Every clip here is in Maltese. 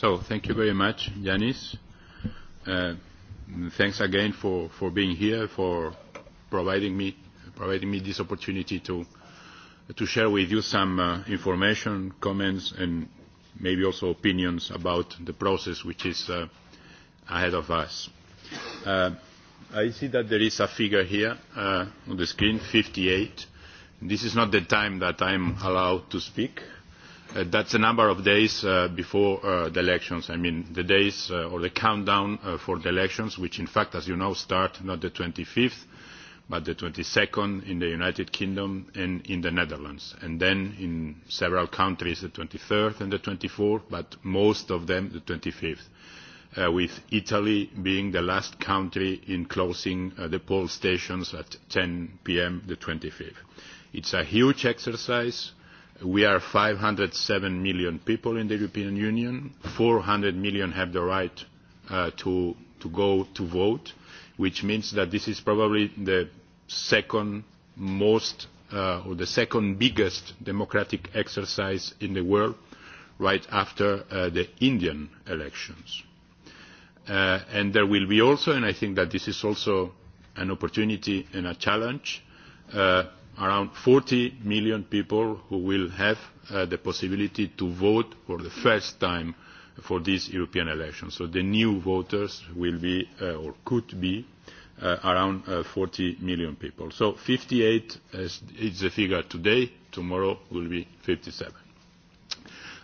So, thank you very much, Yanis. Uh, thanks again for, for being here, for providing me, providing me this opportunity to, to share with you some uh, information, comments, and maybe also opinions about the process which is uh, ahead of us. Uh, I see that there is a figure here uh, on the screen, 58. This is not the time that I'm allowed to speak. Uh, that's the number of days uh, before uh, the elections. I mean, the days uh, or the countdown uh, for the elections, which in fact, as you know, start not the 25th, but the 22nd in the United Kingdom and in the Netherlands. And then in several countries, the 23rd and the 24th, but most of them the 25th. Uh, with Italy being the last country in closing uh, the poll stations at 10 p.m. the 25th. It's a huge exercise We are 507 million people in the European Union. 400 million have the right uh, to, to go to vote, which means that this is probably the second most uh, or the second biggest democratic exercise in the world right after uh, the Indian elections. Uh, and there will be also, and I think that this is also an opportunity and a challenge, uh, around 40 million people who will have uh, the possibility to vote for the first time for these European elections. So the new voters will be uh, or could be uh, around uh, 40 million people. So 58 is, is the figure today, tomorrow will be 57.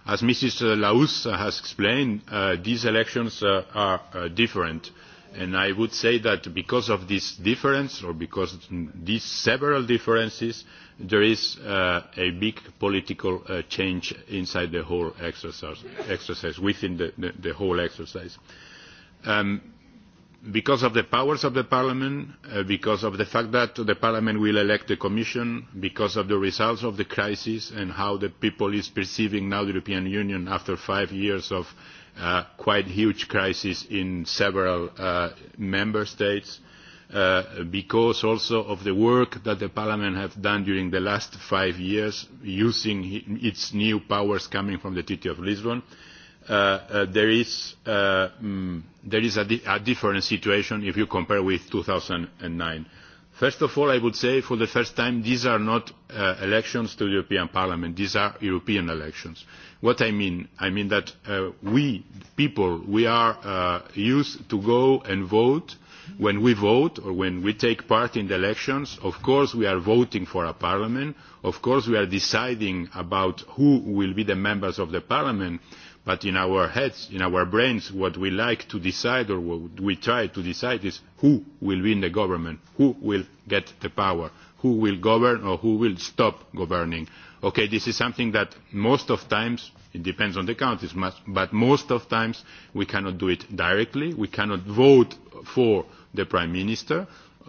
As Mrs. Laus has explained, uh, these elections uh, are uh, different uh, And I would say that because of this difference, or because these several differences, there is uh, a big political uh, change inside the whole exercise, exercise within the, the, the whole exercise. Um, because of the powers of the parliament, uh, because of the fact that the parliament will elect the commission, because of the results of the crisis and how the people is perceiving now the European Union after five years of uh, quite huge crisis in several uh, member states uh, because also of the work that the parliament have done during the last five years using its new powers coming from the Treaty of Lisbon. Uh, uh, there is, uh, mm, there is a, di a different situation if you compare with 2009. First of all, I would say for the first time, these are not uh, elections to the European Parliament. These are European elections. What I mean? I mean that uh, we, people, we are uh, used to go and vote. When we vote or when we take part in the elections, of course we are voting for a parliament. Of course we are deciding about who will be the members of the parliament But in our heads, in our brains, what we like to decide or what we try to decide is who will win the government, who will get the power, who will govern or who will stop governing. Okay, this is something that most of times, it depends on the countries, but most of times we cannot do it directly. We cannot vote for the prime minister.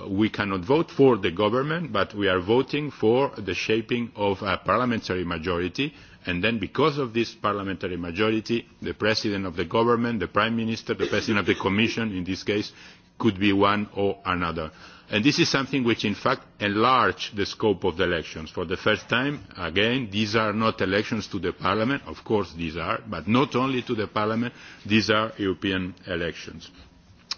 We cannot vote for the government, but we are voting for the shaping of a parliamentary majority and then because of this parliamentary majority, the president of the government, the prime minister, the president of the commission in this case, could be one or another. And this is something which in fact enlarged the scope of the elections. For the first time, again, these are not elections to the parliament, of course these are, but not only to the parliament, these are European elections.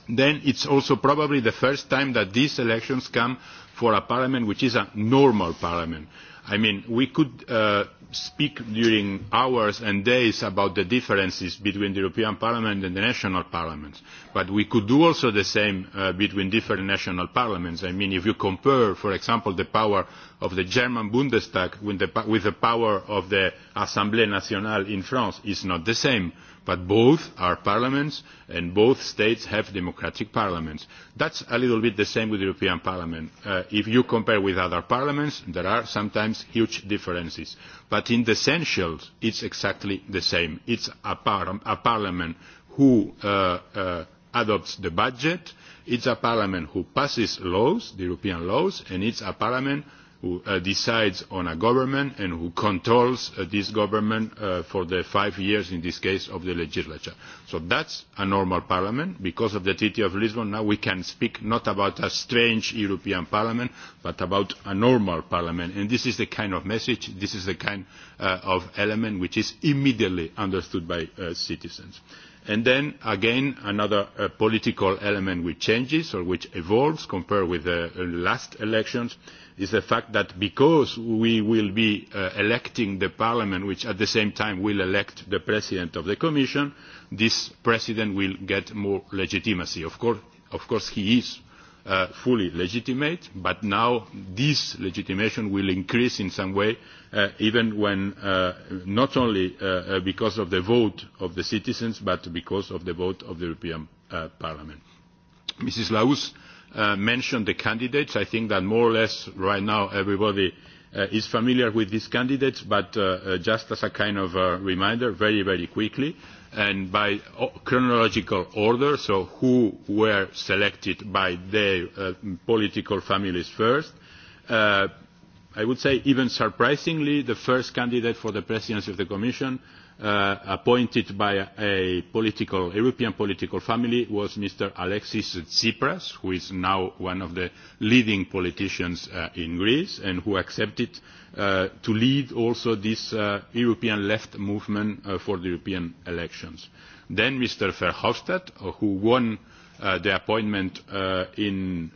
Then it's also probably the first time that these elections come for a parliament which is a normal parliament I mean, we could uh, speak during hours and days about the differences between the European Parliament and the national parliaments, but we could do also the same uh, between different national parliaments. I mean, if you compare, for example, the power of the German Bundestag with the, with the power of the Assemblée Nationale in France, it's not the same But both are parliaments and both states have democratic parliaments. That's a little bit the same with the European Parliament. Uh, if you compare with other parliaments, there are sometimes huge differences. But in the essentials, it's exactly the same. It's a, par a parliament who uh, uh, adopts the budget, it's a parliament who passes laws, the European laws, and it's a parliament who uh, decides on a government and who controls uh, this government uh, for the five years, in this case, of the legislature. So that's a normal parliament. Because of the Treaty of Lisbon, now we can speak not about a strange European parliament, but about a normal parliament. And this is the kind of message, this is the kind uh, of element which is immediately understood by uh, citizens. And then, again, another uh, political element which changes or which evolves compared with the uh, last elections is the fact that because we will be uh, electing the parliament, which at the same time will elect the president of the commission, this president will get more legitimacy. Of course, of course he is uh, fully legitimate, but now this legitimation will increase in some way, uh, even when uh, not only uh, uh because of the vote of the citizens, but because of the vote of the European uh, Parliament. Mrs. Laus Uh, mention mentioned the candidates. I think that more or less right now everybody uh, is familiar with these candidates, but uh, uh, just as a kind of a reminder, very, very quickly, and by chronological order, so who were selected by their uh, political families first. Uh, I would say even surprisingly, the first candidate for the presidency of the Commission uh, appointed by a political, European political family was Mr. Alexis Tsipras, who is now one of the leading politicians uh, in Greece and who accepted uh, to lead also this uh, European left movement uh, for the European elections. Then Mr. Verhofstadt, uh, who won uh, the appointment uh, in,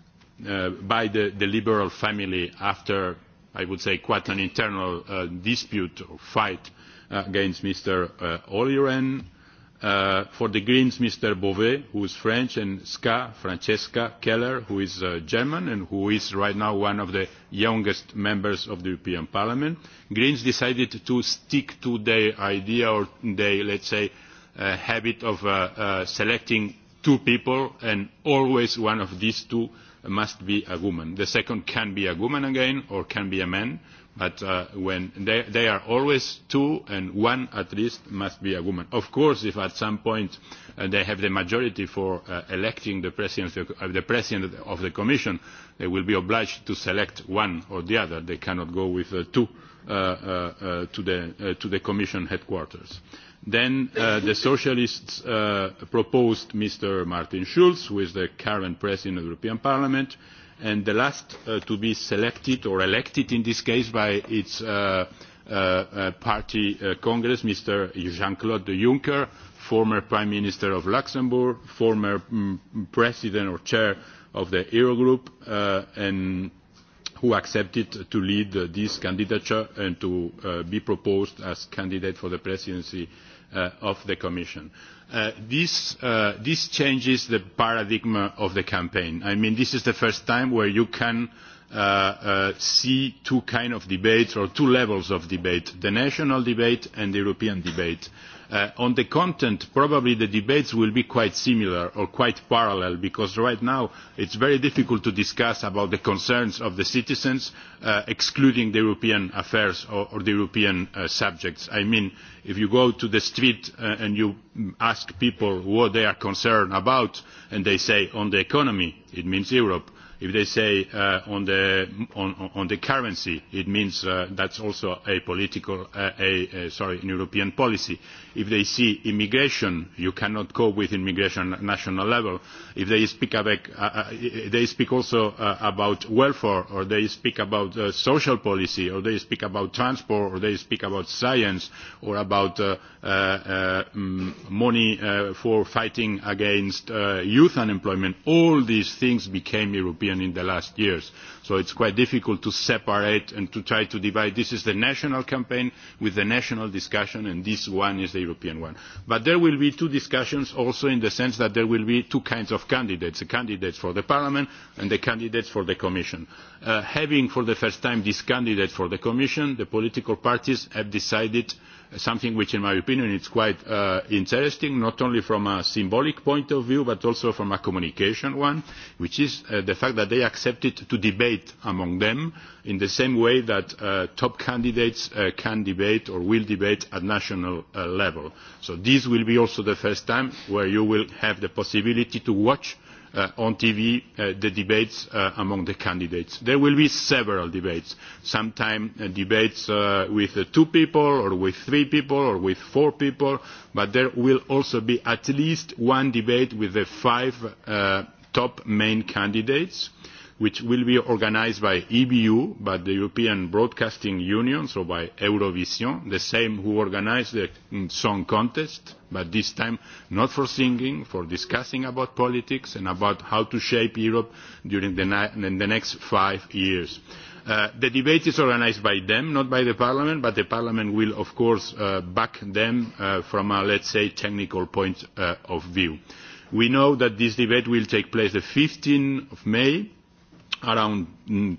uh, by the, the Liberal family after, I would say, quite an internal uh, dispute or fight against Mr. Uh, Oliren. Uh, for the Greens, Mr. Beauvais, who is French, and Ska, Francesca Keller, who is uh, German and who is right now one of the youngest members of the European Parliament. Greens decided to stick to their idea or their, let's say, uh, habit of uh, uh, selecting two people and always one of these two must be a woman. The second can be a woman again or can be a man but uh, when they, they are always two and one at least must be a woman. Of course, if at some point uh, they have the majority for uh, electing the president, uh, the president of the commission, they will be obliged to select one or the other. They cannot go with uh, two uh, uh, uh to, the, uh, to the commission headquarters. Then uh, the socialists uh, proposed Mr. Martin Schulz, who is the current president of the European Parliament, uh, and the last uh, to be selected or elected in this case by its uh, uh, uh, party uh, Congress, Mr. Jean-Claude Juncker, former Prime Minister of Luxembourg, former mm, President or Chair of the Eurogroup, uh, and who accepted to lead uh, this candidature and to uh, be proposed as candidate for the presidency uh, of the Commission. Uh, uh, this, uh, this changes the paradigm of the campaign. I mean, this is the first time where you can uh, uh, see two kind of debates or two levels of debate, the national debate and the European debate. Uh, on the content, probably the debates will be quite similar or quite parallel because right now it's very difficult to discuss about the concerns of the citizens uh, excluding the European affairs or, or the European uh, subjects. I mean, if you go to the street uh, and you ask people what they are concerned about and they say on the economy, it means Europe if they say uh, on, the, on, on the currency, it means uh, that's also a political, uh, a, a, sorry, an European policy. If they see immigration, you cannot cope with immigration at national level. If they speak, about, uh, uh, they speak also uh, about welfare, or they speak about uh, social policy, or they speak about transport, or they speak about science, or about uh, uh, uh, mm, money uh, for fighting against uh, youth unemployment, all these things became European in the last years. So it's quite difficult to separate and to try to divide. This is the national campaign with the national discussion, and this one is the European one. But there will be two discussions also in the sense that there will be two kinds of candidates, the candidates for the Parliament and the candidates for the Commission. Uh, having for the first time this candidate for the Commission, the political parties have decided something which in my opinion is quite uh, interesting, not only from a symbolic point of view, but also from a communication one, which is uh, the fact that they accepted to debate among them in the same way that uh, top candidates uh, can debate or will debate at national uh, level. So this will be also the first time where you will have the possibility to watch uh, uh, on TV uh, the debates uh, among the candidates. There will be several debates, sometimes uh, debates uh, with uh, two people or with three people or with four people, but there will also be at least one debate with the five uh, top main candidates. Uh, which will be organized by EBU, by the European Broadcasting Union, so by Eurovision, the same who organized the song contest, but this time not for singing, for discussing about politics and about how to shape Europe during the, in the next five years. Uh, the debate is organized by them, not by the Parliament, but the Parliament will, of course, uh, back them uh, from a, let's say, technical point uh, of view. We know that this debate will take place the 15th of May, around 20.45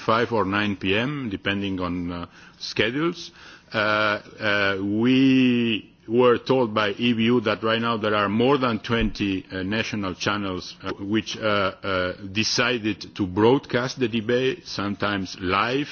mm, or 9 p.m., depending on uh, schedules. Uh, uh, we were told by EBU that right now there are more than 20 uh, national channels uh, which uh, uh, decided to broadcast the debate, sometimes live,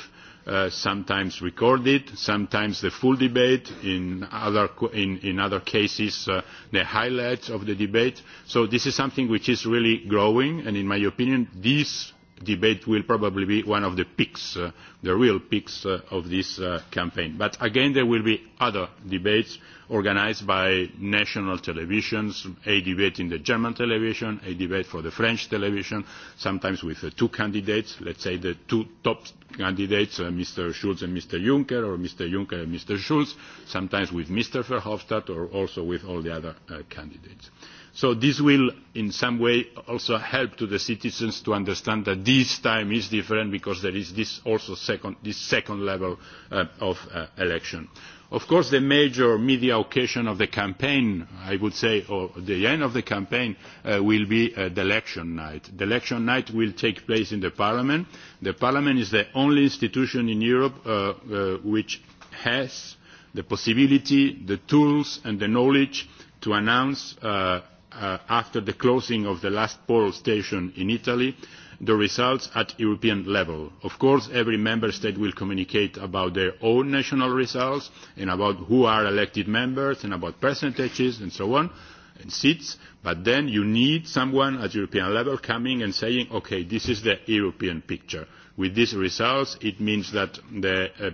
uh, sometimes recorded, sometimes the full debate, in other, in, in other cases uh, the highlights of the debate. So this is something which is really growing, and in my opinion, this debate will probably be one of the peaks, uh, the real peaks uh, of this uh, campaign. But again, there will be other debates organized by national televisions, a debate in the German television, a debate for the French television, sometimes with uh, two candidates, let's say the two top candidates, uh, Mr. Schulz and Mr. Juncker, or Mr. Juncker and Mr. Schulz, sometimes with Mr. Verhofstadt, or also with all the other uh, candidates. So this will in some way also help to the citizens to understand that this time is different because there is this also second, this second level uh, of uh, election. Of course, the major media occasion of the campaign, I would say, or the end of the campaign, uh, will be uh, the election night. The election night will take place in the Parliament. The Parliament is the only institution in Europe uh, uh, which has the possibility, the tools and the knowledge to announce uh, Uh, after the closing of the last poll station in Italy the results at European level. Of course, every member state will communicate about their own national results and about who are elected members and about percentages and so on and seats, but then you need someone at European level coming and saying, okay, this is the European picture. With these results, it means that the uh,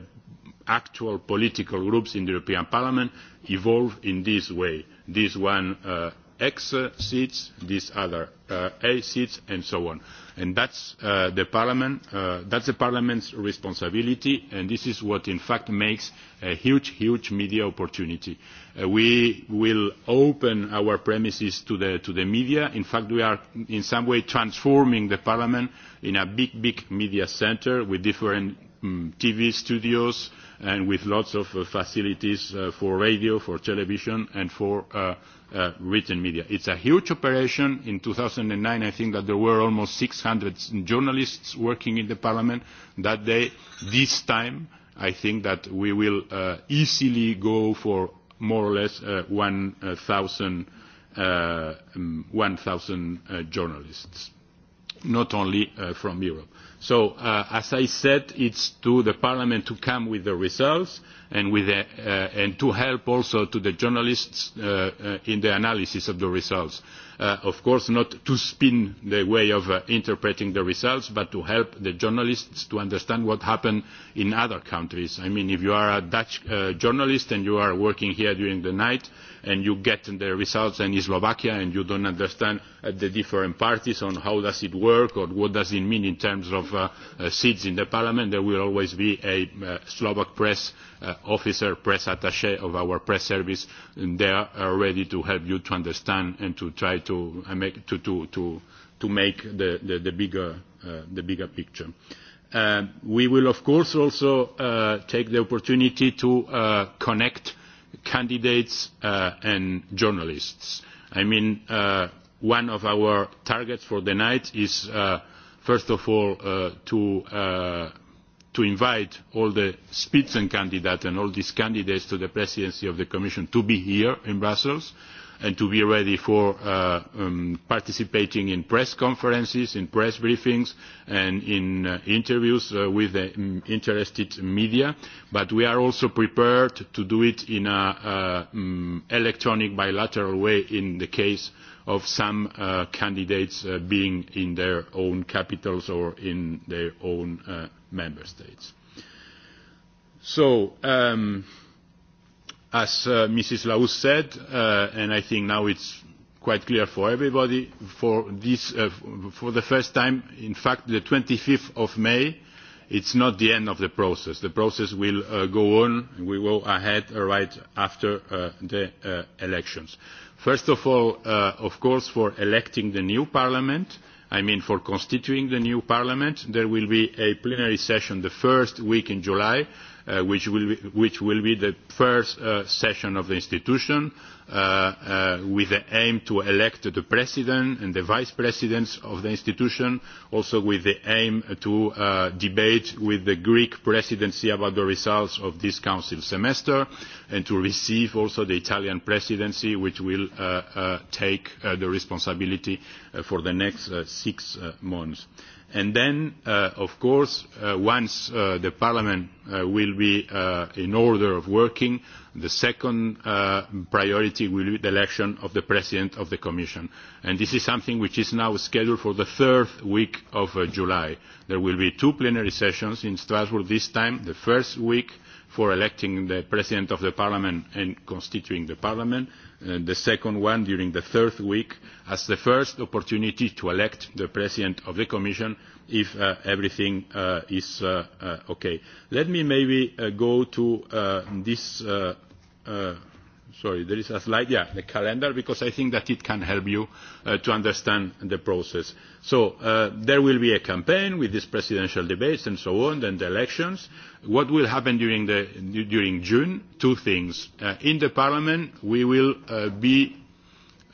actual political groups in the European Parliament evolve in this way. This one uh, X seats, this other uh, A seats, and so on. And that's uh, the parliament. Uh, that's the parliament's responsibility, and this is what, in fact, makes a huge, huge media opportunity. Uh, we will open our premises to the to the media. In fact, we are in some way transforming the parliament in a big, big media center with different um, mm, TV studios and with lots of uh, facilities uh, for radio, for television and for uh, uh, written media. It's a huge operation. In 2009 I think that there were almost 600 journalists working in the parliament that day. This time I think that we will uh, easily go for more or less uh, 1,000 uh, um, mm, 1, uh, journalists, not only uh, from Europe. So, uh, as I said, it's to the Parliament to come with the results and, with the, uh, uh, and to help also to the journalists uh, uh, in the analysis of the results. Uh, of course, not to spin the way of uh, interpreting the results, but to help the journalists to understand what happened in other countries. I mean, if you are a Dutch uh, journalist and you are working here during the night, and you get the results in Slovakia and you don't understand uh, the different parties on how does it work or what does it mean in terms of uh, uh, seats in the parliament, there will always be a uh, Slovak press uh, officer, press attaché of our press service, and they are ready to help you to understand and to try to uh, make, to, to, to, to make the, the, the, bigger, uh, the bigger picture. Uh, we will, of course, also uh, take the opportunity to uh, connect candidates uh, and journalists. I mean, uh, one of our targets for the night is, uh, first of all, uh, to uh, to invite all the Spitzenkandidaten and all these candidates to the presidency of the Commission to be here in Brussels and to be ready for uh, um, participating in press conferences, in press briefings, and in uh, interviews uh, with the mm, interested media. But we are also prepared to do it in an uh, um, electronic bilateral way in the case of some uh, candidates uh, being in their own capitals or in their own uh, member states. So, um, as uh, Mrs. Laus said, uh, and I think now it's quite clear for everybody, for, this, uh, for the first time, in fact, the 25th of May, it's not the end of the process. The process will uh, go on, we will go ahead right after uh, the uh, elections. Uh, First of all, uh, of course, for electing the new parliament, I mean for constituting the new parliament, there will be a plenary session the first week in July, uh, which, will be, which will be the first uh, session of the institution. Uh, uh, uh, with the aim to elect the president and the vice presidents of the institution, also with the aim to uh, debate with the Greek presidency about the results of this council semester and to receive also the Italian presidency which will uh, uh, take uh, the responsibility uh, for the next uh, six uh, months. And then, uh, of course, uh, once uh, the Parliament uh, will be uh, in order of working, The second uh, priority will be the election of the President of the Commission. And this is something which is now scheduled for the third week of uh, July. There will be two plenary sessions in Strasbourg this time, the first week for electing the President of the Parliament and constituting the Parliament, and the second one during the third week as the first opportunity to elect the President of the Commission if uh, everything uh, is uh, uh, okay. Let me maybe uh, go to uh, this uh, Uh, sorry, there is a slide, yeah, the calendar, because I think that it can help you uh, to understand the process. So uh, there will be a campaign with these presidential debates and so on, and the elections. What will happen during, the, during June? Two things. Uh, in the Parliament, we will uh, be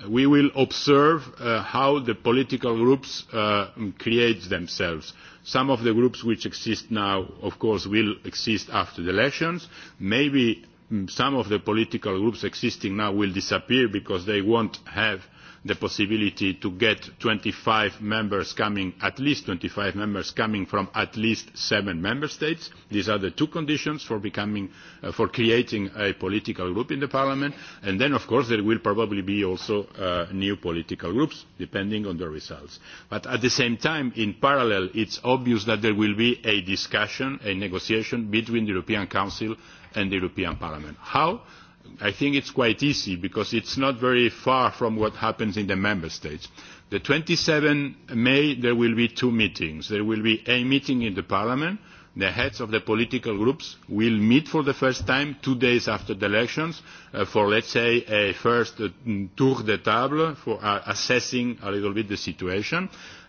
we will observe uh, how the political groups uh, create themselves. Some of the groups which exist now, of course, will exist after the elections. Maybe some of the political groups existing now will disappear because they won't have the possibility to get 25 members coming, at least 25 members coming from at least seven member states. These are the two conditions for becoming, uh, for creating a political group in the parliament. And then, of course, there will probably be also uh, new political groups, depending on the results. But at the same time, in parallel, it's obvious that there will be a discussion, a negotiation between the European Council and the European Parliament. How? I think it's quite easy because it's not very far from what happens in the member states. The 27 May there will be two meetings. There will be a meeting in the parliament. The heads of the political groups will meet for the first time two days after the elections uh, for, let's say, a first uh, tour de table for uh, assessing a little bit the situation.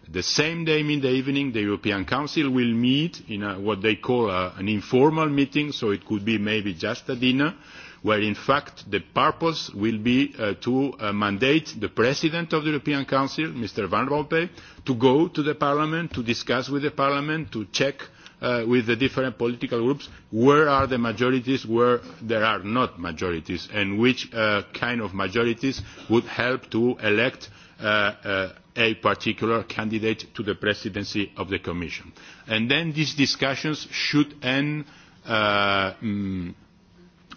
The same day in the evening, the European Council will meet in a, what they call a, an informal meeting, so it could be maybe just a dinner, where in fact the purpose will be uh, to uh, mandate the President of the European Council, Mr. Van Rompuy, to go to the Parliament, to discuss with the Parliament, to check uh, with the different political groups where are the majorities, where there are not majorities, and which uh, kind of majorities would help to elect uh, uh, a particular candidate to the presidency of the Commission. And then these discussions should end uh, mm,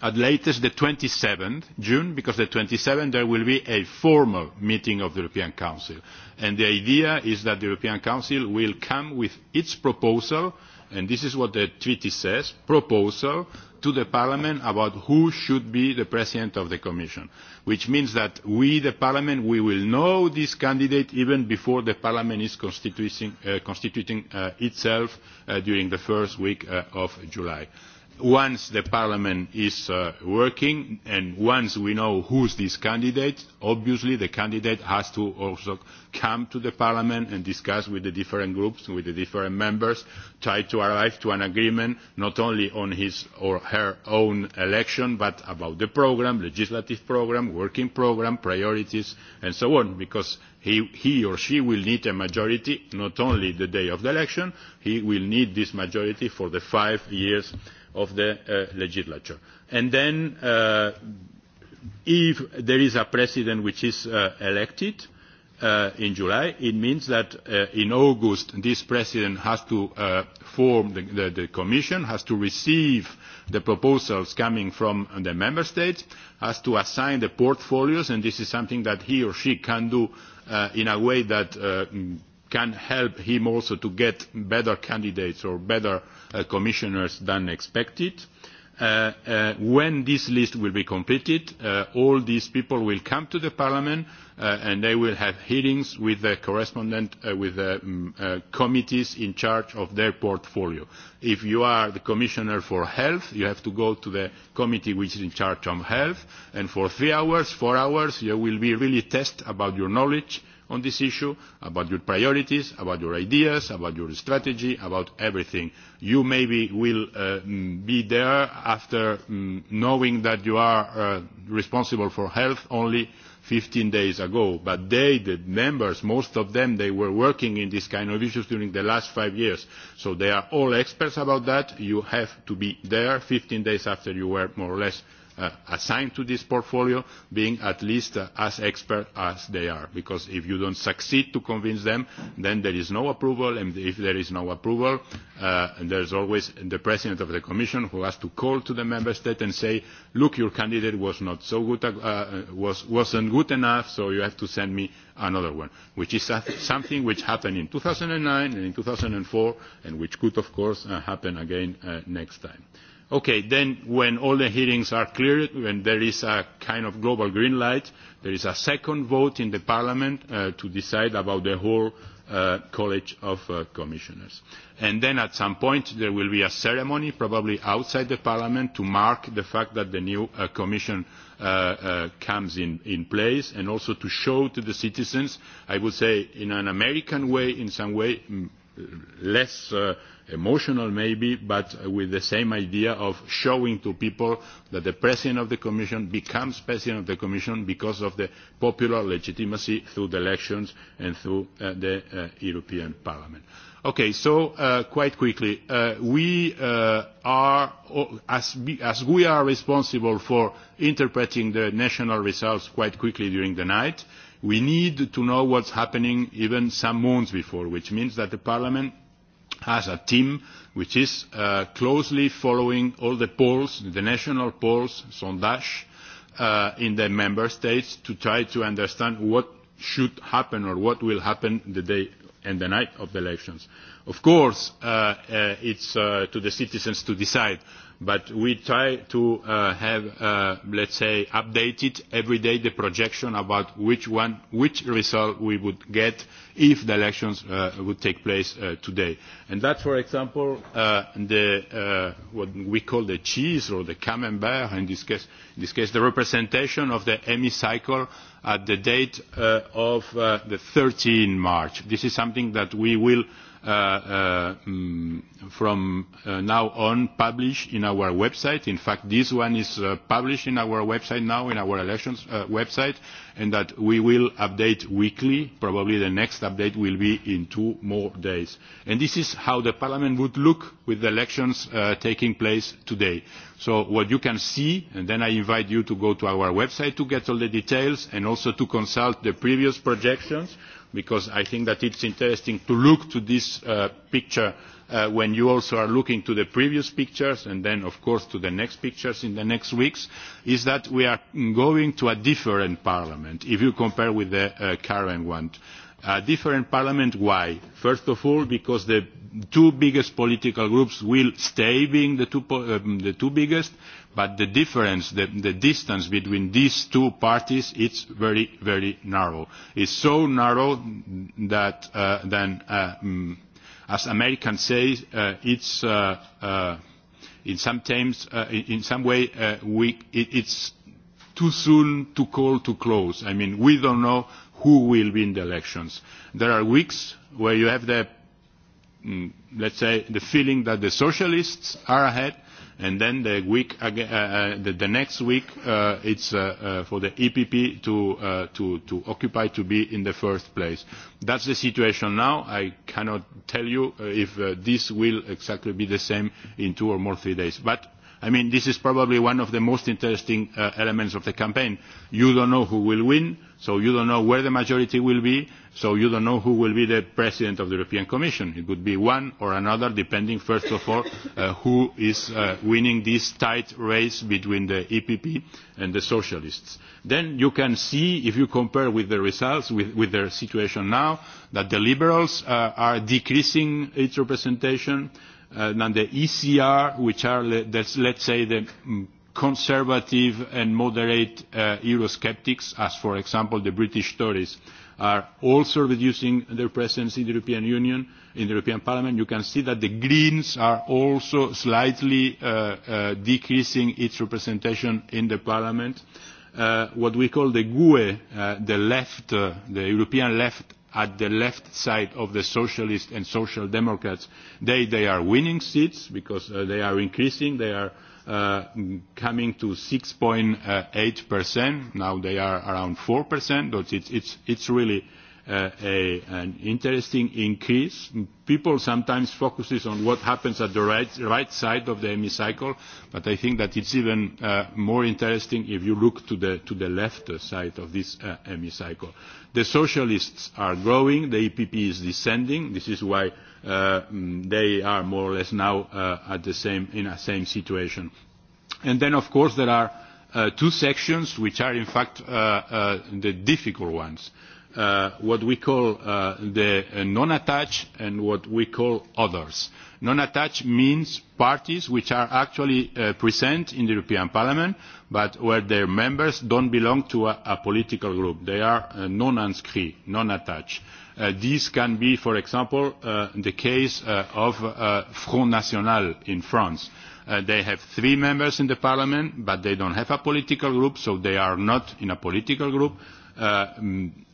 at latest the 27th June, because the 27th there will be a formal meeting of the European Council. And the idea is that the European Council will come with its proposal, and this is what the treaty says, proposal to the Parliament about who should be the President of the Commission, which means that we, the Parliament, we will know this candidate even before the Parliament is constituting, uh, constituting uh, itself uh, during the first week uh, of July once the parliament is uh, working and once we know who's this candidate, obviously the candidate has to also come to the parliament and discuss with the different groups, with the different members, try to arrive to an agreement not only on his or her own election but about the program, legislative program, working program, priorities and so on because he, he or she will need a majority not only the day of the election, he will need this majority for the five years of the uh, legislature. And then uh, if there is a president which is uh, elected uh, in July, it means that uh, in August this president has to uh, form the, the, the commission, has to receive the proposals coming from the member states, has to assign the portfolios, and this is something that he or she can do uh, in a way that uh, can help him also to get better candidates or better uh, commissioners than expected. Uh, uh, when this list will be completed, uh, all these people will come to the Parliament uh, and they will have hearings with the correspondent, uh, with the um, uh, committees in charge of their portfolio. If you are the Commissioner for Health, you have to go to the committee which is in charge of health, and for three hours, four hours, you will be really tested about your knowledge, on this issue, about your priorities, about your ideas, about your strategy, about everything. You maybe will uh, mm, be there after um, knowing that you are uh, responsible for health only 15 days ago, but they, the members, most of them, they were working in this kind of issues during the last five years. So they are all experts about that. You have to be there 15 days after you were more or less uh, assigned to this portfolio being at least uh, as expert as they are. Because if you don't succeed to convince them, then there is no approval. And if there is no approval, uh, is always the president of the commission who has to call to the member state and say, look, your candidate was not so good, uh, uh was, wasn't good enough, so you have to send me another one, which is something which happened in 2009 and in 2004 and which could, of course, uh, happen again uh, next time. Uh, Okay, then when all the hearings are cleared, when there is a kind of global green light, there is a second vote in the Parliament uh, to decide about the whole uh, College of uh, Commissioners. And then at some point there will be a ceremony, probably outside the Parliament, to mark the fact that the new uh, Commission uh, uh, comes in, in place and also to show to the citizens, I would say in an American way, in some way, mm, less uh, emotional maybe, but with the same idea of showing to people that the President of the Commission becomes President of the Commission because of the popular legitimacy through the elections and through uh, the uh, European Parliament. Okay, so uh, quite quickly, uh, we uh, are, oh, as, as we are responsible for interpreting the national results quite quickly during the night, we need to know what's happening even some months before, which means that the Parliament has a team which is uh, closely following all the polls, the national polls, sondage, uh, in the member states to try to understand what should happen or what will happen the day and the night of the elections. Of course, uh, uh, it's uh, to the citizens to decide but we try to uh, have, uh, let's say, updated every day the projection about which one, which result we would get if the elections uh, would take place uh, today. And that, for example, uh, the, uh, what we call the cheese or the camembert, in this case, in this case the representation of the hemicycle at the date uh, of uh, the 13 March. This is something that we will uh, um, from uh, now on published in our website. In fact, this one is uh, published in our website now, in our elections uh, website, and that we will update weekly. Probably the next update will be in two more days. And this is how the parliament would look with the elections uh, taking place today. So what you can see, and then I invite you to go to our website to get all the details and also to consult the previous projections because I think that it's interesting to look to this uh, picture uh, when you also are looking to the previous pictures and then of course to the next pictures in the next weeks is that we are going to a different parliament if you compare with the uh, current one a different parliament. Why? First of all, because the two biggest political groups will stay being the two, um, the two biggest, but the difference, the, the distance between these two parties, it's very, very narrow. It's so narrow that uh, then, uh, um, as Americans say, uh, it's uh, uh, in some times uh, in, in some way, uh, we, it, it's too soon to call to close. I mean, we don't know who will win the elections. There are weeks where you have the, mm, let's say, the feeling that the socialists are ahead, and then the, week, uh, uh, the, the next week uh, it's uh, uh, for the EPP to, uh, to, to occupy to be in the first place. That's the situation now. I cannot tell you uh, if uh, this will exactly be the same in two or more three days. But I mean, this is probably one of the most interesting uh, elements of the campaign. You don't know who will win So you don't know where the majority will be, so you don't know who will be the president of the European Commission. It could be one or another, depending first of all uh, who is uh, winning this tight race between the EPP and the socialists. Then you can see, if you compare with the results, with, with the situation now, that the liberals uh, are decreasing its representation, uh, and the ECR, which are, let's, let's say, the mm, conservative and moderate uh, Eurosceptics, as for example the British Tories, are also reducing their presence in the European Union, in the European Parliament. You can see that the Greens are also slightly uh, uh, decreasing its representation in the Parliament. Uh, what we call the GUE, uh, the left, uh, the European left at the left side of the socialists and social democrats, they, they are winning seats because uh, they are increasing, they are uh, Uh, coming to 6.8%. Now they are around 4%, but it's, it's, it's really uh, a, an interesting increase. People sometimes focus on what happens at the right, right side of the hemicycle, but I think that it's even uh, more interesting if you look to the, to the left side of this uh, hemicycle. The socialists are growing, the EPP is descending. This is why uh, mm, they are more or less now uh, at the same, in the same situation. And then, of course, there are uh, two sections which are, in fact, uh, uh, the difficult ones. Uh, what we call uh, the uh, non-attached and what we call others. Non-attached means parties which are actually uh, present in the European Parliament but where their members don't belong to a, a political group. They are uh, non-inscrits, non-attached. Uh, this can be, for example, uh, the case uh, of uh, Front National in France. Uh, they have three members in the parliament, but they don't have a political group, so they are not in a political group. Uh,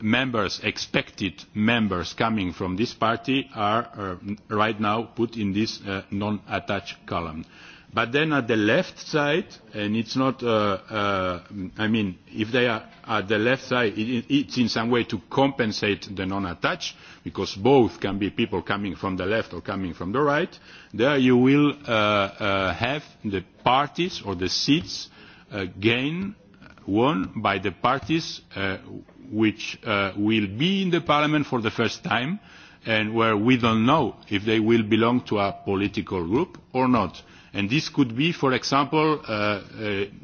members, expected members coming from this party are uh, right now put in this uh, non-attached column. But then at the left side, and it's not, uh, uh, I mean, if they are at the left side, it, it's in some way to compensate the non-attached, because both can be people coming from the left or coming from the right. There you will uh, uh, have the parties or the seats uh, gain uh, won by the parties uh, which uh, will be in the parliament for the first time and where we don't know if they will belong to a political group or not And this could be, for example, uh, uh,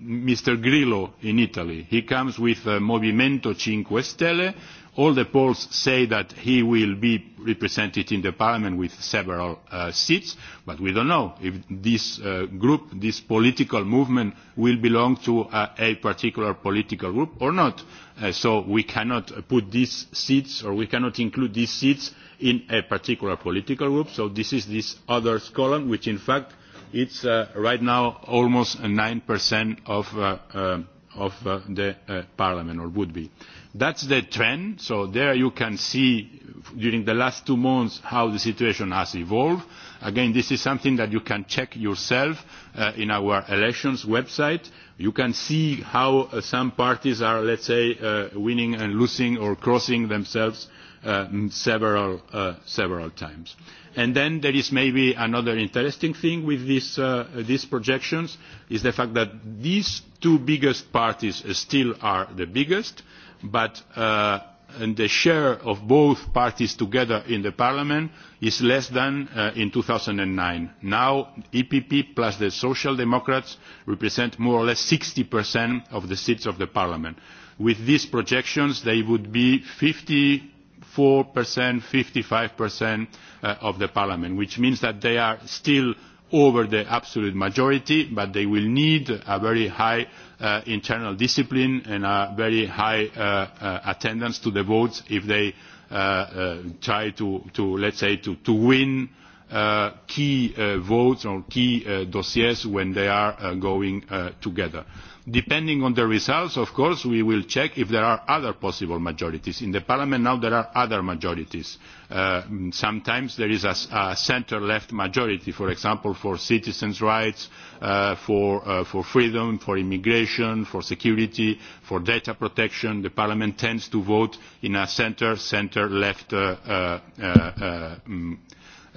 Mr. Grillo in Italy. He comes with uh, Movimento Cinque Stelle. All the polls say that he will be represented in the parliament with several uh, seats, but we don't know if this uh, group, this political movement, will belong to uh, a particular political group or not. Uh, so we cannot put these seats or we cannot include these seats in a particular political group. So this is this other column, which in fact it's uh, right now almost 9% of, uh, uh, of uh, the uh, parliament, or would be. That's the trend, so there you can see during the last two months how the situation has evolved. Again, this is something that you can check yourself uh, in our elections website. You can see how uh, some parties are, let's say, uh, winning and losing or crossing themselves Uh, several, uh, several times. And then there is maybe another interesting thing with this, uh, these projections is the fact that these two biggest parties still are the biggest, but uh, and the share of both parties together in the parliament is less than uh, in 2009. Now, EPP plus the Social Democrats represent more or less 60% of the seats of the parliament. With these projections, they would be 50 54%, 55% uh, of the parliament, which means that they are still over the absolute majority, but they will need a very high uh, internal discipline and a very high uh, uh, attendance to the votes if they uh, uh, try to, to, let's say, to, to win uh, key uh, votes or key uh, dossiers when they are uh, going uh, together. Depending on the results, of course, we will check if there are other possible majorities. In the parliament now there are other majorities. Uh, sometimes there is a, a center-left majority, for example, for citizens' rights, uh, for, uh, for freedom, for immigration, for security, for data protection. The parliament tends to vote in a center-center-left uh, uh, uh, um,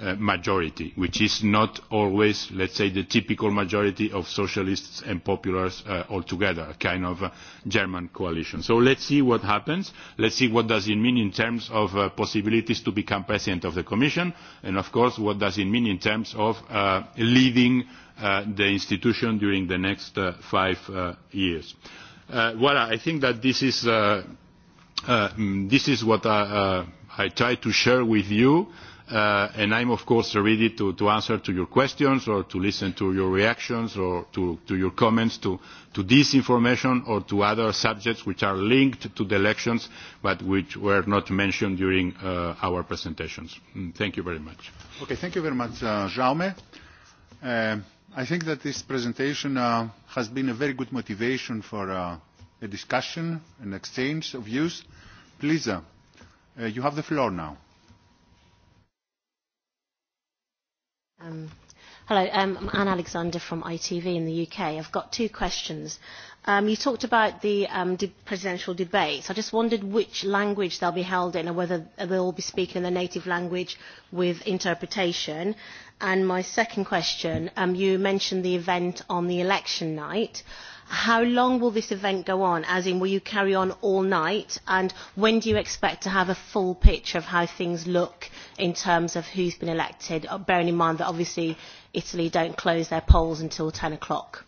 uh, majority, which is not always, let's say, the typical majority of socialists and populars uh, altogether, a kind of a uh, German coalition. So let's see what happens. Let's see what does it mean in terms of uh, possibilities to become president of the Commission, and of course, what does it mean in terms of uh, leading uh, the institution during the next uh, five uh, years. Uh, voilà, I think that this is, uh, uh, mm, this is what I, uh, uh, I try to share with you uh, and I'm of course ready to, to answer to your questions or to listen to your reactions or to, to your comments to, to this information or to other subjects which are linked to the elections but which were not mentioned during uh, our presentations. Mm, thank you very much. Okay, thank you very much, uh, Jaume. Uh, I think that this presentation uh, has been a very good motivation for uh, a discussion, an exchange of views. Please, uh, uh, you have the floor now. Um, hello, um, I'm Anne Alexander from ITV in the UK. I've got two questions. Um, you talked about the um, de presidential debates. I just wondered which language they'll be held in and whether they'll all be speaking in their native language with interpretation. And my second question, um, you mentioned the event on the election night. How long will this event go on? As in, will you carry on all night? And when do you expect to have a full picture of how things look in terms of who's been elected, uh, bearing in mind that obviously Italy don't close their polls until 10 o'clock?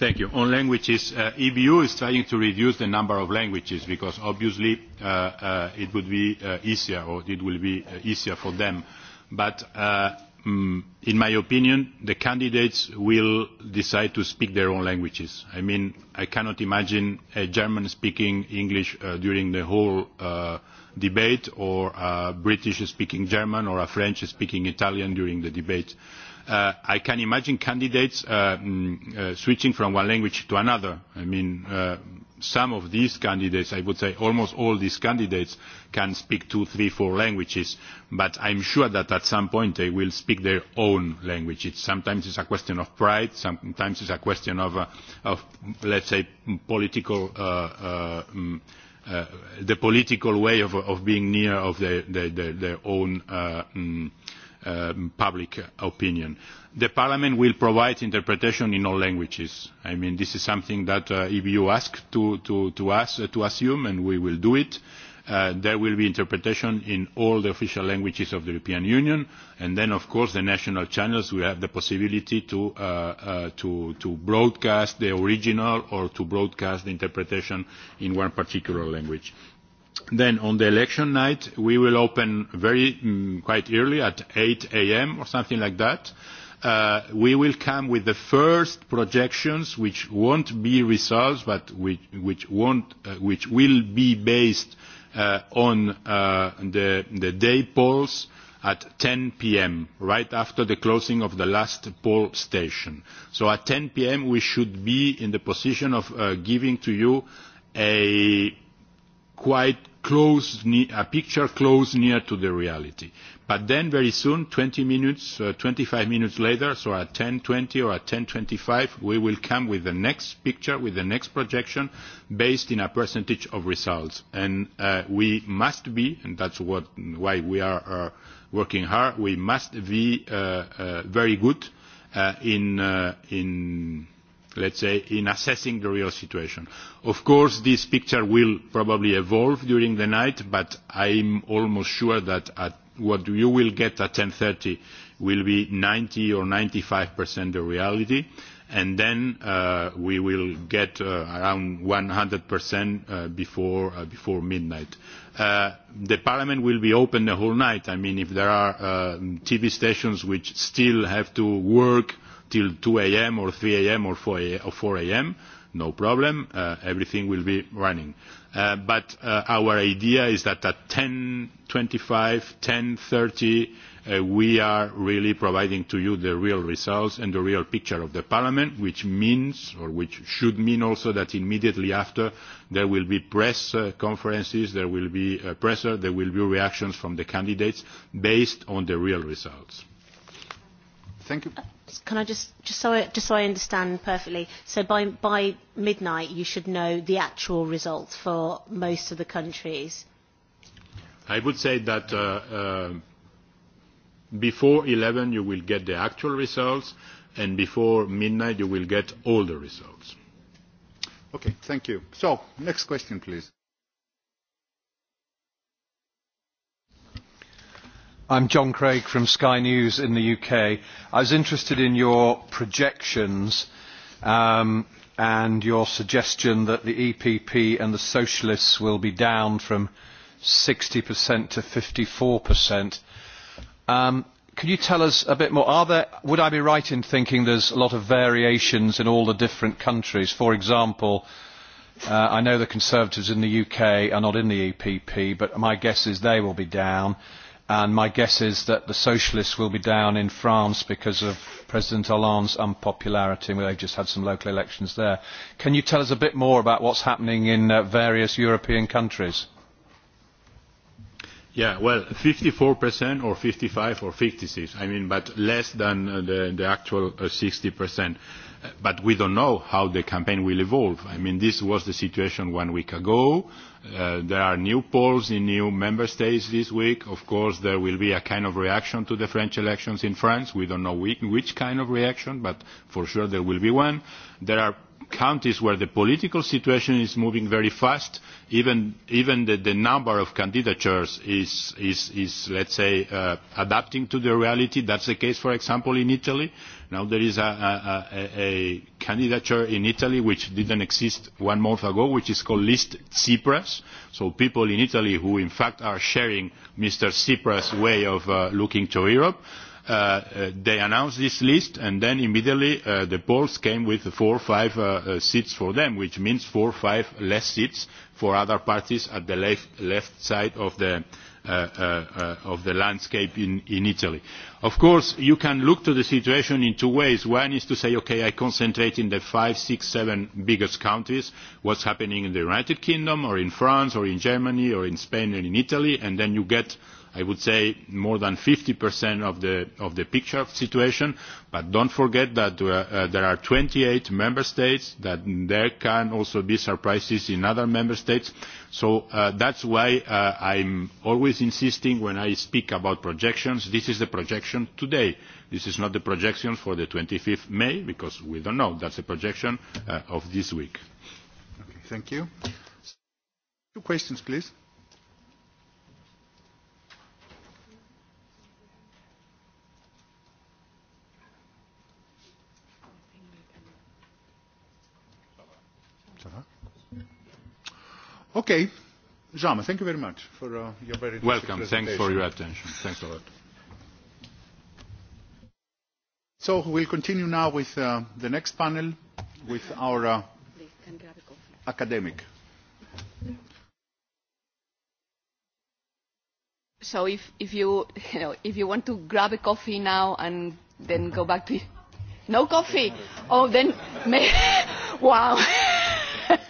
Thank you. On languages, uh, EBU is trying to reduce the number of languages because obviously uh, uh, it would be uh, easier or it will be uh, easier for them. But uh, um, in my opinion, the candidates will decide to speak their own languages. I mean, I cannot imagine a German speaking English uh, during the whole uh, debate or a British speaking German or a French speaking Italian during the debate. Uh, I can imagine candidates uh, mm, uh, switching from one language to another. I mean, uh, some of these candidates, I would say almost all these candidates can speak two, three, four languages, but I'm sure that at some point they will speak their own language. It's, sometimes it's a question of pride, sometimes it's a question of, uh, of let's say, political, uh, uh, um, uh, the political way of, of being near of their, their, their, their own uh, um, um, public opinion. The Parliament will provide interpretation in all languages. I mean, this is something that uh, you ask to, to, to us uh, to assume, and we will do it. Uh, there will be interpretation in all the official languages of the European Union, and then, of course, the national channels will have the possibility to, uh, uh, to, to broadcast the original or to broadcast the interpretation in one particular language. Then on the election night, we will open very mm, quite early at 8 a.m. or something like that. Uh, we will come with the first projections, which won't be results, but which, which, won't, uh, which will be based uh, on uh, the, the day polls at 10 p.m., right after the closing of the last poll station. So at 10 p.m., we should be in the position of uh, giving to you a quite close, a picture close near to the reality. But then very soon, 20 minutes, uh, 25 minutes later, so at 10.20 or at 10.25, we will come with the next picture, with the next projection, based in a percentage of results. And uh, we must be, and that's what, why we are uh, working hard, we must be uh, uh, very good uh, in, uh, in let's say, in assessing the real situation. Of course, this picture will probably evolve during the night, but I'm almost sure that at what you will get at 10.30 will be 90 or 95% the reality, and then uh, we will get uh, around 100% uh, before, uh, before midnight. Uh, the parliament will be open the whole night. I mean, if there are uh, um, TV stations which still have to work till 2 a.m. or 3 a.m. or 4 a.m., no problem, uh, everything will be running. Uh, but uh, our idea is that at 10.25, 10.30, uh, we are really providing to you the real results and the real picture of the parliament, which means, or which should mean also that immediately after there will be press uh, conferences, there will be uh, presser, there will be reactions from the candidates based on the real results. Thank you can I just, just, so I, just so I understand perfectly, so by, by midnight you should know the actual results for most of the countries? I would say that uh, uh, before 11 you will get the actual results and before midnight you will get all the results. Okay, thank you. So, next question please. I'm John Craig from Sky News in the UK. I was interested in your projections um, and your suggestion that the EPP and the Socialists will be down from 60% to 54%. Um, could you tell us a bit more? Are there, would I be right in thinking there's a lot of variations in all the different countries? For example, uh, I know the Conservatives in the UK are not in the EPP, but my guess is they will be down and my guess is that the socialists will be down in France because of President Hollande's unpopularity. They just had some local elections there. Can you tell us a bit more about what's happening in uh, various European countries? Yeah, well, 54% or 55 or 56, I mean, but less than uh, the, the actual uh, 60% but we don't know how the campaign will evolve. I mean, this was the situation one week ago. Uh, there are new polls in new member states this week. Of course, there will be a kind of reaction to the French elections in France. We don't know which, which kind of reaction, but for sure there will be one. There are countries where the political situation is moving very fast, even, even the, the number of candidatures is, is, is let's say, uh, adapting to the reality. That's the case, for example, in Italy. Now there is a, a, a, a candidature in Italy which didn't exist one month ago, which is called List Tsipras. So people in Italy who, in fact, are sharing Mr. Tsipras' way of uh, looking to Europe. Uh, uh, they announced this list and then immediately uh, the polls came with four or five uh, uh, seats for them, which means four or five less seats for other parties at the left, left side of the, uh, uh, uh, of the landscape in, in Italy. Of course, you can look to the situation in two ways. One is to say, okay, I concentrate in the five, six, seven biggest countries, what's happening in the United Kingdom or in France or in Germany or in Spain and in Italy, and then you get – I would say more than 50% of the, of the picture of situation, but don't forget that uh, uh, there are 28 member states, that there can also be surprises in other member states. So uh, that's why uh, I'm always insisting when I speak about projections, this is the projection today. This is not the projection for the 25th May, because we don't know. That's the projection uh, of this week. Okay, thank you. Two questions, please. Okay. Jama, thank you very much for uh, your very Welcome. Thanks for your attention. Thanks a lot. So we'll continue now with uh, the next panel with our uh, academic. So if, if, you, you know, if you want to grab a coffee now and then go back to... No coffee? Oh, then... May wow.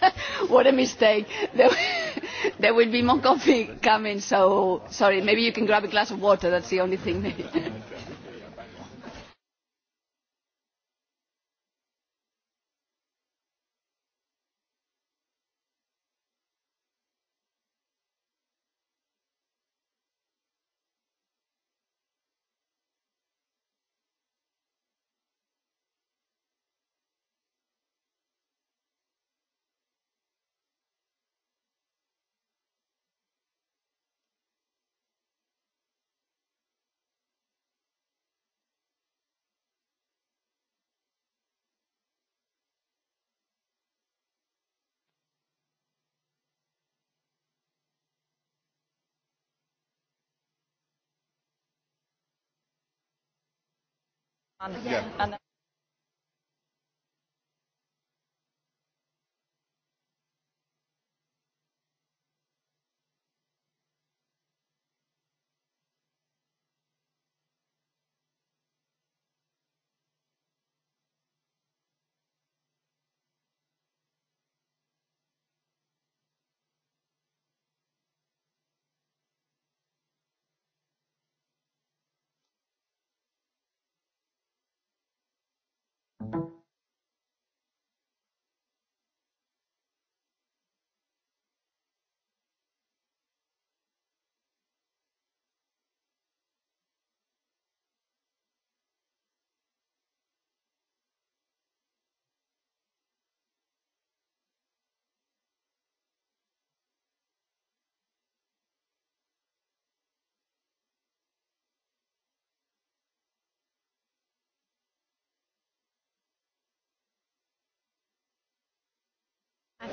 what a mistake. There, there will be more coffee coming, so sorry, maybe you can grab a glass of water. That's the only thing. Yeah.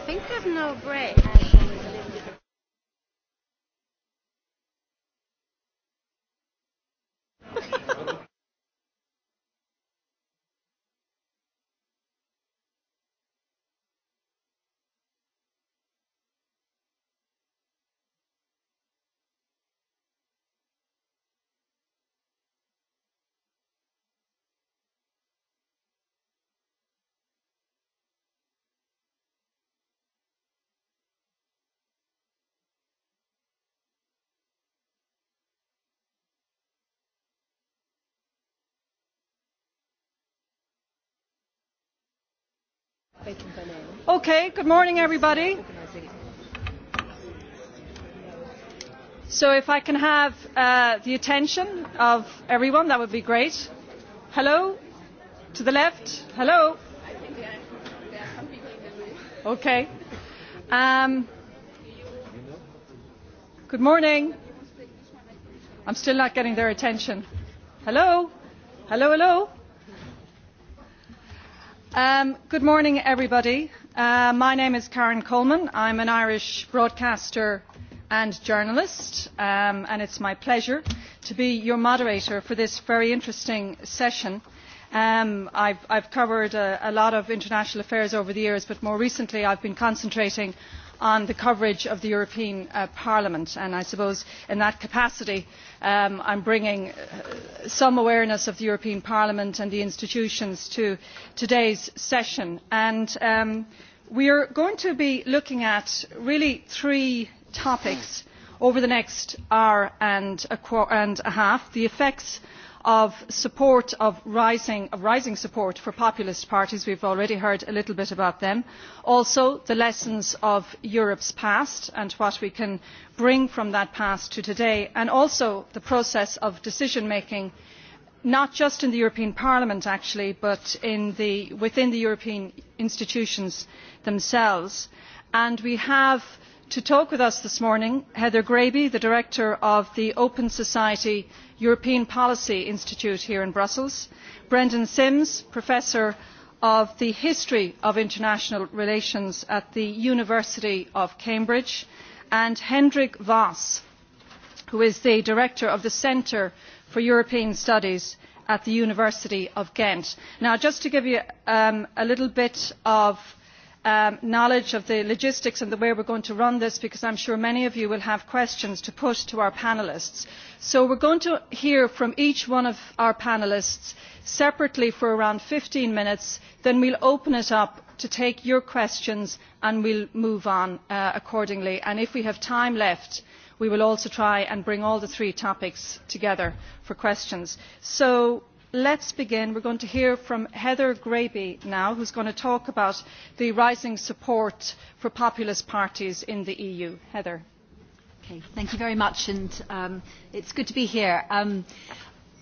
think there's no break. Okay, good morning everybody. So if I can have uh, the attention of everyone, that would be great. Hello? To the left? Hello? Okay. Um, good morning. I'm still not getting their attention. Hello? Hello, hello? Um, good morning, everybody. Uh, my name is Karen Coleman. I'm an Irish broadcaster and journalist, um, and it's my pleasure to be your moderator for this very interesting session. Um, I've, I've covered a, a lot of international affairs over the years, but more recently I've been concentrating on the coverage of the European uh, Parliament, and I suppose in that capacity um, am bringing uh, some awareness of the European Parliament and the institutions to today's session. And um, we are going to be looking at really three topics over the next hour and a, and a half, the effects of support of rising, of rising support for populist parties we have already heard a little bit about them also the lessons of europe's past and what we can bring from that past to today and also the process of decision making not just in the european parliament actually but the, within the european institutions themselves and we have To talk with us this morning, Heather Graby, the Director of the Open Society European Policy Institute here in Brussels, Brendan Sims, Professor of the History of International Relations at the University of Cambridge, and Hendrik Voss, who is the Director of the Centre for European Studies at the University of Ghent. Now, just to give you um, a little bit of um, knowledge of the logistics and the way we are going to run this because I am sure many of you will have questions to put to our panellists. So we are going to hear from each one of our panellists separately for around fifteen minutes, then we will open it up to take your questions and we will move on uh, accordingly. And if we have time left, we will also try and bring all the three topics together for questions. So let's begin. We're going to hear from Heather Graby now, who's going to talk about the rising support for populist parties in the EU. Heather. Okay, thank you very much, and um, it's good to be here. Um,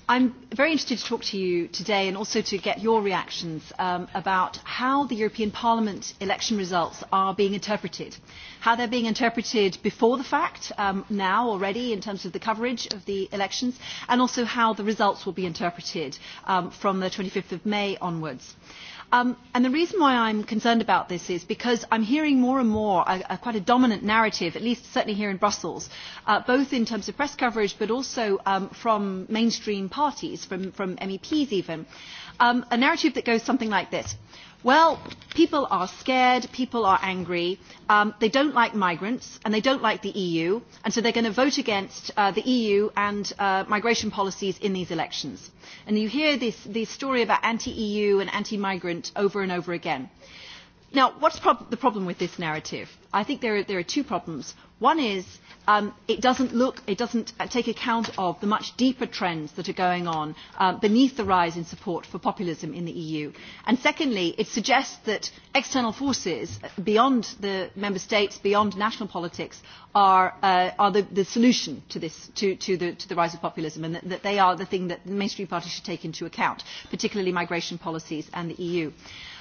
I'm very interested to talk to you today and also to get your reactions um, about how the European Parliament election results are being interpreted. How they're being interpreted before the fact, um, now already, in terms of the coverage of the elections, and also how the results will be interpreted um, from the 25th of May onwards. Um, and the reason why I'm concerned about this is because I'm hearing more and more a, a quite a dominant narrative, at least certainly here in Brussels, uh, both in terms of press coverage but also um, from mainstream parties, from, from MEPs even Um, a narrative that goes something like this. Well, people are scared, people are angry, um, they don't like migrants, and they don't like the EU, and so they're going to vote against uh, the EU and uh, migration policies in these elections. And you hear this, this story about anti-EU and anti-migrant over and over again. Now, what's prob the problem with this narrative? I think there are, there are two problems. One is um, it doesn't look, it doesn't uh, take account of the much deeper trends that are going on uh, beneath the rise in support for populism in the EU. And secondly, it suggests that external forces uh, beyond the member states, beyond national politics, are, uh, are the, the solution to, this, to, to, the, to the rise of populism and that, that they are the thing that the mainstream party should take into account, particularly migration policies and the EU.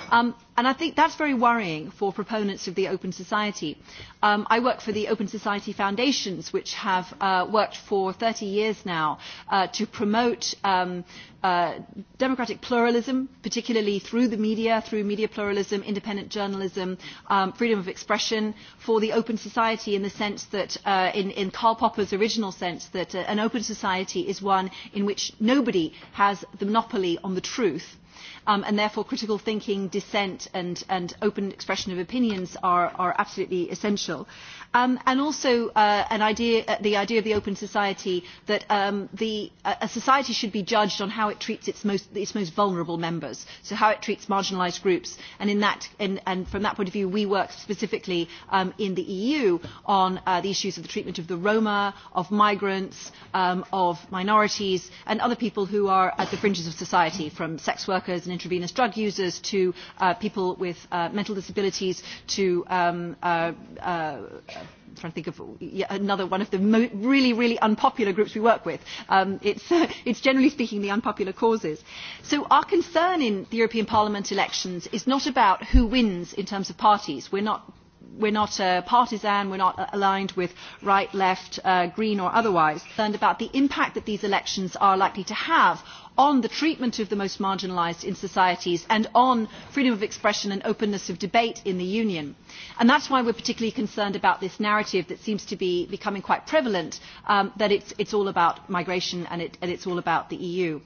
Um, and I think that's very worrying for proponents of the Open Society. Um, I work for the Open Society Foundations, which have uh, worked for 30 years now uh, to promote um, uh, democratic pluralism, particularly through the media, through media pluralism, independent journalism, um, freedom of expression, for the open society in the sense that, uh, in, in Karl Popper's original sense, that uh, an open society is one in which nobody has the monopoly on the truth. Um, and therefore critical thinking, dissent and, and open expression of opinions are, are absolutely essential. Um, and also uh, an idea, uh, the idea of the open society that um, the, uh, a society should be judged on how it treats its most, its most vulnerable members, so how it treats marginalised groups. And, in that, in, and from that point of view, we work specifically um, in the EU on uh, the issues of the treatment of the Roma, of migrants, um, of minorities, and other people who are at the fringes of society, from sex workers and intravenous drug users to uh, people with uh, mental disabilities to um, uh, uh, trying to think of yet another one of the mo really, really unpopular groups we work with. Um, it's, uh, it's generally speaking the unpopular causes. So our concern in the European Parliament elections is not about who wins in terms of parties. We're not we're not uh, partisan, we're not aligned with right, left, uh, green or otherwise, concerned about the impact that these elections are likely to have on the treatment of the most marginalised in societies and on freedom of expression and openness of debate in the Union. And that's why we're particularly concerned about this narrative that seems to be becoming quite prevalent, um, that it's, it's all about migration and, it, and it's all about the EU.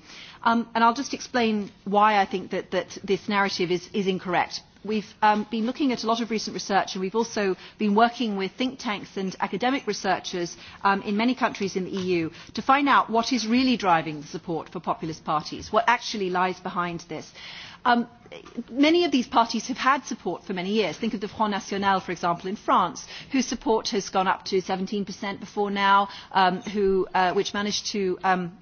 Um, and I'll just explain why I think that, that this narrative is, is incorrect. We've um, been looking at a lot of recent research and we've also been working with think tanks and academic researchers um, in many countries in the EU to find out what is really driving the support for populist parties, what actually lies behind this. Um, many of these parties have had support for many years. Think of the Front National, for example, in France, whose support has gone up to 17% before now, um, who, uh, which managed to um,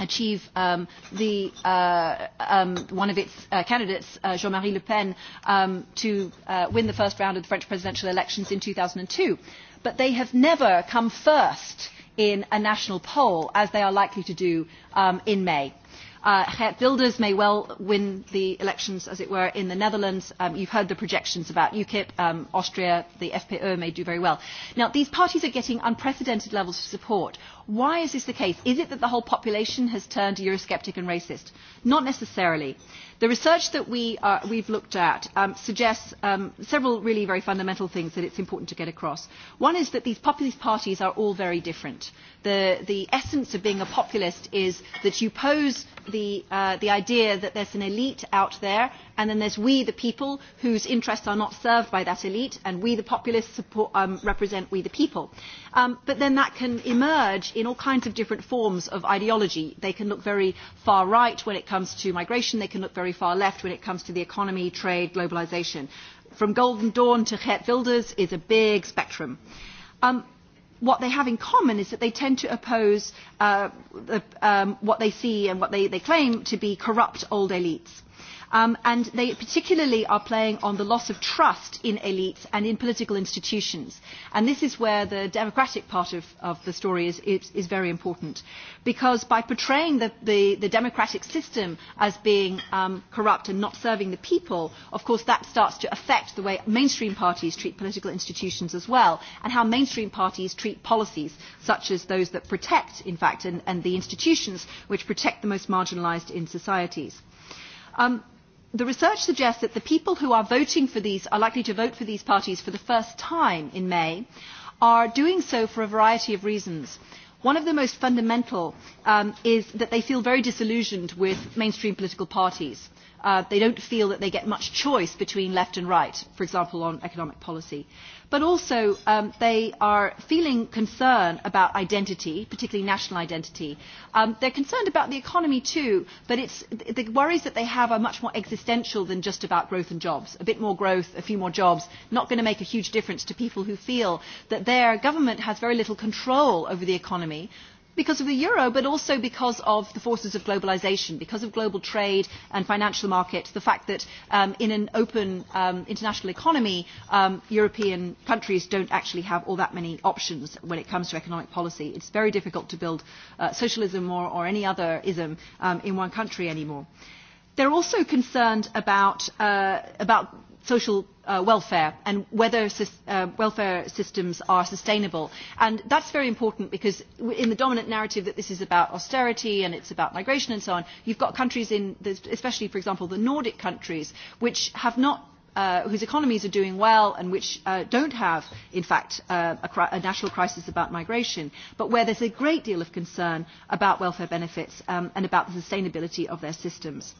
achieve um, the, uh, um, one of its uh, candidates, uh, Jean-Marie Le Pen, um, to uh, win the first round of the French presidential elections in 2002. But they have never come first in a national poll, as they are likely to do um, in May. Uh, Geert Wilders may well win the elections, as it were, in the Netherlands. Um, you've heard the projections about UKIP, um, Austria, the FPÖ may do very well. Now, these parties are getting unprecedented levels of support Why is this the case? Is it that the whole population has turned Eurosceptic and racist? Not necessarily. The research that we are, uh, we've looked at um, suggests um, several really very fundamental things that it's important to get across. One is that these populist parties are all very different. The, the essence of being a populist is that you pose the, uh, the idea that there's an elite out there and then there's we the people whose interests are not served by that elite and we the populists support, um, represent we the people. Um, but then that can emerge in all kinds of different forms of ideology. They can look very far right when it comes to migration, they can look very far left when it comes to the economy, trade, globalisation. From Golden Dawn to Geert Wilders is a big spectrum. Um, what they have in common is that they tend to oppose uh, the, um, what they see and what they, they claim to be corrupt old elites. Um, and they particularly are playing on the loss of trust in elites and in political institutions. And this is where the democratic part of, of the story is, is, is very important. Because by portraying the, the, the democratic system as being um, corrupt and not serving the people, of course that starts to affect the way mainstream parties treat political institutions as well, and how mainstream parties treat policies, such as those that protect, in fact, and, and the institutions which protect the most marginalised in societies. Um, the research suggests that the people who are voting for these are likely to vote for these parties for the first time in May are doing so for a variety of reasons. One of the most fundamental um, is that they feel very disillusioned with mainstream political parties uh, they don't feel that they get much choice between left and right, for example, on economic policy. But also, um, they are feeling concern about identity, particularly national identity. Um, they're concerned about the economy too, but it's, the worries that they have are much more existential than just about growth and jobs. A bit more growth, a few more jobs, not going to make a huge difference to people who feel that their government has very little control over the economy, because of the euro, but also because of the forces of globalization, because of global trade and financial markets, the fact that um, in an open um, international economy, um, European countries don't actually have all that many options when it comes to economic policy. It's very difficult to build uh, socialism or, or any other ism um, in one country anymore. They're also concerned about, uh, about social uh, welfare and whether uh, welfare systems are sustainable. And that's very important because in the dominant narrative that this is about austerity and it's about migration and so on, you've got countries in, the, especially for example the Nordic countries, which have not uh, whose economies are doing well and which uh, don't have, in fact, uh, a, a national crisis about migration, but where there's a great deal of concern about welfare benefits um, and about the sustainability of their systems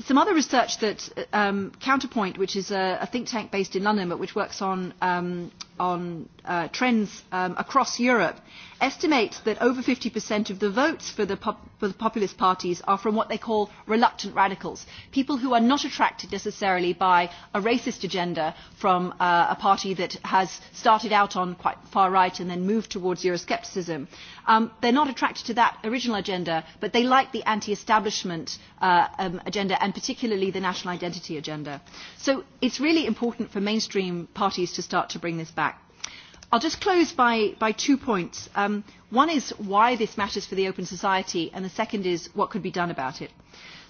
some other research that um, Counterpoint, which is a, a think tank based in London but which works on um, on uh, trends um, across Europe estimates that over 50% of the votes for the, pop for the populist parties are from what they call reluctant radicals, people who are not attracted necessarily by a racist agenda from uh, a party that has started out on quite far right and then moved towards Euroscepticism. Um, they're not attracted to that original agenda, but they like the anti-establishment uh, um, agenda and particularly the national identity agenda. So it's really important for mainstream parties to start to bring this back. I'll just close by, by two points. Um, one is why this matters for the open society, and the second is what could be done about it.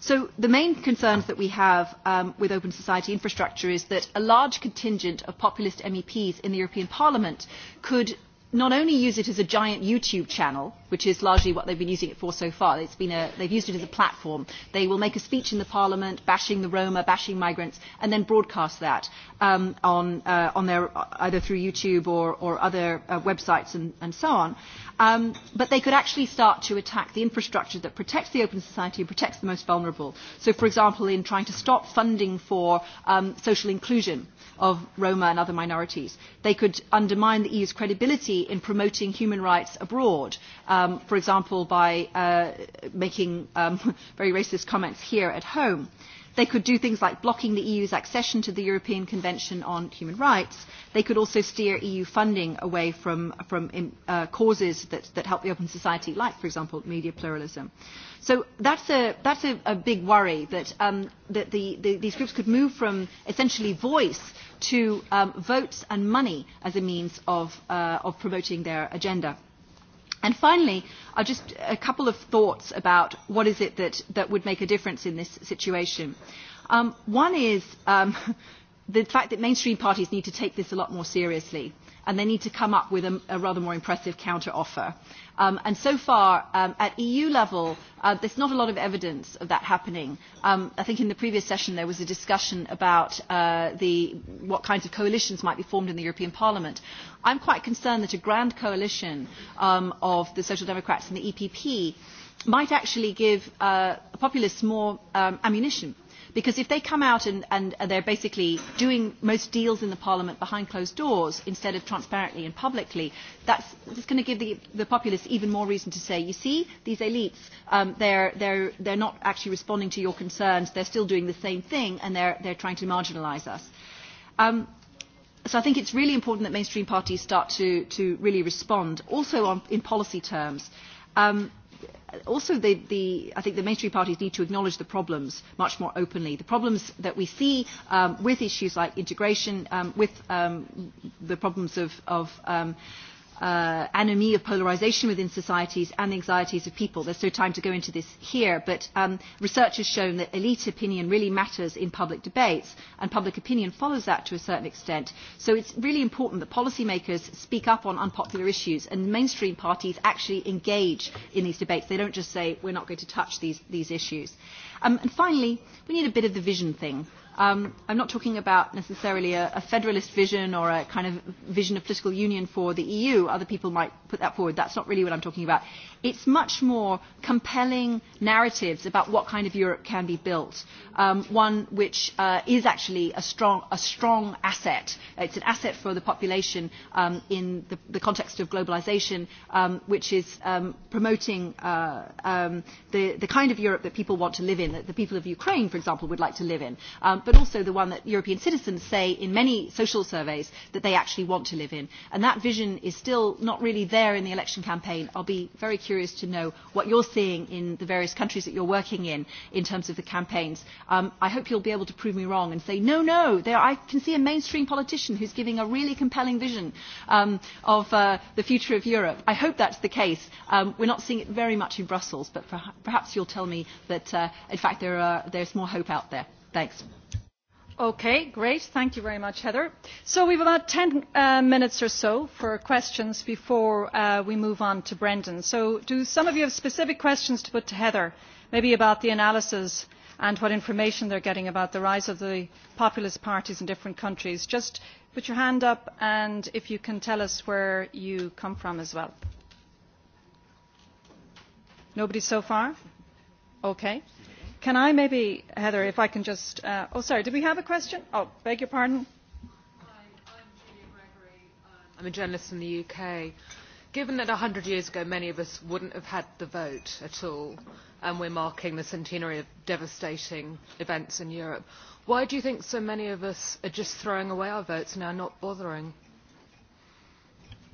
So the main concerns that we have um, with open society infrastructure is that a large contingent of populist MEPs in the European Parliament could not only use it as a giant YouTube channel, which is largely what they've been using it for so far. It's been a, they've used it as a platform. They will make a speech in the parliament bashing the Roma, bashing migrants, and then broadcast that um, on, uh, on their, uh, either through YouTube or, or other uh, websites and, and so on. Um, but they could actually start to attack the infrastructure that protects the open society and protects the most vulnerable. So, for example, in trying to stop funding for um, social inclusion of Roma and other minorities, they could undermine the EU's credibility in promoting human rights abroad. Um, um, for example, by uh, making um, very racist comments here at home. They could do things like blocking the EU's accession to the European Convention on Human Rights. They could also steer EU funding away from, from uh, causes that, that help the open society, like, for example, media pluralism. So that's a, that's a, a big worry that, um, that the, the, these groups could move from essentially voice to um, votes and money as a means of, uh, of promoting their agenda. And finally, uh, just a couple of thoughts about what is it that, that would make a difference in this situation. Um, one is um, the fact that mainstream parties need to take this a lot more seriously and they need to come up with a, a rather more impressive counter-offer. Um, and so far, um, at EU level, uh, there's not a lot of evidence of that happening. Um, I think in the previous session there was a discussion about uh, the, what kinds of coalitions might be formed in the European Parliament. I'm quite concerned that a grand coalition um, of the Social Democrats and the EPP might actually give uh, populists more um, ammunition Because if they come out and, and they're basically doing most deals in the Parliament behind closed doors instead of transparently and publicly, that's, that's going to give the, the populace even more reason to say, you see, these elites, um, they're, they're, they're not actually responding to your concerns, they're still doing the same thing, and they're, they're trying to marginalise us. Um, so I think it's really important that mainstream parties start to, to really respond, also on, in policy terms. Um, also the, the, I think the mainstream parties need to acknowledge the problems much more openly. The problems that we see um, with issues like integration, um, with um, the problems of, of um, uh, anomie of polarization within societies and the anxieties of people. There's no time to go into this here, but um, research has shown that elite opinion really matters in public debates, and public opinion follows that to a certain extent. So it's really important that policymakers speak up on unpopular issues, and mainstream parties actually engage in these debates. They don't just say, we're not going to touch these, these issues. Um, and finally, we need a bit of the vision thing. Um, I'm not talking about necessarily a, a federalist vision or a kind of vision of political union for the EU. Other people might put that forward. That's not really what I'm talking about. It's much more compelling narratives about what kind of Europe can be built. Um, one which uh, is actually a strong, a strong asset. It's an asset for the population um, in the, the context of globalization, um, which is um, promoting uh, um, the, the kind of Europe that people want to live in, that the people of Ukraine, for example, would like to live in. Um, but also the one that European citizens say in many social surveys that they actually want to live in. And that vision is still not really there in the election campaign. I'll be very curious to know what you're seeing in the various countries that you're working in, in terms of the campaigns. Um, I hope you'll be able to prove me wrong and say, no, no, there, I can see a mainstream politician who's giving a really compelling vision um, of uh, the future of Europe. I hope that's the case. Um, we're not seeing it very much in Brussels, but perhaps you'll tell me that, uh, in fact, there are, there's more hope out there. Thanks. Okay, great. Thank you very much, Heather. So we've about 10 uh, minutes or so for questions before uh, we move on to Brendan. So do some of you have specific questions to put to Heather, maybe about the analysis and what information they're getting about the rise of the populist parties in different countries? Just put your hand up and if you can tell us where you come from as well. Nobody so far? Okay. Can I maybe, Heather, if I can just, uh, oh, sorry, did we have a question? Oh, beg your pardon. Hi, I'm Julia Gregory. Uh, I'm a journalist in the UK. Given that 100 years ago many of us wouldn't have had the vote at all, and we're marking the centenary of devastating events in Europe, why do you think so many of us are just throwing away our votes now, not bothering?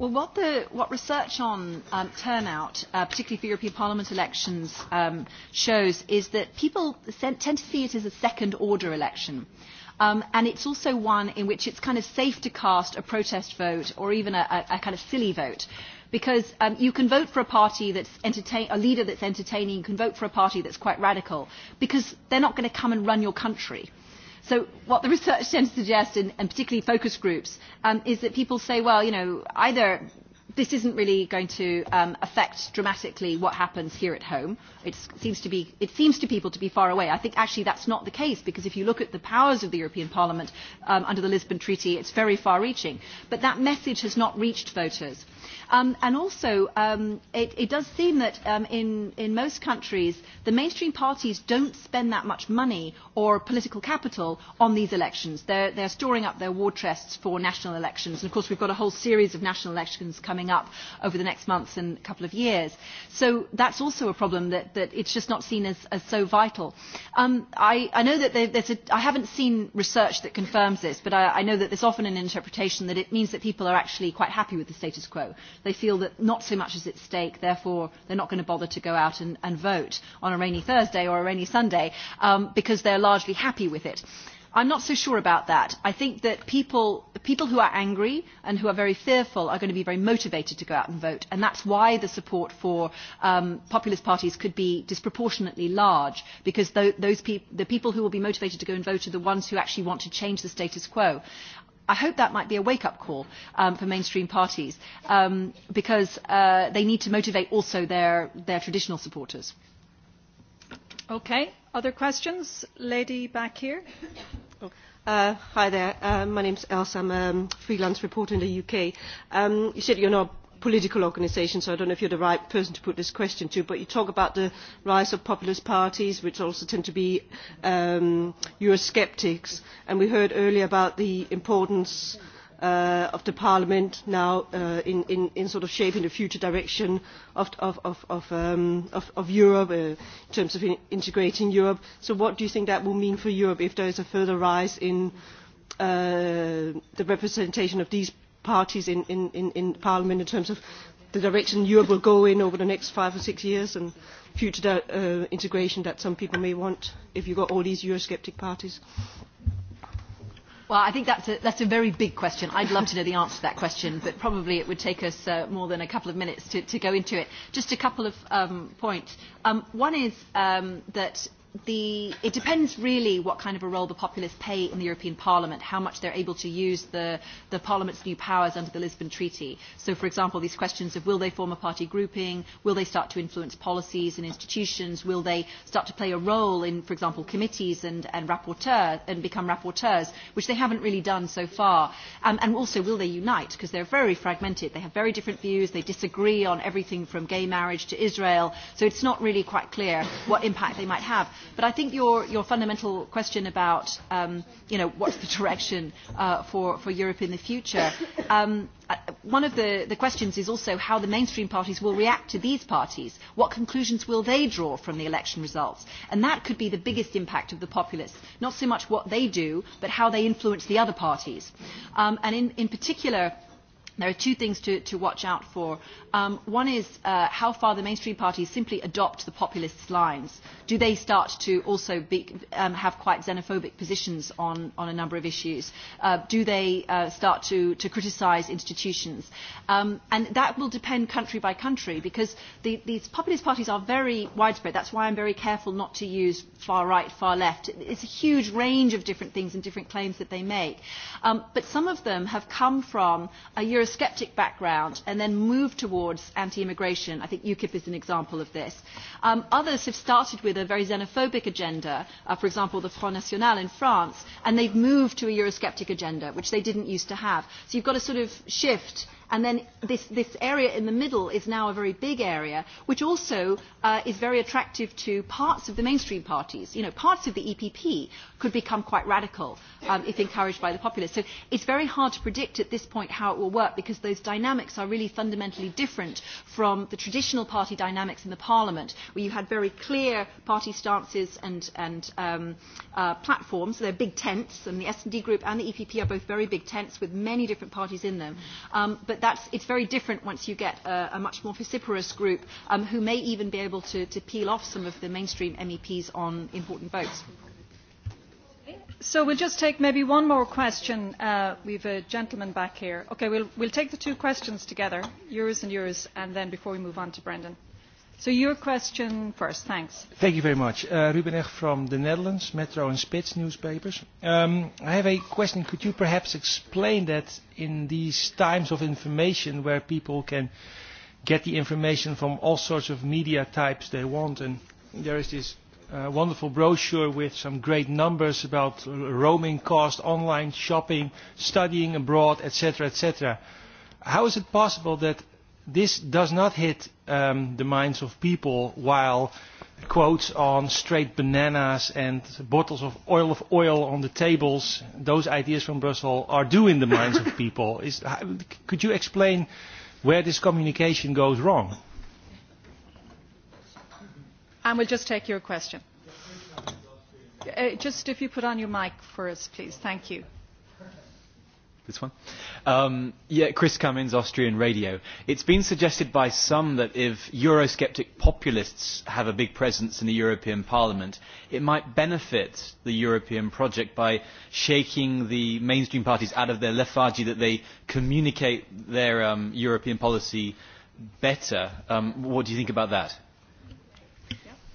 Well, what, the, what research on um, turnout, uh, particularly for European Parliament elections, um, shows is that people tend to see it as a second-order election. Um, and it's also one in which it's kind of safe to cast a protest vote or even a, a, a kind of silly vote. Because um, you can vote for a party that's entertain a leader that's entertaining, you can vote for a party that's quite radical, because they're not going to come and run your country. So what the research tends to suggest, and, and particularly focus groups, um, is that people say, well, you know, either this isn't really going to um, affect dramatically what happens here at home. It seems to be, it seems to people to be far away. I think actually that's not the case because if you look at the powers of the European Parliament um, under the Lisbon Treaty, it's very far-reaching. But that message has not reached voters. Um, and also, um, it, it does seem that um, in, in most countries, the mainstream parties don't spend that much money or political capital on these elections. They're, they're storing up their war chests for national elections. And of course, we've got a whole series of national elections coming coming up over the next months and couple of years. So that's also a problem that, that it's just not seen as, as so vital. Um, I, I know that there, there's a, I haven't seen research that confirms this, but I, I know that there's often an interpretation that it means that people are actually quite happy with the status quo. They feel that not so much is at stake, therefore they're not going to bother to go out and, and vote on a rainy Thursday or a rainy Sunday um, because they're largely happy with it. I'm not so sure about that. I think that people, people who are angry and who are very fearful are going to be very motivated to go out and vote. And that's why the support for um, populist parties could be disproportionately large, because th those pe the people who will be motivated to go and vote are the ones who actually want to change the status quo. I hope that might be a wake-up call um, for mainstream parties, um, because uh, they need to motivate also their, their traditional supporters. Okay. Other questions? Lady back here. Uh, hi there. Uh, my name's Elsa. I'm a freelance reporter in the UK. Um, you said you're not a political organisation, so I don't know if you're the right person to put this question to, but you talk about the rise of populist parties, which also tend to be um, Eurosceptics, and we heard earlier about the importance uh, of the Parliament now uh, in, in, in sort of shaping the future direction of, of, of, of, um, of, of Europe uh, in terms of in integrating Europe. So what do you think that will mean for Europe if there is a further rise in uh, the representation of these parties in, in, in, in Parliament in terms of the direction Europe will go in over the next five or six years and future uh, integration that some people may want if you've got all these Eurosceptic parties? Uh, Well, I think that's a, that's a very big question. I'd love to know the answer to that question, but probably it would take us uh, more than a couple of minutes to, to go into it. Just a couple of um, points. Um, one is um, that the, it depends really what kind of a role the populists pay in the European Parliament, how much they're able to use the, the Parliament's new powers under the Lisbon Treaty. So, for example, these questions of will they form a party grouping, will they start to influence policies and institutions, will they start to play a role in, for example, committees and, and rapporteurs and become rapporteurs, which they haven't really done so far. Um, and also, will they unite? Because they're very fragmented. They have very different views. They disagree on everything from gay marriage to Israel. So it's not really quite clear what impact they might have. But I think your, your fundamental question about, um, you know, what's the direction uh, for, for Europe in the future, um, uh, one of the, the questions is also how the mainstream parties will react to these parties. What conclusions will they draw from the election results? And that could be the biggest impact of the populists, not so much what they do, but how they influence the other parties. Um, and in, in particular, There are two things to, to watch out for. Um, one is uh, how far the mainstream parties simply adopt the populist lines. Do they start to also be, um, have quite xenophobic positions on, on a number of issues? Uh, do they uh, start to, to criticise institutions? Um, and that will depend country by country because the, these populist parties are very widespread. That's why I'm very careful not to use far right, far left. It's a huge range of different things and different claims that they make. Um, but some of them have come from a Euro Eurosceptic background and then move towards anti-immigration. I think UKIP is an example of this. Um, others have started with a very xenophobic agenda, uh, for example, the Front National in France, and they've moved to a Eurosceptic agenda, which they didn't used to have. So you've got a sort of shift And then this, this area in the middle is now a very big area, which also uh, is very attractive to parts of the mainstream parties. You know, parts of the EPP could become quite radical um, if encouraged by the populace. So it's very hard to predict at this point how it will work because those dynamics are really fundamentally different from the traditional party dynamics in the parliament, where you had very clear party stances and, and um, uh, platforms. They're big tents, and the S&D group and the EPP are both very big tents with many different parties in them. Um, but that's, it's very different once you get a, a much more vociferous group um, who may even be able to, to peel off some of the mainstream MEPs on important votes. So we'll just take maybe one more question. Uh, have a gentleman back here. Okay, we'll, we'll take the two questions together, yours and yours, and then before we move on to Brendan. So your question first, thanks. Thank you very much. Uh, Ruben Ech from the Netherlands, Metro and Spitz newspapers. Um, I have a question. Could you perhaps explain that in these times of information where people can get the information from all sorts of media types they want and there is this uh, wonderful brochure with some great numbers about roaming cost, online shopping, studying abroad, etc., etc. How is it possible that this does not hit um, the minds of people while quotes on straight bananas and bottles of oil of oil on the tables, those ideas from Brussels are doing the minds of people. Is, could you explain where this communication goes wrong? And we'll just take your question. Uh, just if you put on your mic for us, please. Thank you this one. Um, yeah, Chris Cummins, Austrian Radio. It's been suggested by some that if Eurosceptic populists have a big presence in the European Parliament, it might benefit the European project by shaking the mainstream parties out of their lethargy that they communicate their um, European policy better. Um, what do you think about that?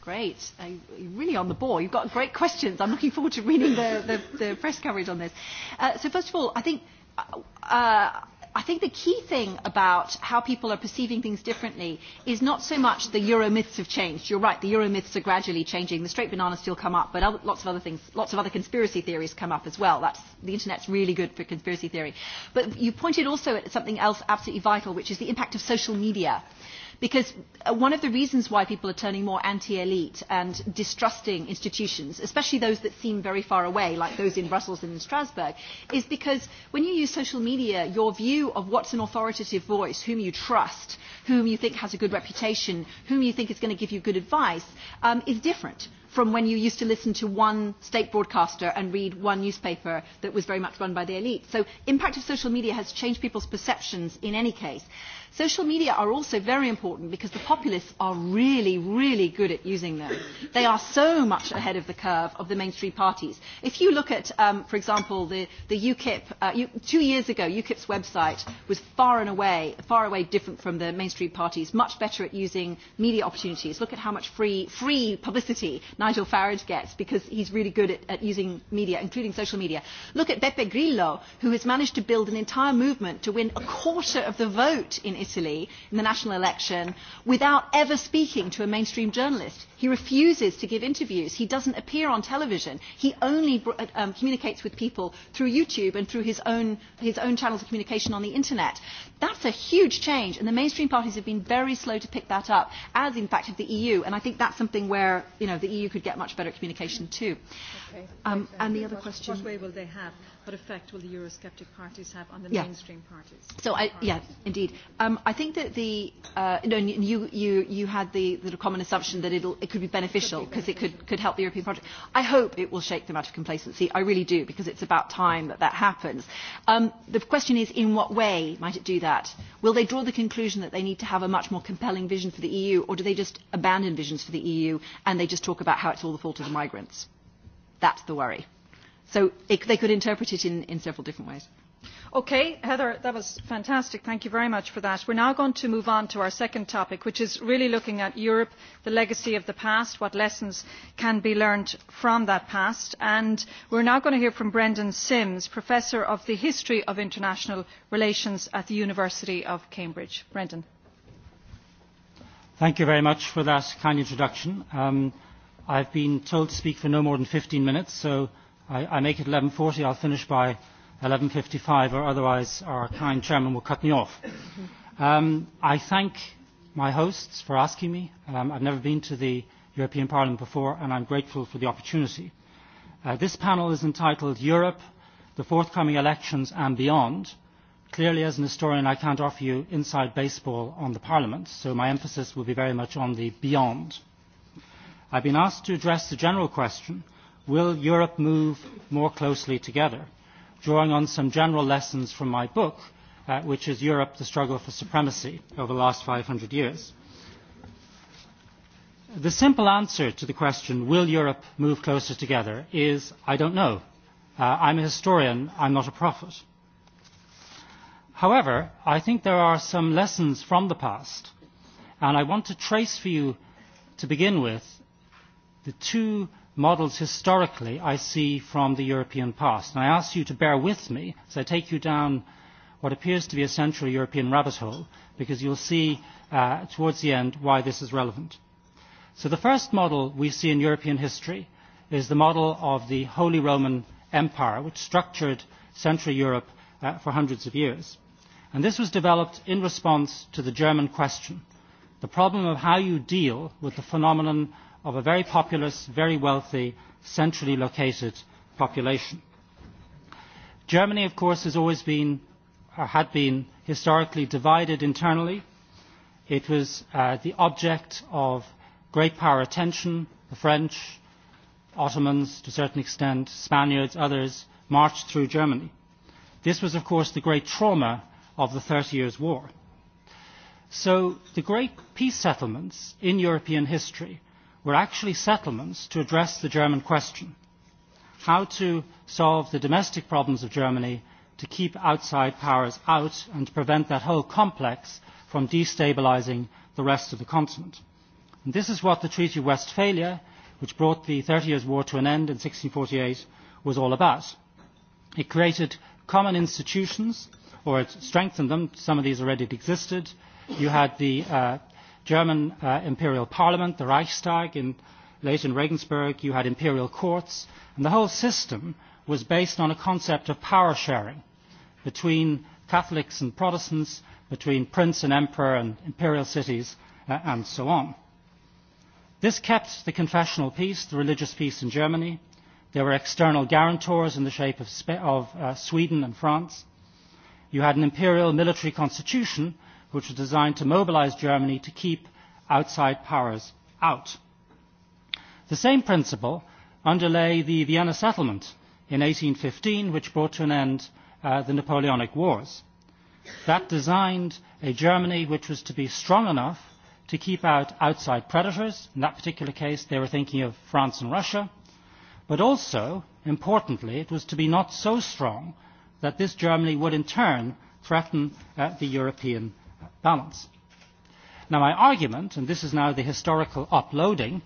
Great. Uh, you're really on the ball. You've got great questions. I'm looking forward to reading the, the, the press coverage on this. Uh, so first of all, I think uh, I think the key thing about how people are perceiving things differently is not so much the Euro myths have changed. You're right, the Euro myths are gradually changing. The straight banana still come up, but other, lots of other things, lots of other conspiracy theories come up as well. That's, the internet's really good for conspiracy theory. But you pointed also at something else absolutely vital, which is the impact of social media Because uh, one of the reasons why people are turning more anti-elite and distrusting institutions, especially those that seem very far away, like those in Brussels and in Strasbourg, is because when you use social media, your view of what's an authoritative voice, whom you trust, whom you think has a good reputation, whom you think is going to give you good advice, um, is different from when you used to listen to one state broadcaster and read one newspaper that was very much run by the elite. So impact of social media has changed people's perceptions in any case. Social media are also very important because the populists are really, really good at using them. They are so much ahead of the curve of the mainstream parties. If you look at, um, for example, the, the UKIP, uh, two years ago, UKIP's website was far and away, far away different from the mainstream parties, much better at using media opportunities. Look at how much free, free publicity Nigel Farage gets because he's really good at, at using media, including social media. Look at Beppe Grillo, who has managed to build an entire movement to win a quarter of the vote in Italy in the national election without ever speaking to a mainstream journalist. He refuses to give interviews. He doesn't appear on television. He only um, communicates with people through YouTube and through his own, his own channels of communication on the internet. That's a huge change, and the mainstream parties have been very slow to pick that up, as in fact of the EU, and I think that's something where you know, the EU could get much better communication too. Okay. Um, and the other question... What way will they have? what effect will the Eurosceptic parties have on the yeah. mainstream parties? So, I, yeah, indeed. Um, I think that the uh, no, you, you, you had the, the common assumption that it'll, it could be beneficial because it could, could help the European project. I hope it will shake them out of complacency. I really do because it's about time that that happens. Um, the question is, in what way might it do that? Will they draw the conclusion that they need to have a much more compelling vision for the EU, or do they just abandon visions for the EU and they just talk about how it's all the fault of the migrants? That's the worry. So it, they could interpret it in, in several different ways. Okay, Heather, that was fantastic. Thank you very much for that. We're now going to move on to our second topic, which is really looking at Europe, the legacy of the past, what lessons can be learned from that past. And we're now going to hear from Brendan Sims, Professor of the History of International Relations at the University of Cambridge. Brendan. Thank you very much for that kind introduction. Um, I've been told to speak for no more than 15 minutes, so I, I make it 11.40, I'll finish by 11.55 or otherwise our kind chairman will cut me off. Um, I thank my hosts for asking me. Um, I've never been to the European Parliament before and I'm grateful for the opportunity. Uh, this panel is entitled Europe, the forthcoming elections and beyond. Clearly as an historian I can't offer you inside baseball on the Parliament so my emphasis will be very much on the beyond. I've been asked to address the general question Will Europe move more closely together? Drawing on some general lessons from my book, uh, which is Europe, the Struggle for Supremacy over the last 500 years. The simple answer to the question, will Europe move closer together, is I don't know. Uh, I'm a historian, I'm not a prophet. However, I think there are some lessons from the past, and I want to trace for you, to begin with, the two models historically I see from the European past. And I ask you to bear with me as I take you down what appears to be a central European rabbit hole, because you'll see uh, towards the end why this is relevant. So the first model we see in European history is the model of the Holy Roman Empire, which structured Central Europe uh, for hundreds of years. And this was developed in response to the German question, the problem of how you deal with the phenomenon of a very populous, very wealthy, centrally located population. Germany, of course, has always been, or uh, had been, historically divided internally. It was uh, the object of great power attention. The French, Ottomans, to a certain extent, Spaniards, others, marched through Germany. This was, of course, the great trauma of the Thirty Years' War. So the great peace settlements in European history were actually settlements to address the German question, how to solve the domestic problems of Germany to keep outside powers out and to prevent that whole complex from destabilizing the rest of the continent. And this is what the Treaty of Westphalia, which brought the Thirty Years' War to an end in 1648, was all about. It created common institutions, or it strengthened them. Some of these already existed. You had the uh, German uh, imperial parliament, the Reichstag, in, late in Regensburg, you had imperial courts, and the whole system was based on a concept of power sharing between Catholics and Protestants, between prince and emperor and imperial cities, uh, and so on. This kept the confessional peace, the religious peace in Germany. There were external guarantors in the shape of, Sp of uh, Sweden and France. You had an imperial military constitution which was designed to mobilize Germany to keep outside powers out. The same principle underlay the Vienna settlement in 1815, which brought to an end uh, the Napoleonic Wars. That designed a Germany which was to be strong enough to keep out outside predators. In that particular case, they were thinking of France and Russia. But also, importantly, it was to be not so strong that this Germany would in turn threaten uh, the European balance. Now my argument, and this is now the historical uploading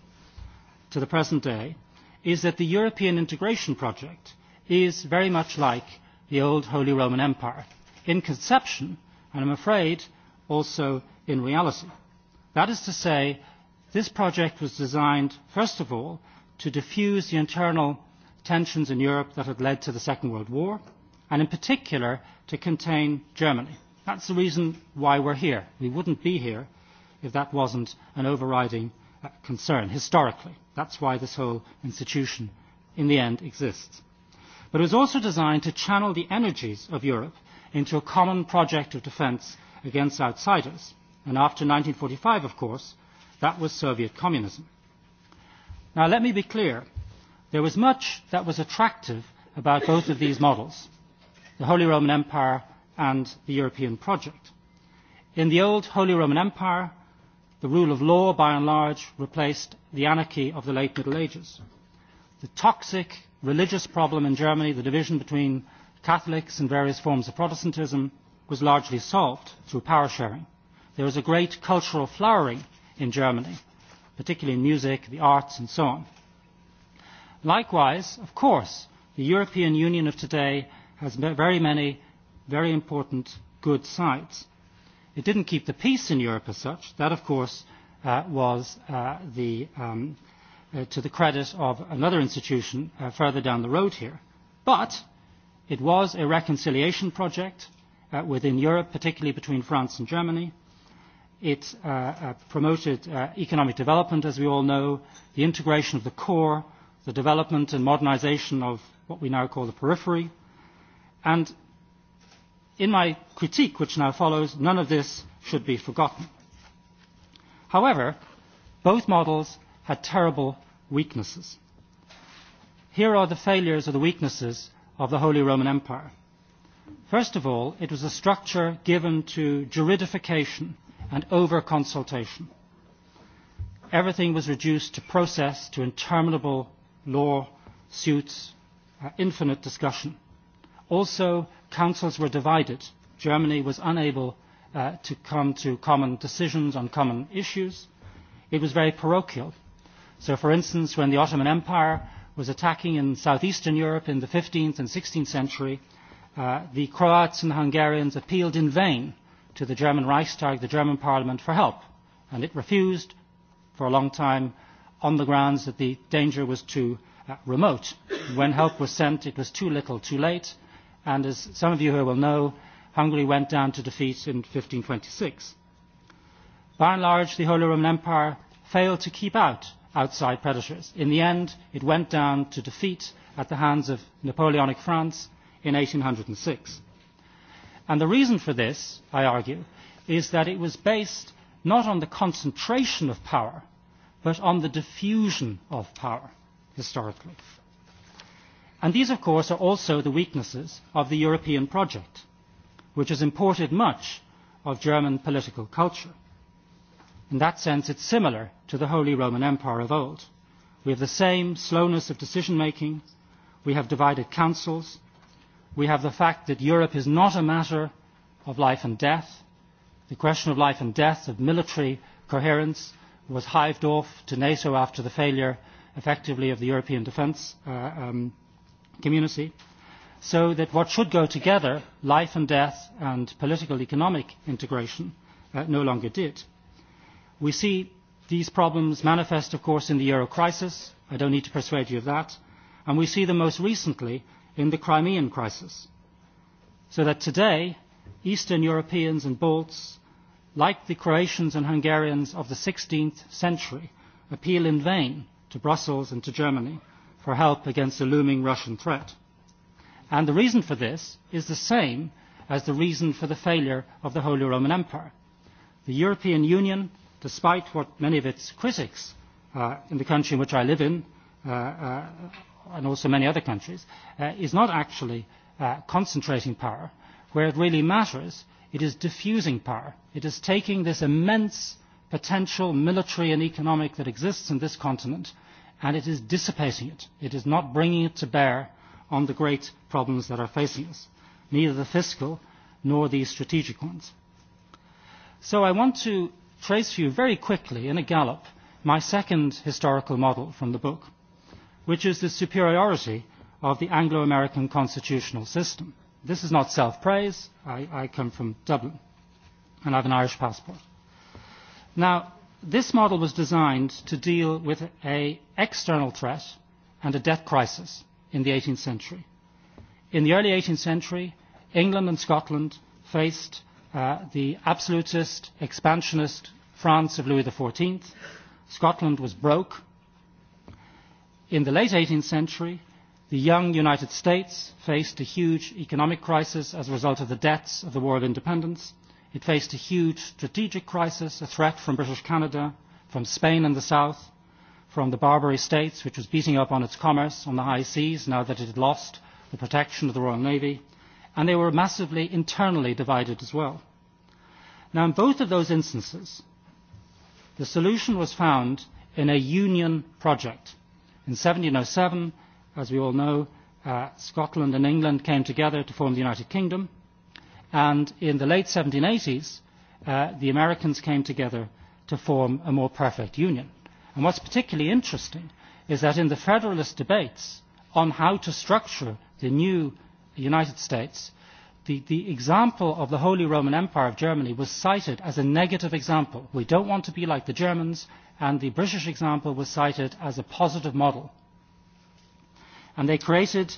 to the present day, is that the European integration project is very much like the old Holy Roman Empire, in conception, and I'm afraid also in reality. That is to say, this project was designed, first of all, to diffuse the internal tensions in Europe that had led to the Second World War, and in particular to contain Germany. That's the reason why we're here. We wouldn't be here if that wasn't an overriding uh, concern historically. That's why this whole institution in the end exists. But it was also designed to channel the energies of Europe into a common project of defence against outsiders. And after 1945, of course, that was Soviet communism. Now, let me be clear. There was much that was attractive about both of these models. The Holy Roman Empire and the European project. In the old Holy Roman Empire, the rule of law, by and large, replaced the anarchy of the late Middle Ages. The toxic religious problem in Germany, the division between Catholics and various forms of Protestantism, was largely solved through power sharing. There was a great cultural flowering in Germany, particularly in music, the arts, and so on. Likewise, of course, the European Union of today has very many very important good sites. It didn't keep the peace in Europe as such. That, of course, uh, was uh, the, um, uh, to the credit of another institution uh, further down the road here. But it was a reconciliation project uh, within Europe, particularly between France and Germany. It uh, uh, promoted uh, economic development, as we all know, the integration of the core, the development and modernization of what we now call the periphery. And In my critique, which now follows, none of this should be forgotten. However, both models had terrible weaknesses. Here are the failures or the weaknesses of the Holy Roman Empire. First of all, it was a structure given to juridification and over-consultation. Everything was reduced to process, to interminable law, suits, uh, infinite discussion. Also, councils were divided. Germany was unable uh, to come to common decisions on common issues. It was very parochial. So, for instance, when the Ottoman Empire was attacking in southeastern Europe in the 15th and 16th century, uh, the Croats and Hungarians appealed in vain to the German Reichstag, the German parliament, for help. And it refused for a long time on the grounds that the danger was too uh, remote. When help was sent, it was too little, too late and as some of you here will know, Hungary went down to defeat in 1526. By and large, the Holy Roman Empire failed to keep out outside predators. In the end, it went down to defeat at the hands of Napoleonic France in 1806. And the reason for this, I argue, is that it was based not on the concentration of power, but on the diffusion of power, historically. And these, of course, are also the weaknesses of the European project, which has imported much of German political culture. In that sense, it's similar to the Holy Roman Empire of old. We have the same slowness of decision-making, we have divided councils, we have the fact that Europe is not a matter of life and death. The question of life and death, of military coherence, was hived off to NATO after the failure, effectively, of the European defence uh, um, community, so that what should go together, life and death and political economic integration, uh, no longer did. We see these problems manifest, of course, in the euro crisis. I don't need to persuade you of that. And we see them most recently in the Crimean crisis. So that today, Eastern Europeans and Balts, like the Croatians and Hungarians of the 16th century, appeal in vain to Brussels and to Germany for help against the looming Russian threat. And the reason for this is the same as the reason for the failure of the Holy Roman Empire. The European Union, despite what many of its critics uh, in the country in which I live in, uh, uh, and also many other countries, uh, is not actually uh, concentrating power. Where it really matters, it is diffusing power. It is taking this immense potential military and economic that exists in this continent and it is dissipating it. It is not bringing it to bear on the great problems that are facing us, neither the fiscal nor the strategic ones. So I want to trace for you very quickly in a gallop my second historical model from the book, which is the superiority of the Anglo-American constitutional system. This is not self-praise. I, I come from Dublin, and I have an Irish passport. Now, this model was designed to deal with an external threat and a debt crisis in the 18th century. In the early 18th century, England and Scotland faced uh, the absolutist, expansionist France of Louis XIV. Scotland was broke. In the late 18th century, the young United States faced a huge economic crisis as a result of the debts of the War of Independence. It faced a huge strategic crisis, a threat from British Canada, from Spain and the south, from the Barbary States, which was beating up on its commerce on the high seas now that it had lost the protection of the Royal Navy, and they were massively internally divided as well. Now, in both of those instances, the solution was found in a union project. In 1707, as we all know, uh, Scotland and England came together to form the United Kingdom. And in the late 1780s, uh, the Americans came together to form a more perfect union. And what's particularly interesting is that in the Federalist debates on how to structure the new United States, the, the example of the Holy Roman Empire of Germany was cited as a negative example. We don't want to be like the Germans, and the British example was cited as a positive model. And they created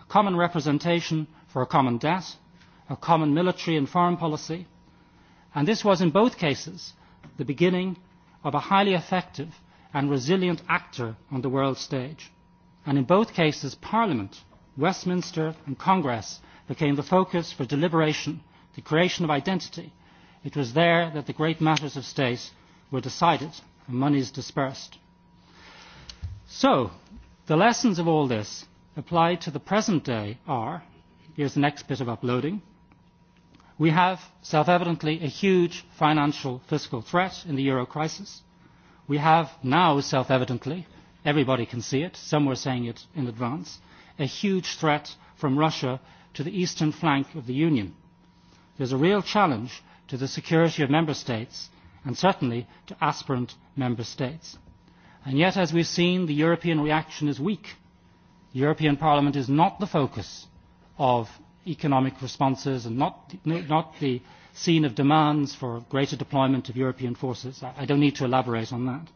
a common representation for a common debt, of common military and foreign policy, and this was in both cases the beginning of a highly effective and resilient actor on the world stage. And in both cases, Parliament, Westminster and Congress became the focus for deliberation, the creation of identity. It was there that the great matters of state were decided and monies dispersed. So, the lessons of all this applied to the present day are, here's the next bit of uploading, We have, self-evidently, a huge financial fiscal threat in the euro crisis. We have now, self-evidently, everybody can see it, some were saying it in advance, a huge threat from Russia to the eastern flank of the Union. There's a real challenge to the security of member states and certainly to aspirant member states. And yet, as we've seen, the European reaction is weak. The European Parliament is not the focus of economic responses and not, not the scene of demands for greater deployment of European forces. I, I don't need to elaborate on that.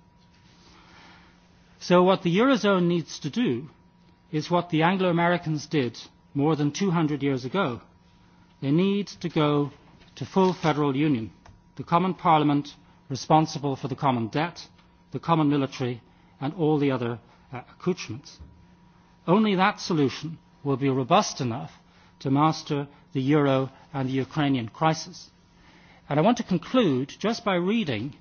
So what the Eurozone needs to do is what the Anglo-Americans did more than 200 years ago. They need to go to full federal union, the common parliament responsible for the common debt, the common military, and all the other uh, accoutrements. Only that solution will be robust enough to master the euro and the Ukrainian crisis. And I want to conclude just by reading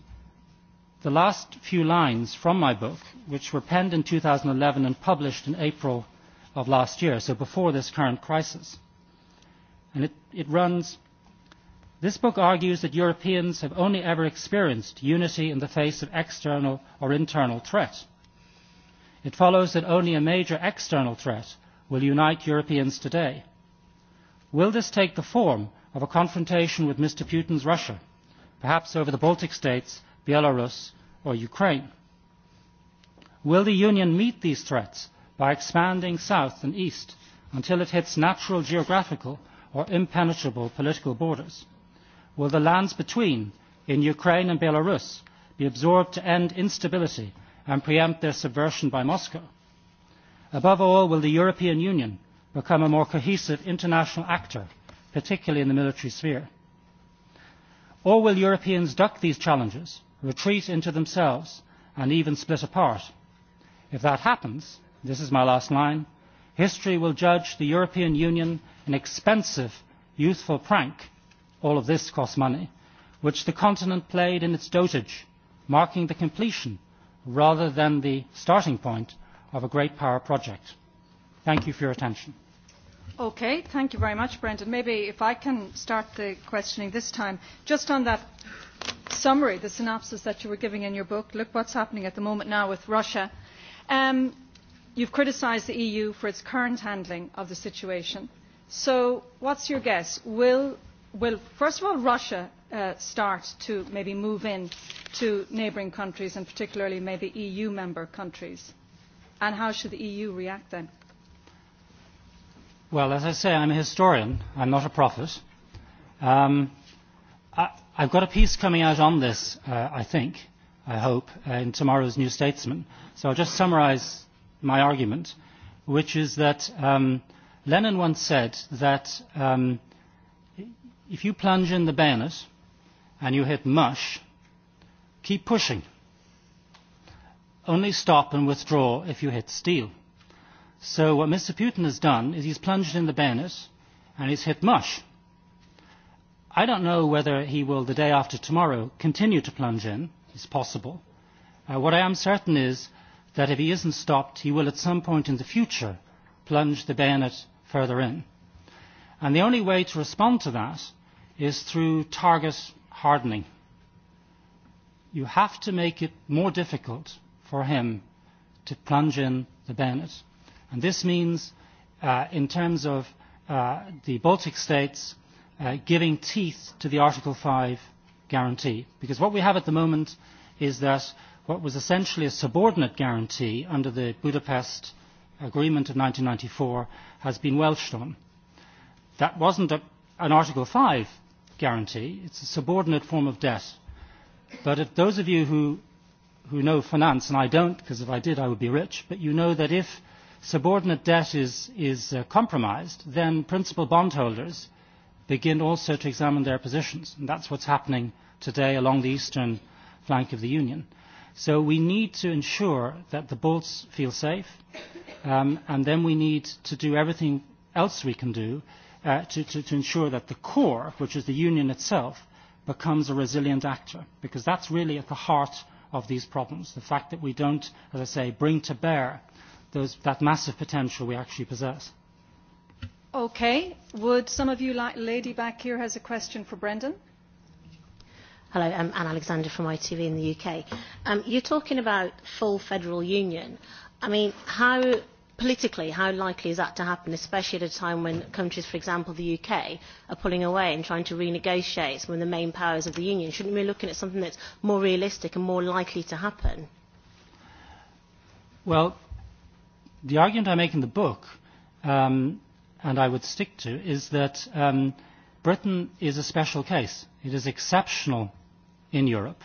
the last few lines from my book, which were penned in 2011 and published in April of last year, so before this current crisis. And it, it runs, this book argues that Europeans have only ever experienced unity in the face of external or internal threat. It follows that only a major external threat will unite Europeans today – Will this take the form of a confrontation with Mr. Putin's Russia, perhaps over the Baltic states, Belarus, or Ukraine? Will the Union meet these threats by expanding south and east until it hits natural geographical or impenetrable political borders? Will the lands between, in Ukraine and Belarus, be absorbed to end instability and preempt their subversion by Moscow? Above all, will the European Union become a more cohesive international actor, particularly in the military sphere? Or will Europeans duck these challenges, retreat into themselves, and even split apart? If that happens, this is my last line, history will judge the European Union an expensive, youthful prank. All of this costs money, which the continent played in its dotage, marking the completion rather than the starting point of a great power project. Thank you for your attention. Okay, thank you very much, Brendan. Maybe if I can start the questioning this time, just on that summary, the synopsis that you were giving in your book, look what's happening at the moment now with Russia. Um, you've criticised the EU for its current handling of the situation. So what's your guess? Will, will first of all, Russia uh, start to maybe move in to neighbouring countries and particularly maybe EU member countries? And how should the EU react then? Well, as I say, I'm a historian. I'm not a prophet. Um, I, I've got a piece coming out on this, uh, I think, I hope, uh, in tomorrow's New Statesman. So I'll just summarize my argument, which is that um, Lenin once said that um, if you plunge in the bayonet and you hit mush, keep pushing. Only stop and withdraw if you hit steel. So what Mr. Putin has done is he's plunged in the bayonet and he's hit mush. I don't know whether he will, the day after tomorrow, continue to plunge in. It's possible. Uh, what I am certain is that if he isn't stopped, he will at some point in the future plunge the bayonet further in. And the only way to respond to that is through target hardening. You have to make it more difficult for him to plunge in the bayonet. And this means, uh, in terms of uh, the Baltic states, uh, giving teeth to the Article 5 guarantee. Because what we have at the moment is that what was essentially a subordinate guarantee under the Budapest Agreement of 1994 has been welched on. That wasn't a, an Article 5 guarantee, it's a subordinate form of debt. But if those of you who, who know finance, and I don't, because if I did I would be rich, but you know that if subordinate debt is, is uh, compromised, then principal bondholders begin also to examine their positions. And that's what's happening today along the eastern flank of the Union. So we need to ensure that the Balts feel safe, um, and then we need to do everything else we can do uh, to, to, to ensure that the core, which is the Union itself, becomes a resilient actor, because that's really at the heart of these problems, the fact that we don't, as I say, bring to bear uh, those, that massive potential we actually possess. Okay. Would some of you, like lady back here has a question for Brendan. Hello, I'm Anne Alexander from ITV in the UK. Um, you're talking about full federal union. I mean, how politically, how likely is that to happen, especially at a time when countries, for example, the UK, are pulling away and trying to renegotiate some of the main powers of the union? Shouldn't we be looking at something that's more realistic and more likely to happen? Well, the argument I make in the book, um, and I would stick to, is that um, Britain is a special case. It is exceptional in Europe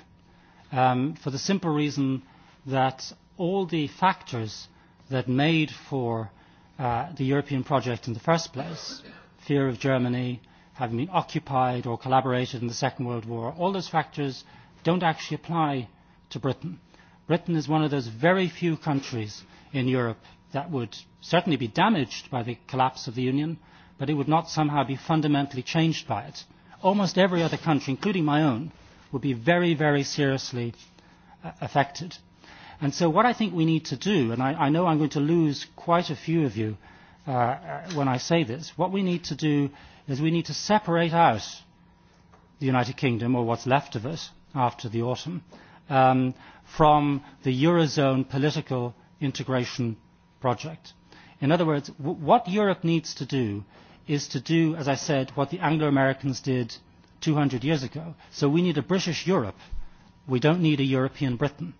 um, for the simple reason that all the factors that made for uh, the European project in the first place, fear of Germany, having been occupied or collaborated in the Second World War, all those factors don't actually apply to Britain. Britain is one of those very few countries in Europe that would certainly be damaged by the collapse of the Union, but it would not somehow be fundamentally changed by it. Almost every other country, including my own, would be very, very seriously uh, affected. And so what I think we need to do, and I, I know I'm going to lose quite a few of you uh, uh when I say this, what we need to do is we need to separate out the United Kingdom, or what's left of it after the autumn, um, from the Eurozone political integration project. In other words, w what Europe needs to do is to do, as I said, what the Anglo-Americans did 200 years ago. So we need a British Europe. We don't need a European Britain.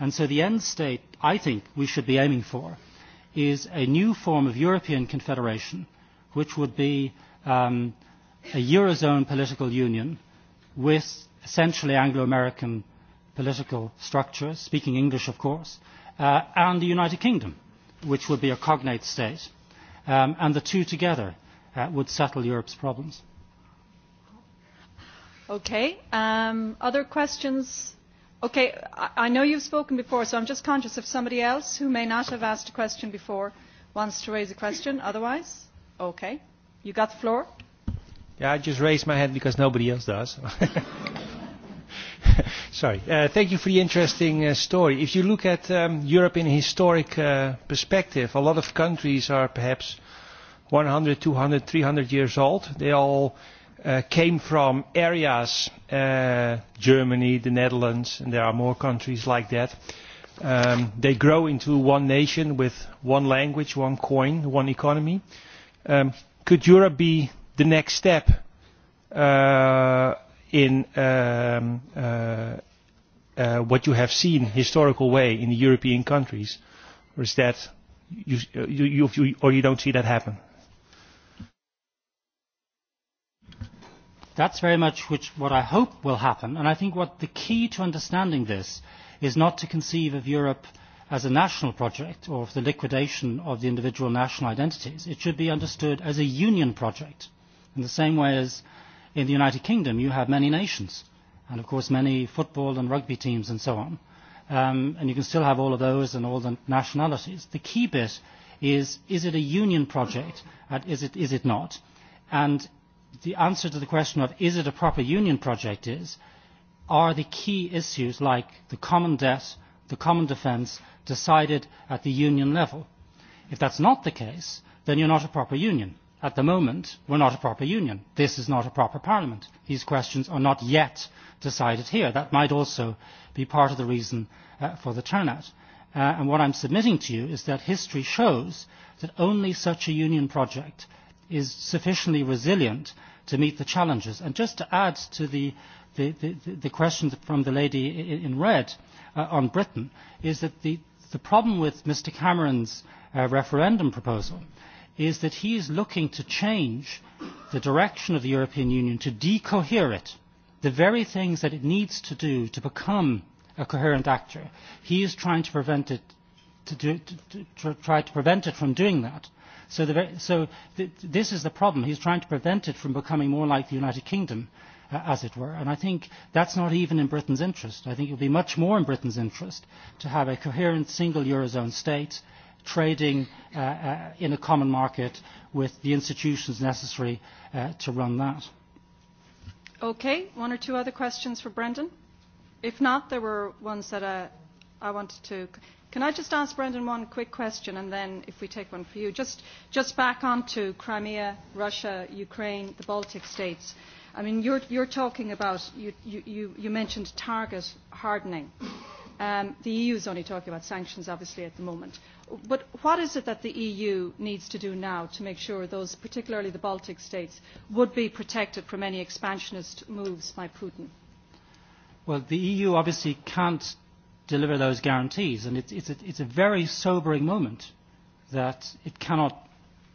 And so the end state I think we should be aiming for is a new form of European confederation, which would be um, a Eurozone political union with essentially Anglo-American political structures, speaking English, of course, uh, and the United Kingdom which would be a cognate state, um, and the two together uh, would settle Europe's problems. Okay. Um, other questions? Okay, I, I know you've spoken before, so I'm just conscious if somebody else who may not have asked a question before wants to raise a question. Otherwise, okay. You got the floor? Yeah, I just raised my hand because nobody else does. Sorry. Uh, thank you for the interesting uh, story. If you look at um, Europe in a historic uh, perspective, a lot of countries are perhaps 100, 200, 300 years old. They all uh, came from areas, uh, Germany, the Netherlands, and there are more countries like that. Um, they grow into one nation with one language, one coin, one economy. Um, could Europe be the next step? Uh, in um, uh, uh, what you have seen historical way in the European countries, or is that you, you, you or you don't see that happen? That's very much which, what I hope will happen, and I think what the key to understanding this is not to conceive of Europe as a national project or of the liquidation of the individual national identities. It should be understood as a union project in the same way as in the United Kingdom you have many nations and of course many football and rugby teams and so on. Um, and you can still have all of those and all the nationalities. The key bit is, is it a union project and is it, is it not? And the answer to the question of is it a proper union project is, are the key issues like the common debt, the common defence, decided at the union level? If that's not the case, then you're not a proper union at the moment, we're not a proper union. This is not a proper parliament. These questions are not yet decided here. That might also be part of the reason uh, for the turnout. Uh, and what I'm submitting to you is that history shows that only such a union project is sufficiently resilient to meet the challenges. And just to add to the, the, the, the question from the lady in, in red uh, on Britain, is that the, the problem with Mr Cameron's uh, referendum proposal is that he is looking to change the direction of the European Union, to decohere it, the very things that it needs to do to become a coherent actor. He is trying to prevent it, to do, to, to, to try to prevent it from doing that. So, the so th this is the problem. He's trying to prevent it from becoming more like the United Kingdom, uh, as it were. And I think that's not even in Britain's interest. I think it would be much more in Britain's interest to have a coherent single Eurozone state trading uh, uh, in a common market with the institutions necessary uh, to run that. Okay, one or two other questions for Brendan? If not, there were ones that uh, I wanted to... Can I just ask Brendan one quick question and then if we take one for you? Just, just back on to Crimea, Russia, Ukraine, the Baltic states. I mean, you're, you're talking about, you, you, you mentioned target hardening. Um, the EU is only talking about sanctions, obviously, at the moment. But what is it that the EU needs to do now to make sure those, particularly the Baltic states, would be protected from any expansionist moves by Putin? Well, the EU obviously can't deliver those guarantees, and it's, it's, a, it's a very sobering moment that it cannot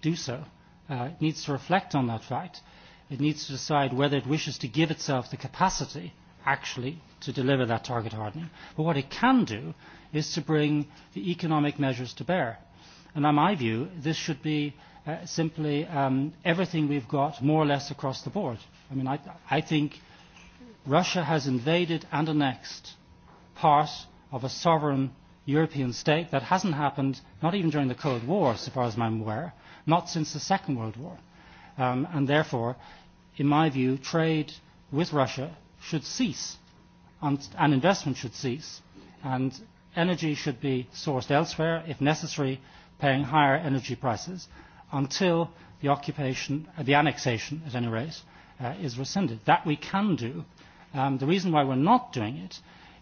do so. Uh, it needs to reflect on that fact. It needs to decide whether it wishes to give itself the capacity actually to deliver that target hardening. But what it can do is to bring the economic measures to bear. And in my view, this should be uh, simply um, everything we've got more or less across the board. I mean, I, I think Russia has invaded and annexed part of a sovereign European state that hasn't happened, not even during the Cold War, so far as I'm aware, not since the Second World War. Um, and therefore, in my view, trade with Russia should cease and, and investment should cease and energy should be sourced elsewhere, if necessary, paying higher energy prices until the occupation, uh, the annexation at any rate, uh, is rescinded. That we can do. Um, the reason why we're not doing it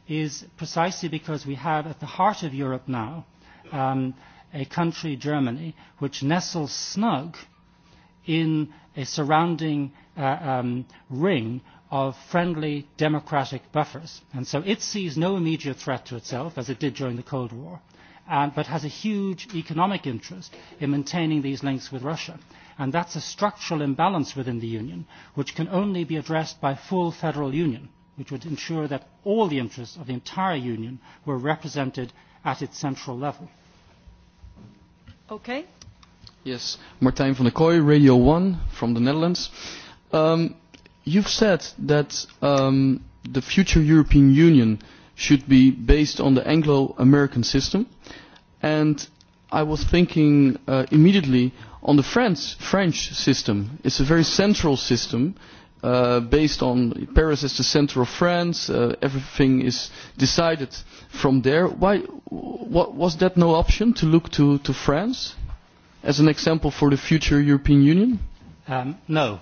is precisely because we have at the heart of Europe now um, a country, Germany, which nestles snug in a surrounding uh, um, ring of friendly democratic buffers. And so it sees no immediate threat to itself, as it did during the Cold War, and, but has a huge economic interest in maintaining these links with Russia. And that's a structural imbalance within the Union, which can only be addressed by full federal union, which would ensure that all the interests of the entire Union were represented at its central level. Okay. Yes, Martijn van der Kooi, Radio 1 from the Netherlands. Um, you've said that um, the future European Union should be based on the Anglo-American system, and I was thinking uh, immediately on the French, French system. It's a very central system uh, based on Paris is the center of France. Uh, everything is decided from there. Why what, was that no option to look to, to France as an example for the future European Union? Um, no,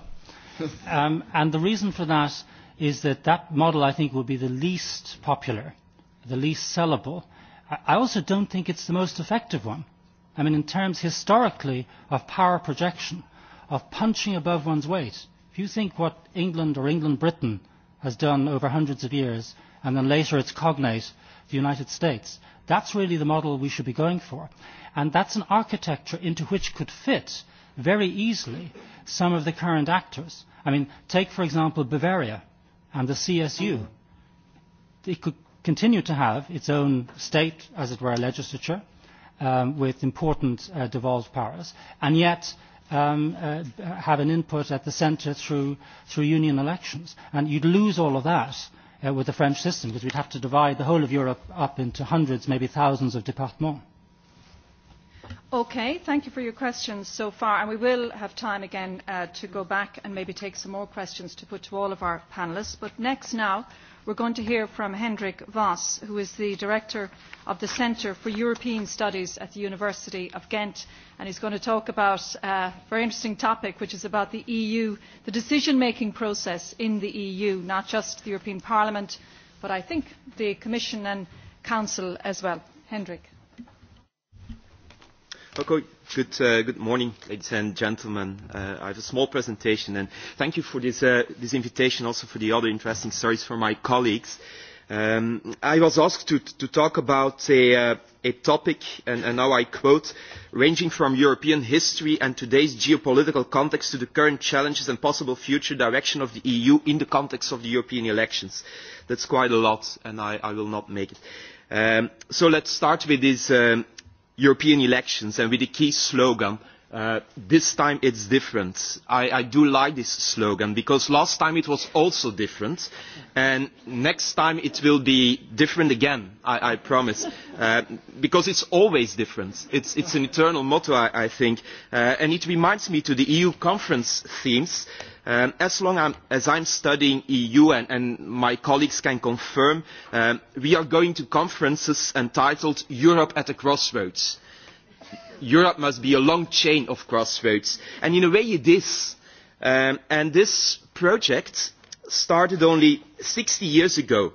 um, and the reason for that is that that model, I think, will be the least popular, the least sellable. I also don't think it's the most effective one. I mean, in terms historically of power projection, of punching above one's weight. If you think what England or England Britain has done over hundreds of years, and then later it's cognate, the United States, that's really the model we should be going for. And that's an architecture into which could fit very easily some of the current actors. I mean, take, for example, Bavaria and the CSU. It could continue to have its own state, as it were, legislature, um, with important uh, devolved powers, and yet um, uh, have an input at the centre through, through union elections. And you'd lose all of that uh, with the French system, because we'd have to divide the whole of Europe up into hundreds, maybe thousands of departments. Okay, thank you for your questions so far. And we will have time again uh, to go back and maybe take some more questions to put to all of our panelists. But next now, we're going to hear from Hendrik Voss, who is the director of the Centre for European Studies at the University of Ghent. And he's going to talk about a very interesting topic, which is about the EU, the decision-making process in the EU, not just the European Parliament, but I think the Commission and Council as well. Hendrik. Okay. Good, uh, good morning, ladies and gentlemen. Uh, I have a small presentation, and thank you for this, uh, this invitation, also for the other interesting stories from my colleagues. Um, I was asked to, to talk about a, uh, a topic, and, and now I quote, ranging from European history and today's geopolitical context to the current challenges and possible future direction of the EU in the context of the European elections. That's quite a lot, and I, I will not make it. Um, so let's start with this um, European elections and with the key slogan Uh, this time it's different. I, I do like this slogan because last time it was also different and next time it will be different again, I, I promise, uh, because it's always different. It's, it's an eternal motto, I, I think, uh, and it reminds me to the EU conference themes. Um, as long I'm, as I'm studying EU and, and my colleagues can confirm, um, we are going to conferences entitled Europe at a Crossroads. Uh, Europe must be a long chain of crossroads. And in a way it is. Um, and this project started only 60 years ago.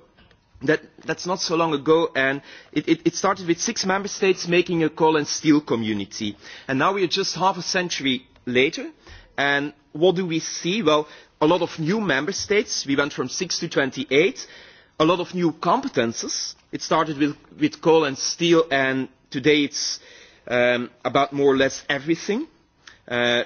That, that's not so long ago, and it, it, it started with six member states making a coal and steel community. And now we are just half a century later, and what do we see? Well, a lot of new member states. We went from six to 28. A lot of new competences. It started with, with coal and steel, and today it's um, about more or less everything. Uh,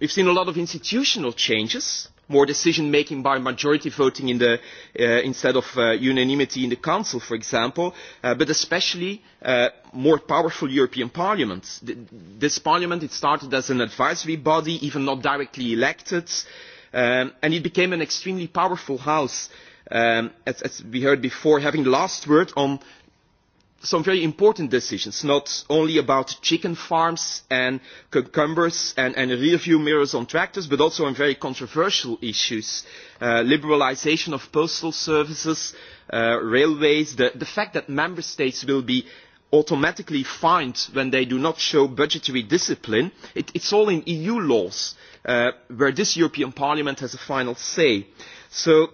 we've seen a lot of institutional changes, more decision making by majority voting in the, uh, instead of uh, unanimity in the Council, for example, uh, but especially uh, more powerful European Parliaments. This Parliament, it started as an advisory body, even not directly elected, um, and it became an extremely powerful house um, as, as we heard before, having the last word on some very important decisions, not only about chicken farms and cucumbers and, and view mirrors on tractors, but also on very controversial issues, uh, liberalization of postal services, uh, railways, the, the fact that member states will be automatically fined when they do not show budgetary discipline. It, it's all in EU laws uh, where this European Parliament has a final say. So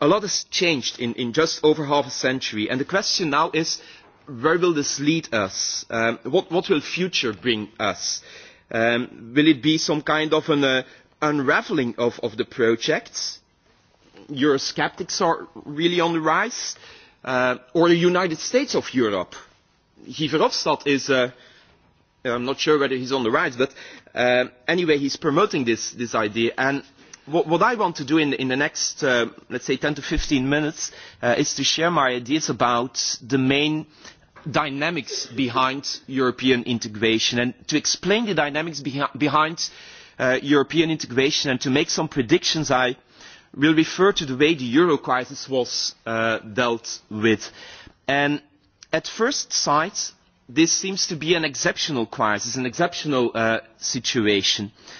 a lot has changed in, in just over half a century, and the question now is, where will this lead us? Um, what, what will future bring us? Um, will it be some kind of an uh, unraveling of, of the projects? Eurosceptics are really on the rise. Uh, or the United States of Europe. Guy Verhofstadt is, uh, I'm not sure whether he's on the rise, but uh, anyway, he's promoting this, this idea. And what, what I want to do in, in the next, uh, let's say, 10 to 15 minutes uh, is to share my ideas about the main dynamics behind European integration and to explain the dynamics behi behind uh, European integration and to make some predictions I will refer to the way the euro crisis was uh, dealt with. And at first sight, this seems to be an exceptional crisis, an exceptional uh, situation. Uh,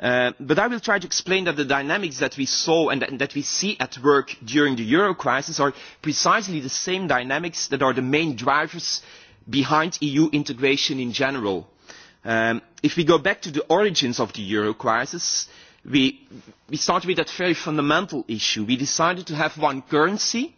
Uh, but I will try to explain that the dynamics that we saw and that, and that we see at work during the euro crisis are precisely the same dynamics that are the main drivers behind EU integration in general. Um, if we go back to the origins of the euro crisis, we, we started with that very fundamental issue. We decided to have one currency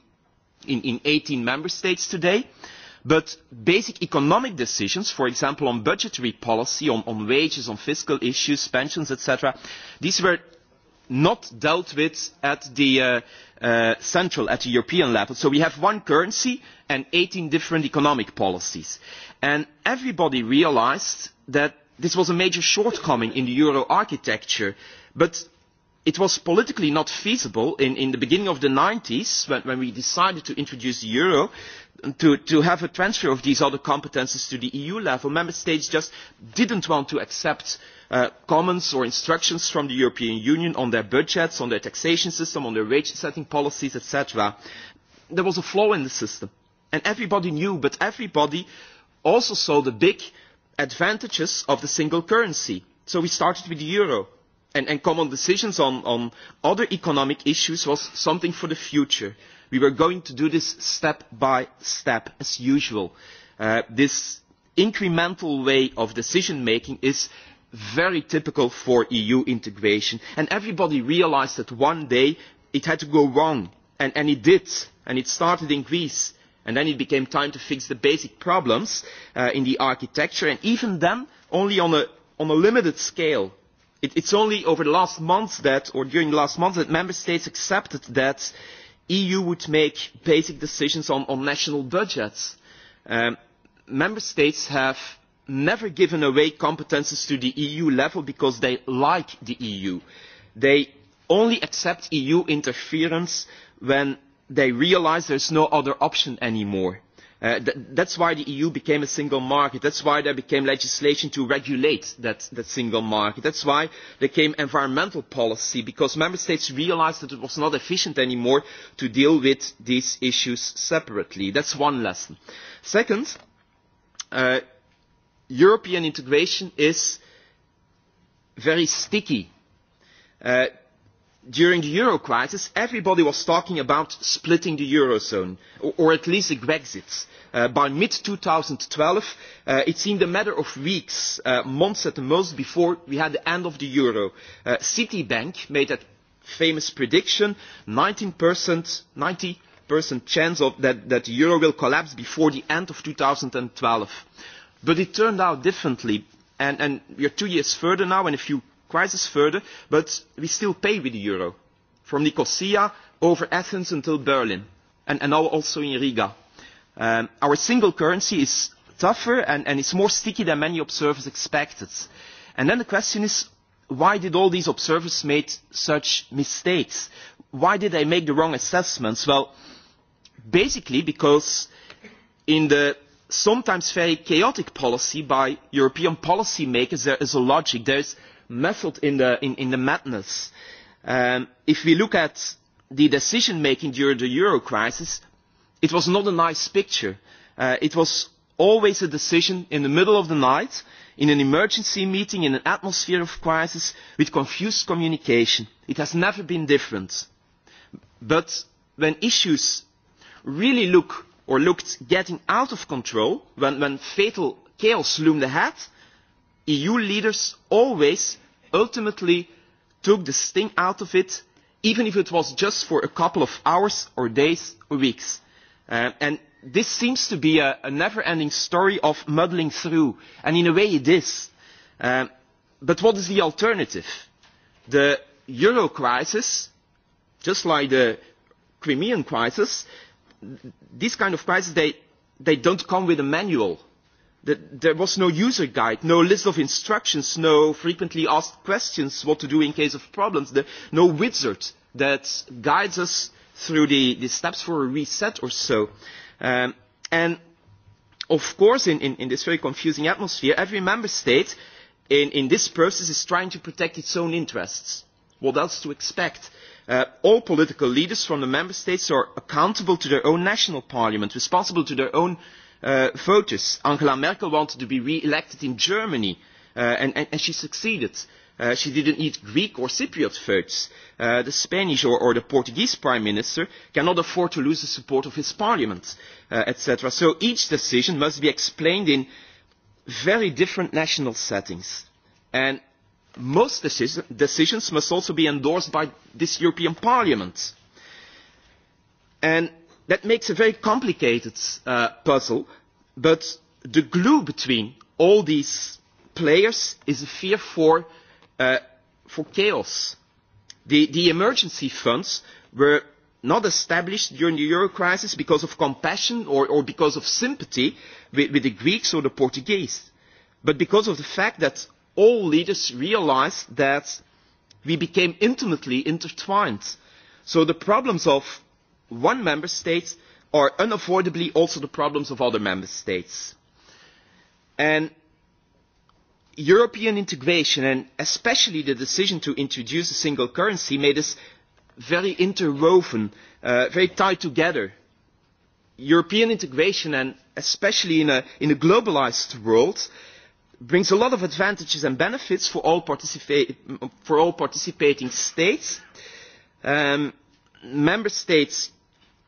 in, in 18 member states today, uh, But basic economic decisions, for example on budgetary policy, on, on wages, on fiscal issues, pensions, etc., these were not dealt with at the uh, uh, central, at the European level. So we have one currency and 18 different economic policies. And everybody realized that this was a major shortcoming in the euro architecture, but it was politically not feasible in, in the beginning of the 90s when, when we decided to introduce the euro to, to have a transfer of these other competences to the EU level, member states just didn't want to accept uh, comments or instructions from the European Union on their budgets, on their taxation system, on their wage setting policies, etc. There was a flaw in the system. And everybody knew, but everybody also saw the big advantages of the single currency. So we started with the euro. And, and common decisions on, on other economic issues was something for the future. We were going to do this step by step as usual. Uh, this incremental way of decision making is very typical for EU integration and everybody realized that one day it had to go wrong and, and it did and it started in Greece and then it became time to fix the basic problems uh, in the architecture and even then only on a, on a limited scale. It, it's only over the last months that or during the last months that member states accepted that uh, EU would make basic decisions on, on national budgets. Um, member states have never given away competences to the EU level because they like the EU. They only accept EU interference when they realize there's no other option anymore. Uh, th that's why the EU became a single market. That's why there became legislation to regulate that, that single market. That's why there came environmental policy, because member states realized that it was not efficient anymore to deal with these issues separately. That's one lesson. Second, uh, European integration is very sticky. Uh, during the euro crisis, everybody was talking about splitting the eurozone, or, or at least the Brexit. Uh, by mid-2012, uh, it seemed a matter of weeks, uh, months at the most, before we had the end of the euro. Uh, Citibank made that famous prediction, 19%, 90 percent chance of that, that the euro will collapse before the end of 2012. But it turned out differently, and, and we are two years further now and a few crises further, but we still pay with the euro, from Nicosia over Athens until Berlin, and, and now also in Riga. Um, our single currency is tougher and, and it's more sticky than many observers expected. And then the question is, why did all these observers make such mistakes? Why did they make the wrong assessments? Well, basically because in the sometimes very chaotic policy by European policymakers, there is a logic, there is method in the, in, in the madness. Um, if we look at the decision making during the euro crisis, It was not a nice picture. Uh, it was always a decision in the middle of the night, in an emergency meeting, in an atmosphere of crisis, with confused communication. It has never been different. But when issues really look or looked getting out of control, when, when fatal chaos loomed ahead, EU leaders always ultimately took the sting out of it, even if it was just for a couple of hours or days or weeks. Uh, and this seems to be a, a never-ending story of muddling through, and in a way it is. Uh, but what is the alternative? The euro crisis, just like the Crimean crisis, these kind of crises, they, they don't come with a manual. The, there was no user guide, no list of instructions, no frequently asked questions, what to do in case of problems, the, no wizard that guides us through the, the steps for a reset or so. Um, and of course, in, in, in this very confusing atmosphere, every member state in, in this process is trying to protect its own interests. What else to expect? Uh, all political leaders from the member states are accountable to their own national parliament, responsible to their own uh, voters. Angela Merkel wanted to be re-elected in Germany, uh, and, and, and she succeeded. Uh, Uh, she didn't need Greek or Cypriot votes. Uh, the Spanish or, or the Portuguese prime minister cannot afford to lose the support of his parliament, uh, etc. So each decision must be explained in very different national settings. And most decision, decisions must also be endorsed by this European Parliament. And that makes a very complicated uh, puzzle, but the glue between all these players is a fear for uh, for chaos. The, the emergency funds were not established during the euro crisis because of compassion or, or because of sympathy with, with the Greeks or the Portuguese, but because of the fact that all leaders realized that we became intimately intertwined. So the problems of one member state are unavoidably also the problems of other member states. And European integration and especially the decision to introduce a single currency made us very interwoven, uh, very tied together. European integration and especially in a, in a globalized world brings a lot of advantages and benefits for all, participa for all participating states. Um, member states,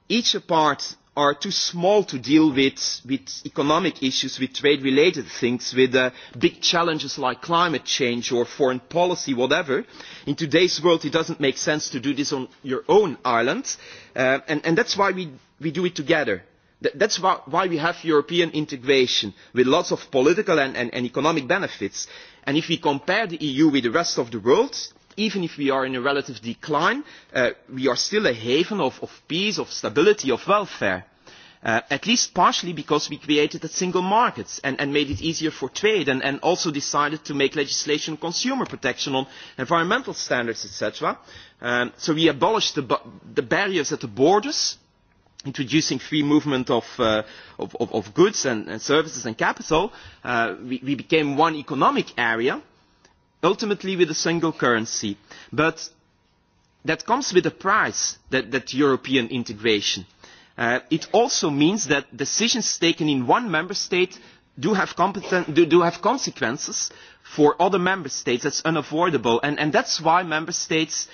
each apart are too small to deal with, with economic issues, with trade-related things, with uh, big challenges like climate change or foreign policy, whatever. In today's world, it doesn't make sense to do this on your own island, uh, and, and that's why we, we do it together. Th that's why, why we have European integration, with lots of political and, and, and economic benefits. And if we compare the EU with the rest of the world, even if we are in a relative decline, uh, we are still a haven of, of peace, of stability, of welfare. Uh, at least partially because we created a single market and, and made it easier for trade and, and also decided to make legislation on consumer protection, on environmental standards, etc. Um, so we abolished the, the barriers at the borders, introducing free movement of, uh, of, of, of goods and, and services and capital. Uh, we, we became one economic area ultimately with a single currency. But that comes with a price, that, that European integration. Uh, it also means that decisions taken in one member state do have, competent, do, do have consequences for other member states. That's unavoidable. And, and that's why member states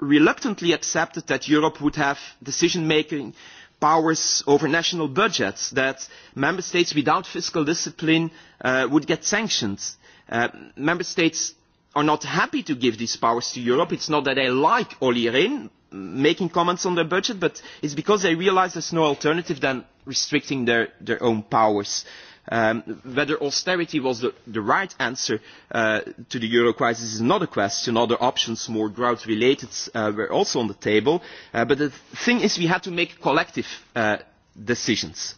reluctantly accepted that Europe would have decision-making powers over national budgets, that member states without fiscal discipline uh, would get sanctioned. Uh, member states are not happy to give these powers to Europe. It's not that they like Olli Rehn making comments on their budget, but it's because they realize there's no alternative than restricting their, their own powers. Um, whether austerity was the, the right answer uh, to the euro crisis is another question. Other options, more drought-related, uh, were also on the table. Uh, but the thing is, we had to make collective uh, decisions.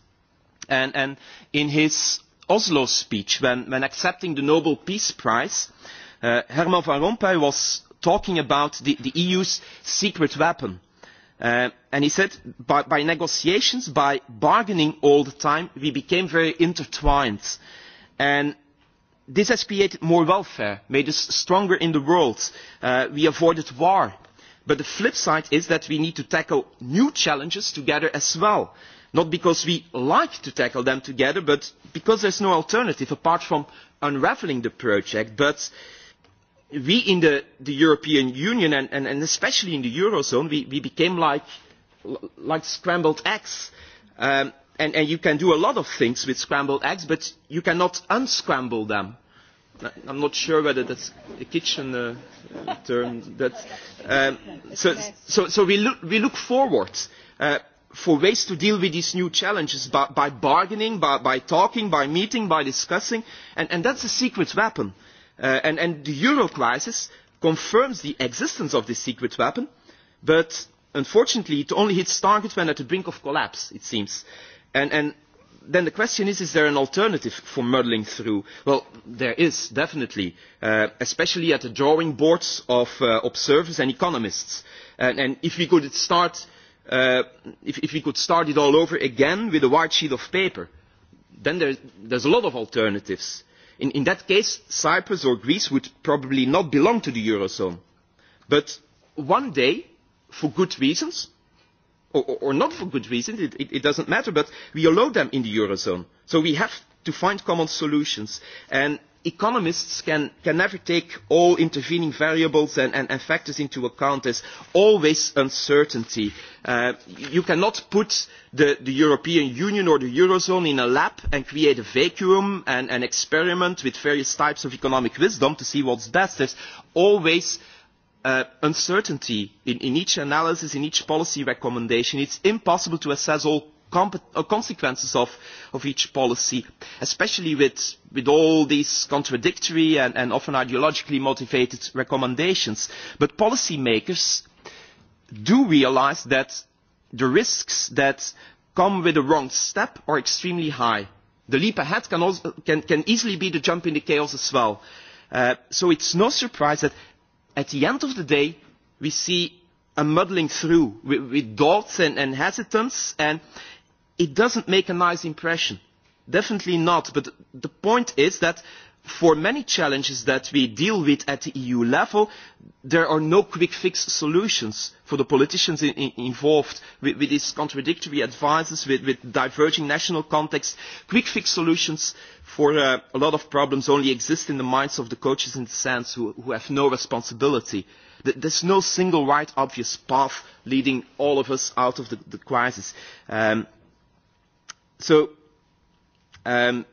And, and in his Oslo speech, when, when accepting the Nobel Peace Prize, uh, Uh, Herman Van Rompuy was talking about the, the EU's secret weapon. Uh, and he said, by, by negotiations, by bargaining all the time, we became very intertwined. And this has created more welfare, made us stronger in the world. Uh, we avoided war. But the flip side is that we need to tackle new challenges together as well. Not because we like to tackle them together, but because there's no alternative apart from unraveling the project. But uh, we in the, the European Union and, and, and especially in the Eurozone, we, we became like, like scrambled eggs. Um, and, and you can do a lot of things with scrambled eggs, but you cannot unscramble them. I'm not sure whether that's a kitchen uh, term. But, um, so, so, so we look, we look forward uh, for ways to deal with these new challenges by, by bargaining, by, by talking, by meeting, by discussing, and, and that's a secret weapon. Uh, Uh, and, and the euro crisis confirms the existence of this secret weapon, but unfortunately it only hits target when at the brink of collapse, it seems. And, and then the question is, is there an alternative for muddling through? Well, there is, definitely, uh, especially at the drawing boards of uh, observers and economists. And, and if we could start uh, if, if we could start it all over again with a white sheet of paper, then there, there's a lot of alternatives. In, in that case, Cyprus or Greece would probably not belong to the Eurozone. But one day, for good reasons, or, or, or not for good reasons, it, it, it doesn't matter, but we allow them in the Eurozone. So we have to find common solutions. And economists can, can never take all intervening variables and, and, and factors into account. There's always uncertainty. Uh, you cannot put the, the European Union or the Eurozone in a lab and create a vacuum and, and experiment with various types of economic wisdom to see what's best. There's always uh, uncertainty in, in each analysis, in each policy recommendation. It's impossible to assess all Uh, consequences of, of each policy, especially with, with all these contradictory and, and often ideologically motivated recommendations. But policymakers do realize that the risks that come with a wrong step are extremely high. The leap ahead can, also, can, can easily be the jump in the chaos as well. Uh, so it's no surprise that at the end of the day, we see a muddling through with, with doubts and, and hesitance and it doesn't make a nice impression. Definitely not. But the point is that for many challenges that we deal with at the EU level, there are no quick fix solutions for the politicians in, in, involved with, with these contradictory advices, with, with diverging national contexts. Quick fix solutions for uh, a lot of problems only exist in the minds of the coaches in the sense who, who have no responsibility. There's no single right obvious path leading all of us out of the, the crisis. Um, So um,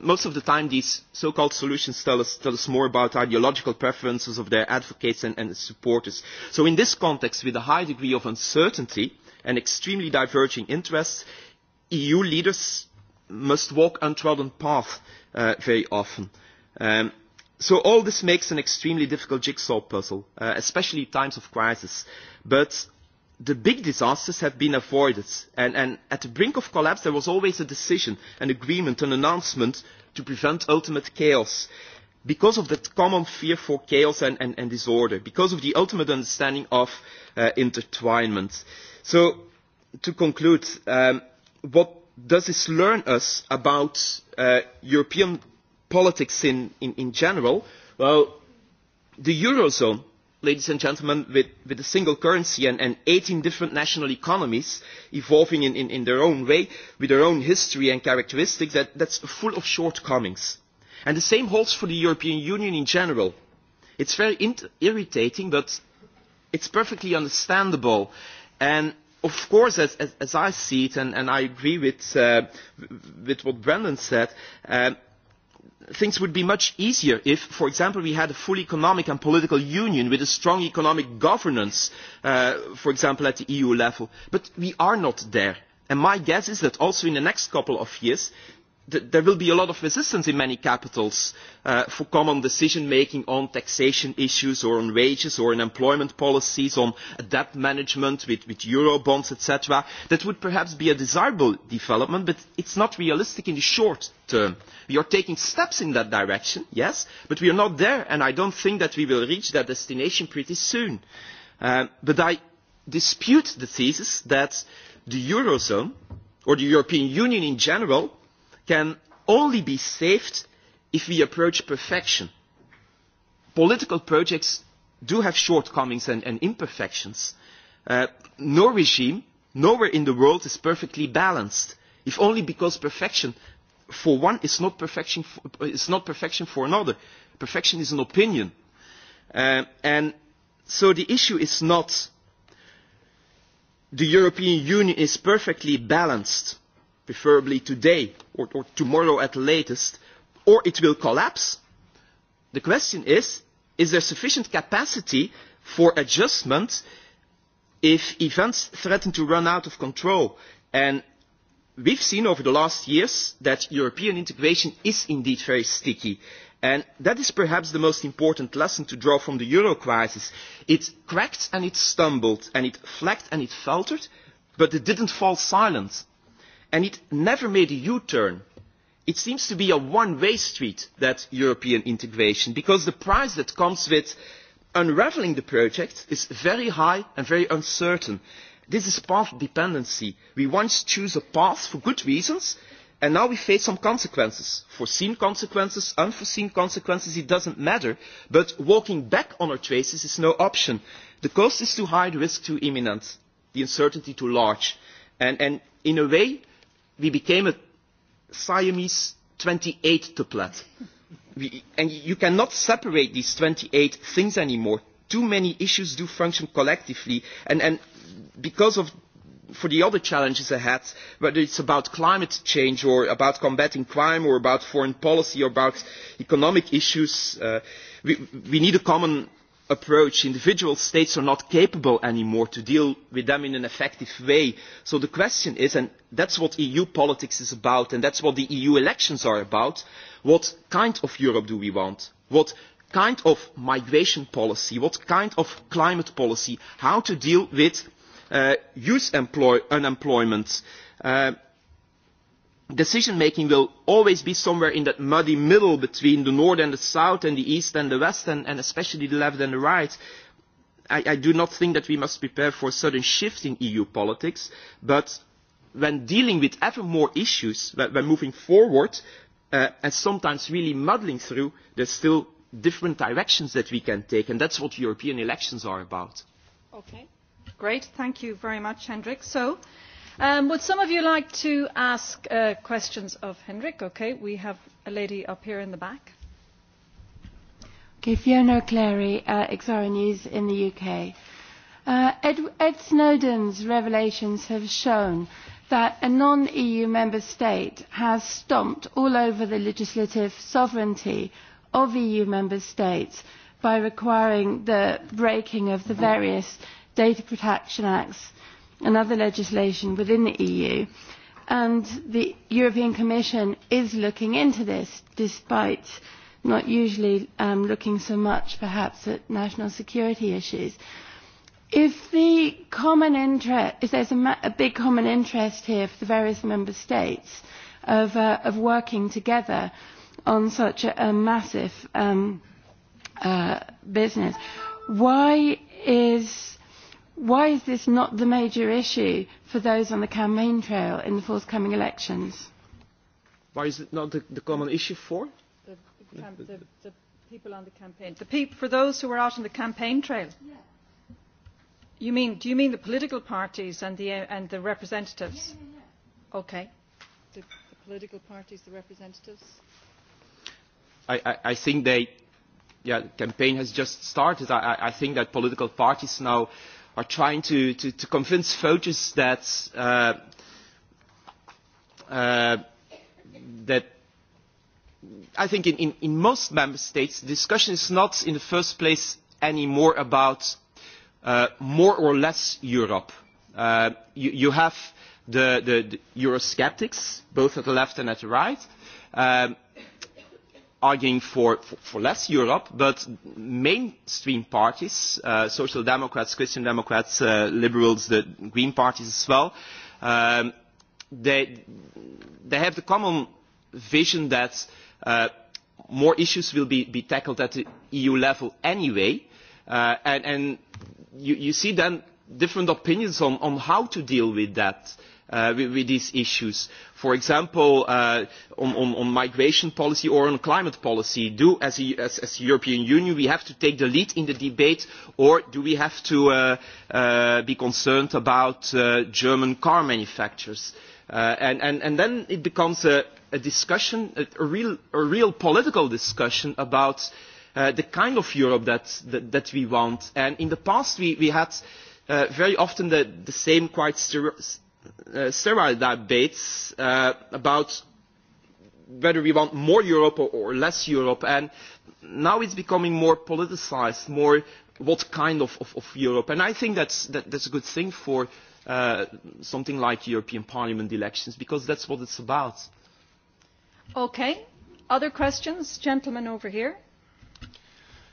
most of the time these so-called solutions tell us, tell us more about ideological preferences of their advocates and, and supporters. So in this context, with a high degree of uncertainty and extremely diverging interests, EU leaders must walk untrodden paths uh, very often. Um, so all this makes an extremely difficult jigsaw puzzle, uh, especially in times of crisis. But the big disasters have been avoided. And, and at the brink of collapse, there was always a decision, an agreement, an announcement to prevent ultimate chaos. Because of that common fear for chaos and, and, and disorder, because of the ultimate understanding of uh, intertwinement. So, to conclude, um, what does this learn us about uh, European politics in, in, in general? Well, the Eurozone ladies and gentlemen, with, with a single currency and, and 18 different national economies evolving in, in, in their own way, with their own history and characteristics, that, that's full of shortcomings. And the same holds for the European Union in general. It's very in irritating, but it's perfectly understandable. And of course, as, as, as I see it, and, and I agree with, uh, with what Brendan said, uh, things would be much easier if, for example, we had a full economic and political union with a strong economic governance, uh, for example, at the EU level. But we are not there. And my guess is that also in the next couple of years, there will be a lot of resistance in many capitals uh, for common decision making on taxation issues or on wages or in employment policies, on debt management with, with euro bonds, etc. That would perhaps be a desirable development, but it's not realistic in the short term. We are taking steps in that direction, yes, but we are not there, and I don't think that we will reach that destination pretty soon. Uh, but I dispute the thesis that the Eurozone, or the European Union in general, can only be saved if we approach perfection. Political projects do have shortcomings and, and imperfections. Uh, no regime, nowhere in the world is perfectly balanced, if only because perfection for one is not perfection for, is not perfection for another. Perfection is an opinion. Uh, and so the issue is not the European Union is perfectly balanced preferably today or, or tomorrow at the latest, or it will collapse. The question is, is there sufficient capacity for adjustment if events threaten to run out of control? And we've seen over the last years that European integration is indeed very sticky. And that is perhaps the most important lesson to draw from the euro crisis. It cracked and it stumbled and it flagged and it faltered, but it didn't fall silent and it never made a U-turn. It seems to be a one-way street, that European integration, because the price that comes with unraveling the project is very high and very uncertain. This is path dependency. We once choose a path for good reasons, and now we face some consequences. Foreseen consequences, unforeseen consequences, it doesn't matter, but walking back on our traces is no option. The cost is too high, the risk too imminent, the uncertainty too large. And, and in a way, we became a Siamese 28 tuplet. We, and you cannot separate these 28 things anymore. Too many issues do function collectively. And, and because of for the other challenges ahead, whether it's about climate change or about combating crime or about foreign policy or about economic issues, uh, we, we need a common approach, individual states are not capable anymore to deal with them in an effective way. So the question is, and that's what EU politics is about, and that's what the EU elections are about, what kind of Europe do we want? What kind of migration policy? What kind of climate policy? How to deal with uh, youth employ unemployment? Uh, decision making will always be somewhere in that muddy middle between the north and the south and the east and the west and, and especially the left and the right. I, I do not think that we must prepare for a sudden shift in EU politics, but when dealing with ever more issues, when, when moving forward uh, and sometimes really muddling through, there's still different directions that we can take, and that's what European elections are about. Okay, great. Thank you very much, Hendrik. So, Um, would some of you like to ask uh, questions of Henrik? Okay, we have a lady up here in the back. Okay, Fiona Clary, uh, XR News in the UK. Uh, Ed, Ed Snowden's revelations have shown that a non-EU member state has stomped all over the legislative sovereignty of EU member states by requiring the breaking of the various data protection acts and other legislation within the EU. And the European Commission is looking into this, despite not usually um, looking so much perhaps at national security issues. If the common interest, if there's a, ma a big common interest here for the various member states of, uh, of working together on such a, a massive um, uh, business, why is Why is this not the major issue for those on the campaign trail in the forthcoming elections? Why is it not the, the common issue for? The, the, the, the people on the campaign. The peop for those who are out on the campaign trail? Yeah. You mean, do you mean the political parties and the, uh, and the representatives? Yeah, yeah, yeah. Okay. The, the political parties, the representatives? I, I, I think they, yeah, the campaign has just started. I, I think that political parties now are trying to, to, to convince voters that, uh, uh, that I think in, in, in most member states, the discussion is not in the first place anymore about uh, more or less Europe. Uh, you, you have the, the, the Eurosceptics, both at the left and at the right. Um, arguing for, for, for less Europe, but mainstream parties, uh, social democrats, Christian democrats, uh, liberals, the green parties as well, um, they, they have the common vision that uh, more issues will be, be tackled at the EU level anyway, uh, and, and you, you see then different opinions on, on how to deal with that. Uh, uh, with, with these issues. For example, uh, on, on, on migration policy or on climate policy, do as a as, as European Union we have to take the lead in the debate or do we have to uh, uh, be concerned about uh, German car manufacturers? Uh, and, and, and then it becomes a, a discussion, a, a, real, a real political discussion about uh, the kind of Europe that, that, that we want. And in the past we, we had uh, very often the, the same quite uh, several debates uh, about whether we want more Europe or, or less Europe. And now it's becoming more politicized, more what kind of, of, of Europe. And I think that's, that, that's a good thing for uh, something like European Parliament elections, because that's what it's about. Okay. Other questions? Gentlemen over here.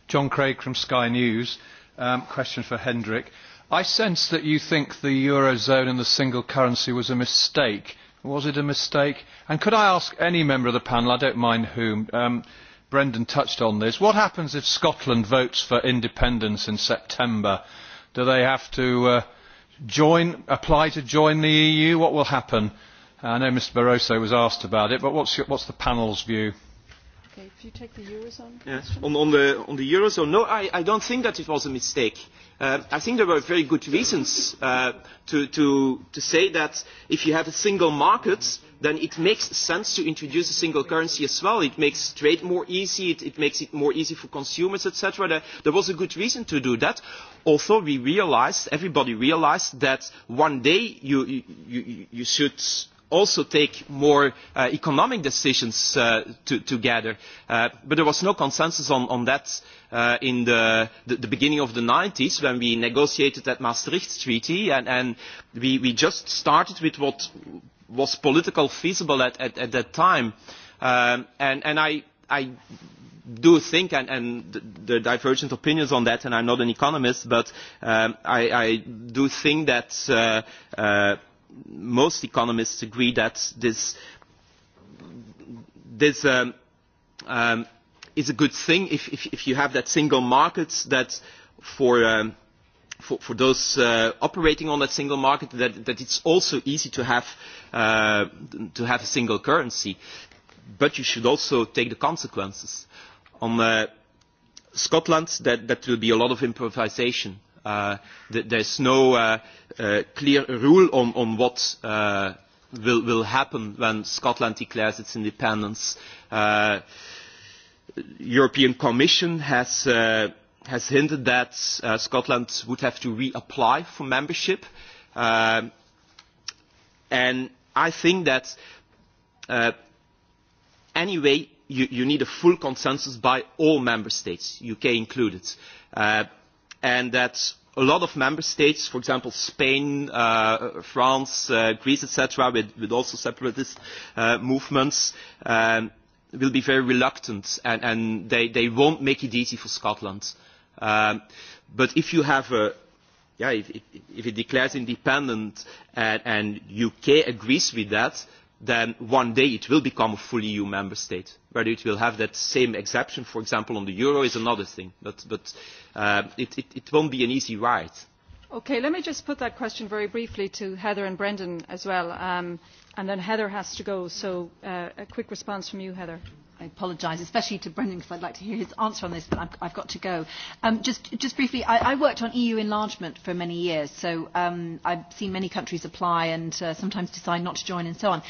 John Craig from Sky News. Um, question for Hendrik. I sense that you think the Eurozone and the single currency was a mistake. Was it a mistake? And could I ask any member of the panel, I don't mind whom, um, Brendan touched on this, what happens if Scotland votes for independence in September? Do they have to uh, join, apply to join the EU? What will happen? I know Mr Barroso was asked about it, but what's, your, what's the panel's view? Okay, if you take the Eurozone. Yeah. On, on, the, on the Eurozone, no, I, I don't think that it was a mistake. Uh, I think there were very good reasons uh, to, to, to say that if you have a single market, then it makes sense to introduce a single currency as well. It makes trade more easy, it, it makes it more easy for consumers, etc. There, there was a good reason to do that. Also, we realized, everybody realized that one day you, you, you, you should also take more uh, economic decisions uh, to, together. Uh, but there was no consensus on, on that uh, in the, the, the beginning of the 90s when we negotiated that Maastricht Treaty and, and we, we just started with what was political feasible at, at, at that time. Um, and, and I, I do think, and, and the divergent opinions on that, and I'm not an economist, but um, I, I do think that uh, uh, most economists agree that this, this um, um, is a good thing if, if, if you have that single market that for, um, for, for those uh, operating on that single market that, that it's also easy to have, uh, to have a single currency. But you should also take the consequences. On uh, Scotland, that, that will be a lot of improvisation Uh, th there's no uh, uh, clear rule on, on what uh, will, will happen when Scotland declares its independence. Uh, European Commission has, uh, has hinted that uh, Scotland would have to reapply for membership. Uh, and I think that uh, anyway, you, you need a full consensus by all member states, UK included. Uh, and that a lot of member states, for example, Spain, uh, France, uh, Greece, etc., with, with also separatist uh, movements, um, will be very reluctant and, and they, they won't make it easy for Scotland. Um, but if you have a yeah, if, if it declares independent and, and UK agrees with that, then one day it will become a fully EU member state. Whether it will have that same exception, for example, on the euro is another thing, but, but uh, it, it, it won't be an easy ride. Okay, let me just put that question very briefly to Heather and Brendan as well, um, and then Heather has to go, so uh, a quick response from you, Heather. I apologise, especially to Brendan, because I'd like to hear his answer on this, but I've, I've got to go. Um, just, just briefly, I, I worked on EU enlargement for many years, so um, I've seen many countries apply and uh, sometimes decide not to join and so on.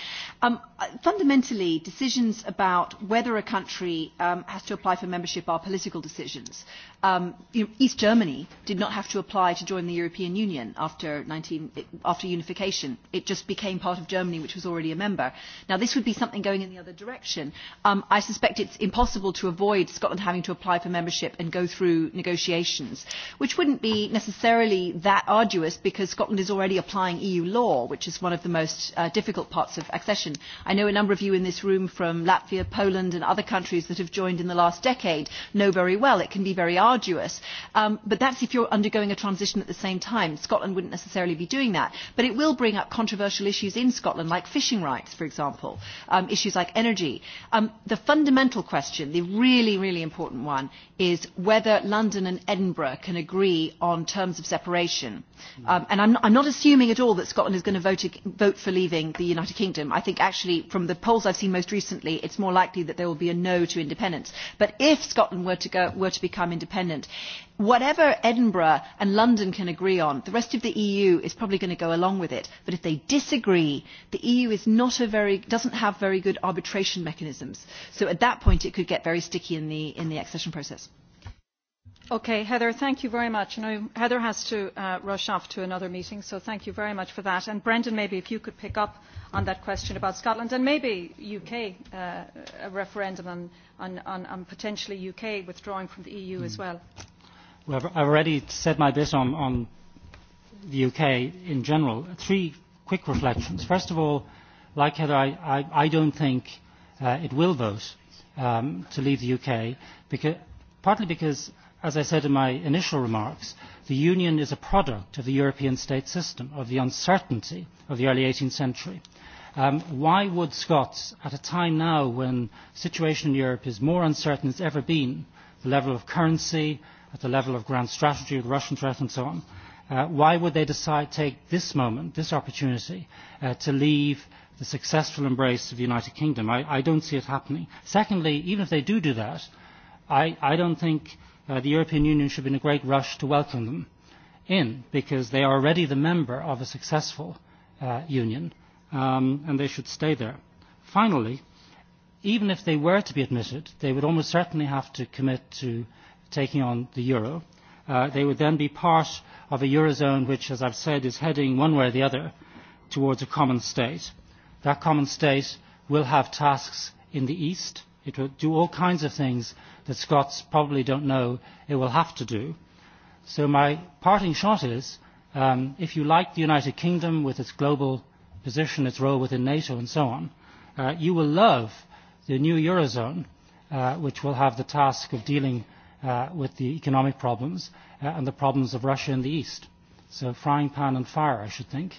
Um, uh, fundamentally, decisions about whether a country um, has to apply for membership are political decisions um, East Germany did not have to apply to join the European Union after, 19, after unification. It just became part of Germany, which was already a member. Now, this would be something going in the other direction. Um, I suspect it's impossible to avoid Scotland having to apply for membership and go through negotiations, which wouldn't be necessarily that arduous because Scotland is already applying EU law, which is one of the most uh, difficult parts of accession. I know a number of you in this room from Latvia, Poland and other countries that have joined in the last decade know very well it can be very arduous arduous. Um, but that's if you're undergoing a transition at the same time. Scotland wouldn't necessarily be doing that. But it will bring up controversial issues in Scotland, like fishing rights, for example, um, issues like energy. Um, the fundamental question, the really, really important one, is whether London and Edinburgh can agree on terms of separation. Um, and I'm not, I'm not assuming at all that Scotland is going to vote, vote for leaving the United Kingdom. I think actually from the polls I've seen most recently, it's more likely that there will be a no to independence. But if Scotland were to, go, were to become independent, independent. Whatever Edinburgh and London can agree on, the rest of the EU is probably going to go along with it. But if they disagree, the EU is not a very, doesn't have very good arbitration mechanisms. So at that point, it could get very sticky in the, in the accession process. Okay, Heather, thank you very much. know, Heather has to uh, rush off to another meeting, so thank you very much for that. And Brendan, maybe if you could pick up on that question about Scotland and maybe UK, uh, a referendum on, on, on, on potentially UK withdrawing from the EU mm. as hmm. well. Well, I've already said my bit on, on the UK in general. Three quick reflections. First of all, like Heather, I, I, I don't think uh, it will vote um, to leave the UK, because, partly because as I said in my initial remarks, the Union is a product of the European state system, of the uncertainty of the early 18th century. Um, why would Scots, at a time now when the situation in Europe is more uncertain than it's ever been, the level of currency, at the level of grand strategy the Russian threat and so on, uh, why would they decide to take this moment, this opportunity, uh, to leave the successful embrace of the United Kingdom? I, I don't see it happening. Secondly, even if they do do that, I, I don't think uh, the European Union should be in a great rush to welcome them in because they are already the member of a successful uh, union um, and they should stay there. Finally, even if they were to be admitted, they would almost certainly have to commit to taking on the euro. Uh, they would then be part of a eurozone which, as I've said, is heading one way or the other towards a common state. That common state will have tasks in the east It will do all kinds of things that Scots probably don't know it will have to do. So my parting shot is, um, if you like the United Kingdom with its global position, its role within NATO and so on, uh, you will love the new Eurozone, uh, which will have the task of dealing uh, with the economic problems uh, and the problems of Russia in the East. So frying pan and fire, I should think.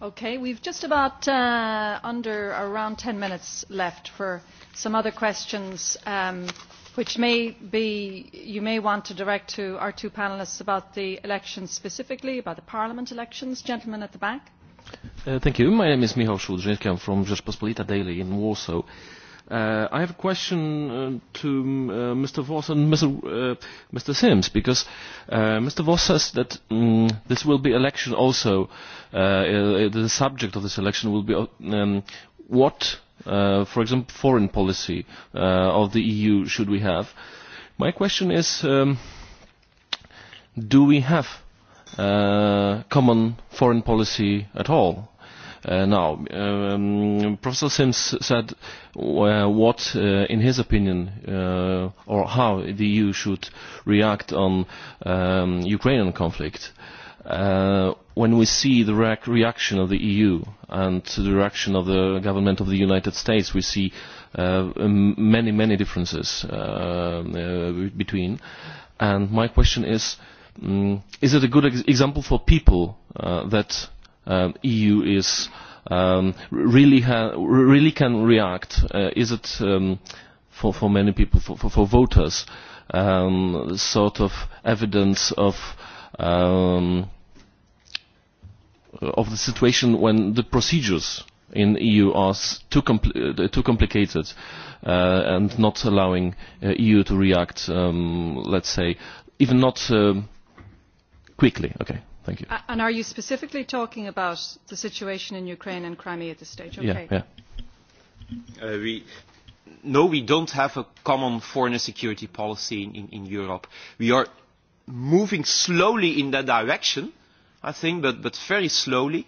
Okay, we've just about uh, under around 10 minutes left for some other questions um, which may be, you may want to direct to our two panelists about the elections specifically, about the parliament elections. Gentlemen at the back. Uh, thank you. My name is Michal Szudrzyński. I'm from Rzeczpospolita Daily in Warsaw. Uh, I have a question uh, to uh, Mr. Voss and Mr. Uh, Mr. Sims, because uh, Mr. Voss says that um, this will be election also, uh, uh, the subject of this election will be uh, um, what, uh, for example, foreign policy uh, of the EU should we have. My question is, um, do we have uh, common foreign policy at all? Uh, now, um, Professor Sims said uh, what, uh, in his opinion, uh, or how the EU should react on um, Ukrainian conflict. Uh, when we see the re reaction of the EU and the reaction of the government of the United States, we see uh, many, many differences uh, uh, between. And my question is, um, is it a good ex example for people uh, that um, EU is um, really, ha really can react? Uh, is it um, for, for many people, for, for, for voters, um, sort of evidence of um, of the situation when the procedures in EU are too, compl uh, too complicated uh, and not allowing uh, EU to react, um, let's say, even not um, quickly. Okay. Thank you. And are you specifically talking about the situation in Ukraine and Crimea at this stage? Okay. Yeah, yeah. Uh, we, no, we don't have a common foreign and security policy in, in, in Europe. We are moving slowly in that direction, I think, but, but very slowly.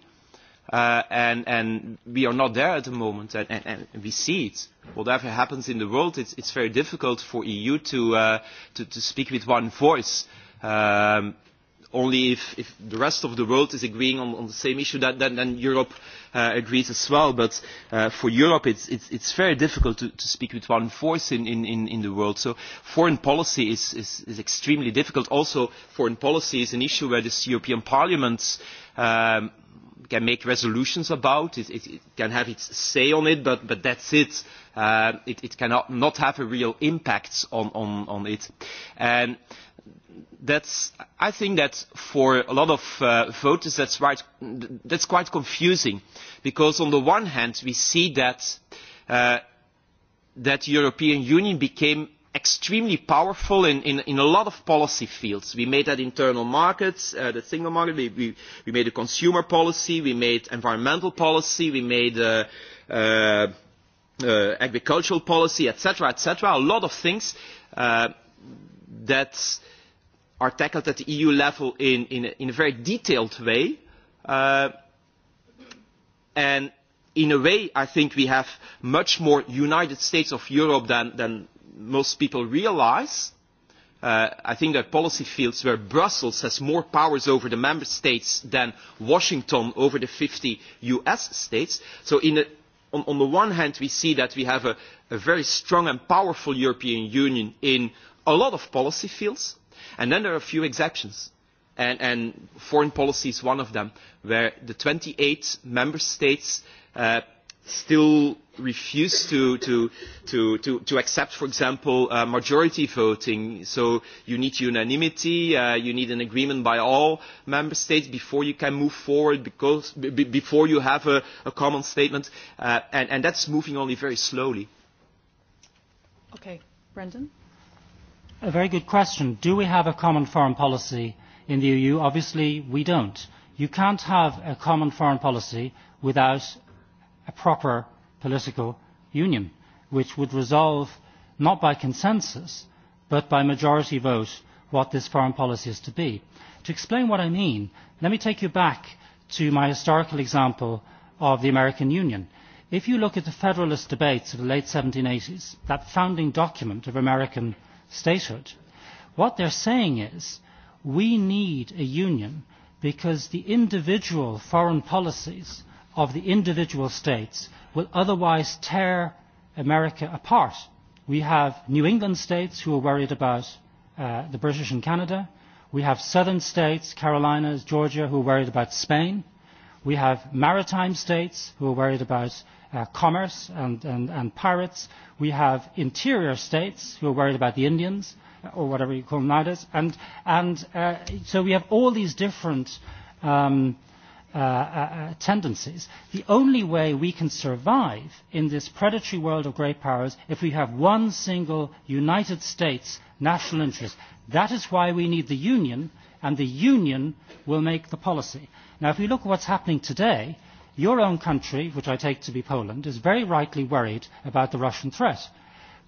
Uh, and, and we are not there at the moment, and, and, and we see it. Whatever happens in the world, it's, it's very difficult for EU to, uh, to, to speak with one voice. Um, only if, if the rest of the world is agreeing on, on the same issue, that, then, then Europe uh, agrees as well. But uh, for Europe, it's, it's, it's very difficult to, to speak with one voice in, in, in, in the world. So foreign policy is, is, is extremely difficult. Also, foreign policy is an issue where this European Parliament um, can make resolutions about, it, it, it can have its say on it, but, but that's it. Uh, it. It cannot not have a real impact on, on, on it. And that's, I think that for a lot of uh, voters that's, right, that's quite confusing because on the one hand we see that uh, that the European Union became extremely powerful in, in, in a lot of policy fields. We made that internal markets, uh, the single market, we, we, we made a consumer policy, we made environmental policy, we made uh, uh, uh, agricultural policy, etc., etc., a lot of things. Uh, that are tackled at the EU level in, in, a, in a very detailed way. Uh, and in a way, I think we have much more United States of Europe than, than most people realize. Uh, I think there are policy fields where Brussels has more powers over the member states than Washington over the 50 US states. So in a, on, on the one hand, we see that we have a, a very strong and powerful European Union in a lot of policy fields, and then there are a few exceptions. And, and foreign policy is one of them, where the 28 member states uh, still refuse to, to, to, to, to accept, for example, uh, majority voting. So you need unanimity, uh, you need an agreement by all member states before you can move forward, because, b before you have a, a common statement. Uh, and, and that's moving only very slowly. Okay, Brendan? a very good question. Do we have a common foreign policy in the EU? Obviously, we don't. You can't have a common foreign policy without a proper political union, which would resolve, not by consensus, but by majority vote, what this foreign policy is to be. To explain what I mean, let me take you back to my historical example of the American Union. If you look at the Federalist debates of the late 1780s, that founding document of American statehood. What they're saying is we need a union because the individual foreign policies of the individual states will otherwise tear America apart. We have New England states who are worried about uh, the British and Canada. We have southern states, Carolinas, Georgia, who are worried about Spain. We have maritime states who are worried about uh, commerce and, and, and pirates. We have interior states who are worried about the Indians, uh, or whatever you call them nowadays. And, and uh, so we have all these different um, uh, uh, uh, tendencies. The only way we can survive in this predatory world of great powers if we have one single United States national interest. That is why we need the Union, and the Union will make the policy. Now, if we look at what's happening today, Your own country, which I take to be Poland, is very rightly worried about the Russian threat.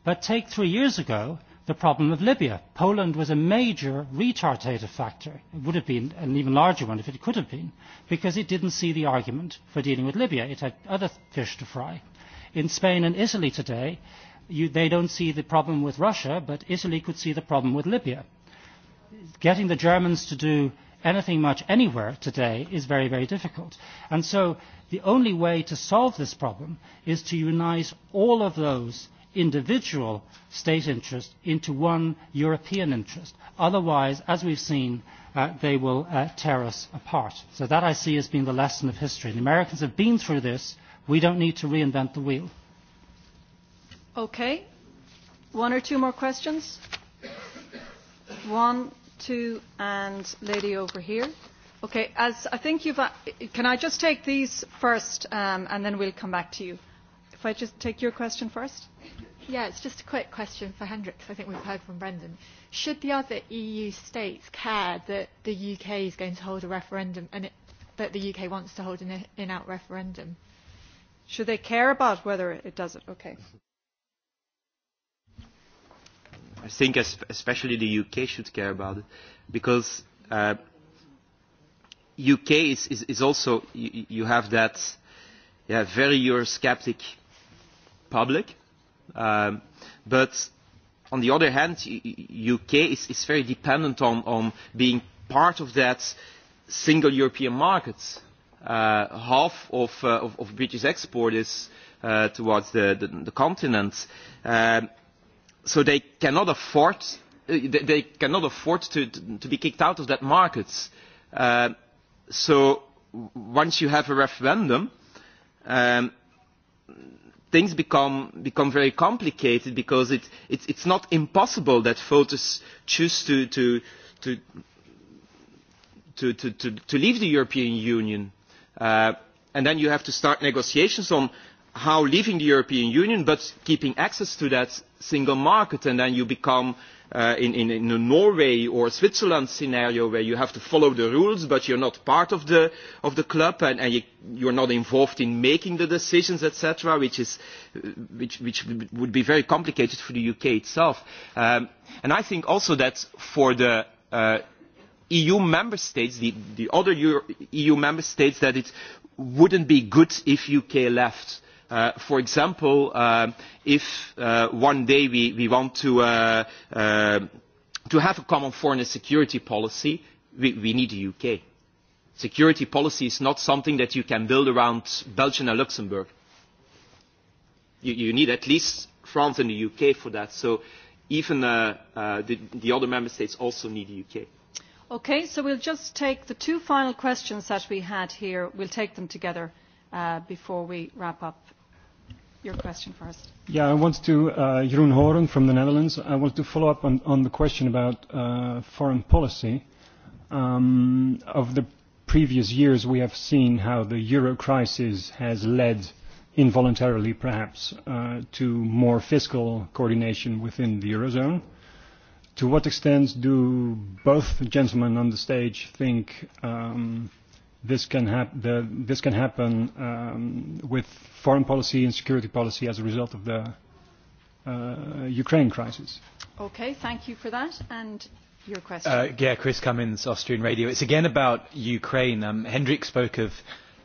But take three years ago, the problem of Libya. Poland was a major retardative factor. It would have been an even larger one if it could have been, because it didn't see the argument for dealing with Libya. It had other fish to fry. In Spain and Italy today, you, they don't see the problem with Russia, but Italy could see the problem with Libya. Getting the Germans to do anything much anywhere today is very, very difficult. And so the only way to solve this problem is to unite all of those individual state interests into one European interest. Otherwise, as we've seen, uh, they will uh, tear us apart. So that I see as being the lesson of history. The Americans have been through this. We don't need to reinvent the wheel. Okay. One or two more questions? One two, and lady over here. Okay, as I think you've, uh, can I just take these first, um, and then we'll come back to you. If I just take your question first. Yeah, it's just a quick question for Hendrik, because I think we've heard from Brendan. Should the other EU states care that the UK is going to hold a referendum and it, that the UK wants to hold an in-out referendum? Should they care about whether it does it? Okay. I think as especially the UK should care about it because uh, UK is, is, is also, you, you have that yeah, very Eurosceptic public, um, but on the other hand, UK is, is very dependent on, on being part of that single European market. Uh, half of, uh, of, of British export is uh, towards the, the, the continent. Um, uh, so they cannot afford uh, they they cannot afford to, to be kicked out of that market. Uh, so once you have a referendum, um, things become, become very complicated because it, it, it's not impossible that voters choose to, to, to, to, to, to, to leave the European Union. Uh, and then you have to start negotiations on how leaving the European Union but keeping access to that single market and then you become uh, in, in, in a Norway or Switzerland scenario where you have to follow the rules but you're not part of the, of the club and, and you, you're not involved in making the decisions etc which, is, which, which would be very complicated for the UK itself. Um, and I think also that for the uh, EU member states, the, the other Euro EU member states, that it wouldn't be good if UK left Uh, for example, uh, if uh, one day we, we want to, uh, uh, to have a common foreign and security policy, we, we need the UK. Security policy is not something that you can build around Belgium and Luxembourg. You, you need at least France and the UK for that. So even uh, uh, the, the other member states also need the UK. Okay, so we'll just take the two final questions that we had here. We'll take them together uh, before we wrap up your question first. Yeah, I want to, uh, Jeroen Horen from the Netherlands, I want to follow up on, on the question about uh, foreign policy. Um, of the previous years, we have seen how the euro crisis has led involuntarily perhaps uh, to more fiscal coordination within the eurozone. To what extent do both gentlemen on the stage think um, – this can, hap the, this can happen um, with foreign policy and security policy as a result of the uh, Ukraine crisis. Okay, thank you for that. And your uh, question. Uh, yeah, Chris Cummins, Austrian Radio. It's again about Ukraine. Um, Hendrik spoke of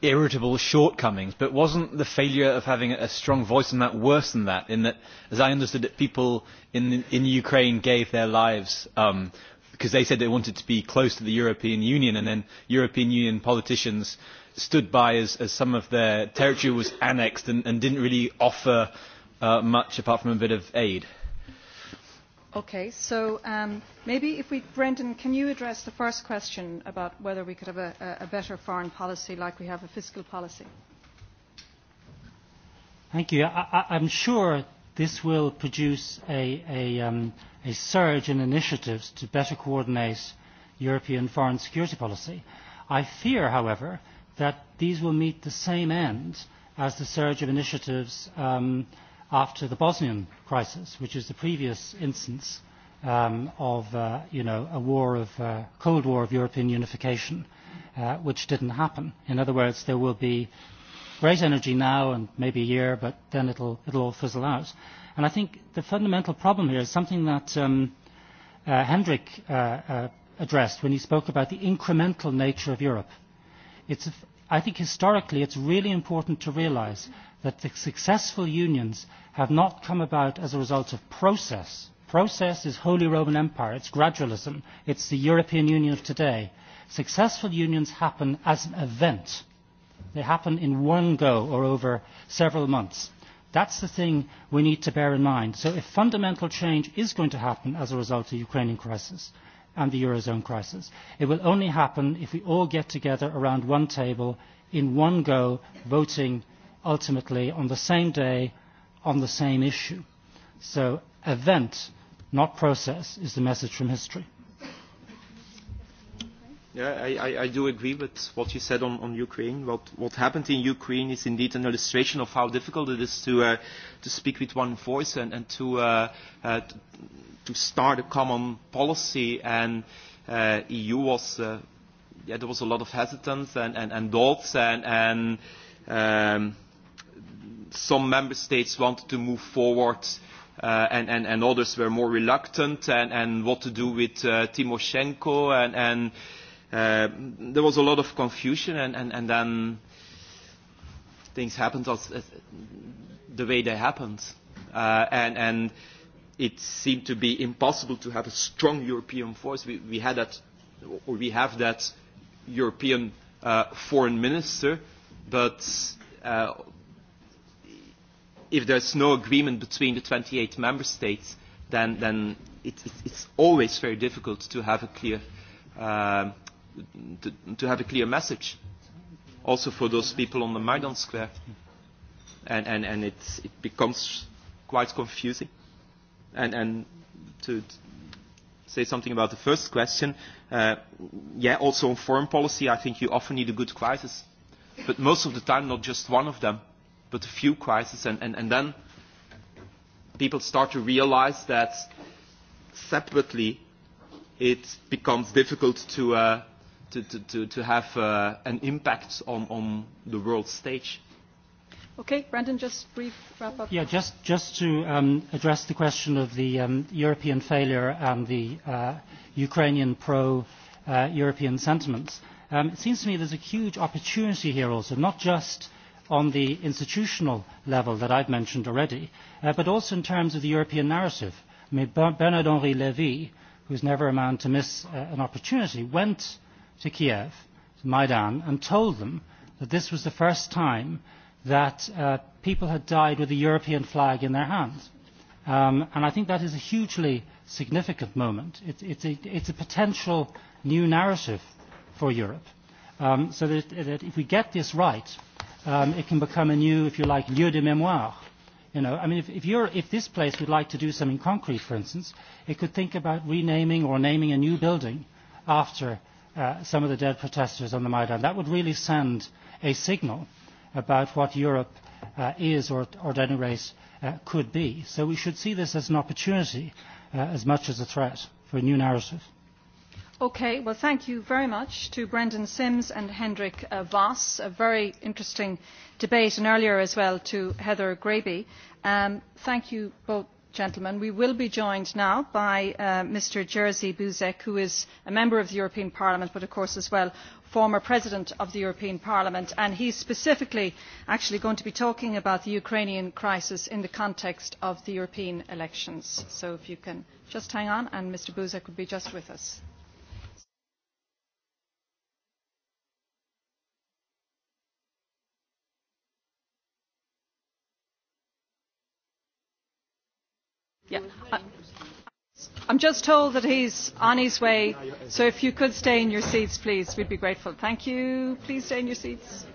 irritable shortcomings, but wasn't the failure of having a strong voice in that worse than that, in that, as I understood it, people in, in Ukraine gave their lives um, because they said they wanted to be close to the European Union and then European Union politicians stood by as, as some of their territory was annexed and, and didn't really offer uh, much apart from a bit of aid. Okay, so um, maybe if we, Brendan, can you address the first question about whether we could have a, a better foreign policy like we have a fiscal policy? Thank you. I, I, I'm sure this will produce a, a um, a surge in initiatives to better coordinate European foreign security policy. I fear, however, that these will meet the same end as the surge of initiatives um, after the Bosnian crisis, which is the previous instance um, of uh, you know, a war of, uh, Cold War of European unification, uh, which didn't happen. In other words, there will be great energy now and maybe a year, but then it'll, it'll all fizzle out. And I think the fundamental problem here is something that um, uh, Hendrik uh, uh, addressed when he spoke about the incremental nature of Europe. It's, I think historically it's really important to realize that the successful unions have not come about as a result of process. Process is Holy Roman Empire, it's gradualism, it's the European Union of today. Successful unions happen as an event. They happen in one go or over several months. That's the thing we need to bear in mind. So if fundamental change is going to happen as a result of the Ukrainian crisis and the Eurozone crisis, it will only happen if we all get together around one table in one go voting ultimately on the same day on the same issue. So event, not process, is the message from history. Yeah, I, I, I do agree with what you said on, on Ukraine. What, what happened in Ukraine is indeed an illustration of how difficult it is to, uh, to speak with one voice and, and to, uh, uh, to start a common policy. And uh, EU was, uh, yeah, there was a lot of hesitance and, and, and doubts and, and um, some member states wanted to move forward uh, and, and, and others were more reluctant and, and what to do with uh, Timoshenko and, and Uh, there was a lot of confusion and, and, and then things happened as, as the way they happened. Uh, and, and it seemed to be impossible to have a strong European force. We, we had that, or we have that European uh, foreign minister, but uh, if there's no agreement between the 28 member states, then, then it, it, it's always very difficult to have a clear uh, to, to have a clear message, also for those people on the Maidan Square. And, and, and it's, it becomes quite confusing. And, and to, to say something about the first question, uh, yeah, also on foreign policy, I think you often need a good crisis. But most of the time, not just one of them, but a few crises. And, and, and then people start to realize that separately it becomes difficult to, uh, to, to, to have uh, an impact on, on the world stage. Okay, Brandon, just brief wrap up. Yeah, just, just to um, address the question of the um, European failure and the uh, Ukrainian pro-European uh, sentiments. Um, it seems to me there's a huge opportunity here also, not just on the institutional level that I've mentioned already, uh, but also in terms of the European narrative. I mean, Bernard-Henri Lévy, who's never a man to miss uh, an opportunity, went to Kiev, to Maidan, and told them that this was the first time that uh, people had died with a European flag in their hands. Um, and I think that is a hugely significant moment. It, it's, a, it's a potential new narrative for Europe. Um, so that, that if we get this right, um, it can become a new, if you like, lieu de mémoire. You know, I mean, if, if, you're, if this place would like to do something concrete, for instance, it could think about renaming or naming a new building after uh, some of the dead protesters on the Maidan. That would really send a signal about what Europe uh, is or, or at any rate uh, could be. So we should see this as an opportunity uh, as much as a threat for a new narrative. Okay, well thank you very much to Brendan Sims and Hendrik uh, Voss, a very interesting debate, and earlier as well to Heather Graby. Um, thank you both gentlemen. We will be joined now by uh, Mr. Jerzy Buzek, who is a member of the European Parliament, but of course as well former president of the European Parliament, and he is specifically actually going to be talking about the Ukrainian crisis in the context of the European elections. So if you can just hang on, and Mr. Buzek will be just with us. Yeah. I'm just told that he's on his way, so if you could stay in your seats, please, we'd be grateful. Thank you. Please stay in your seats.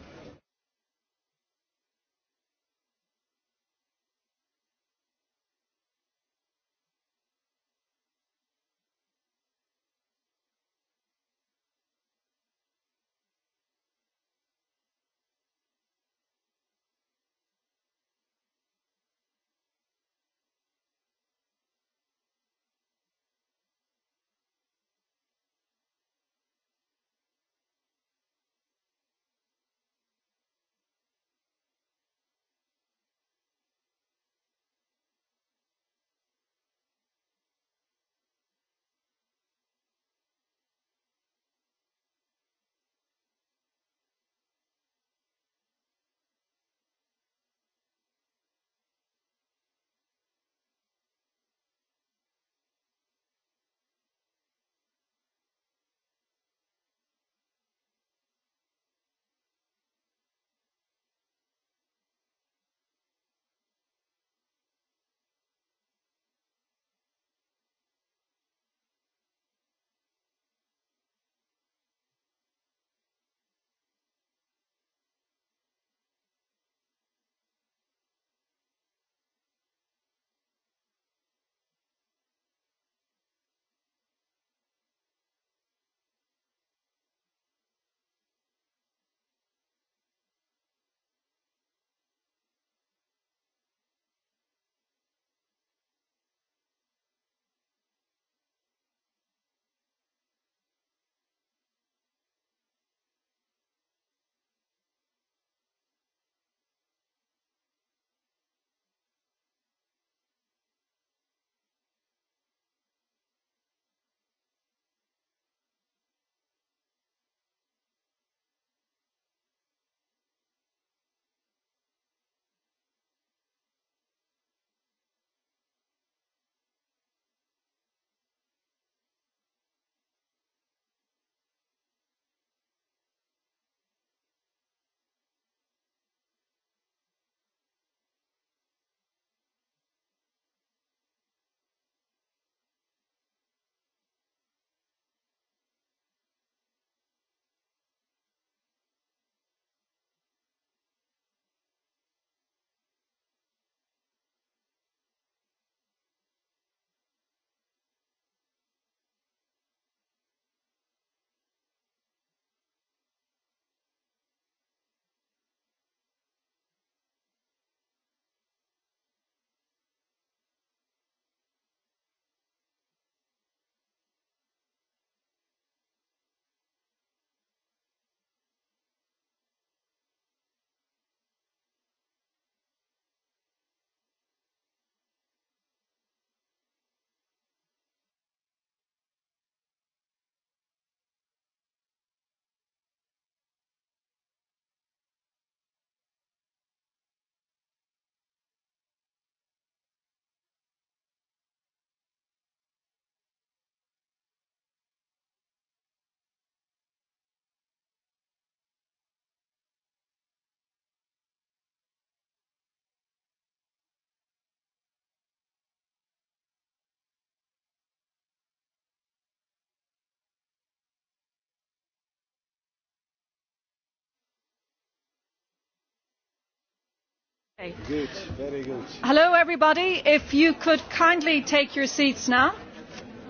Good, very good. Hello everybody, if you could kindly take your seats now.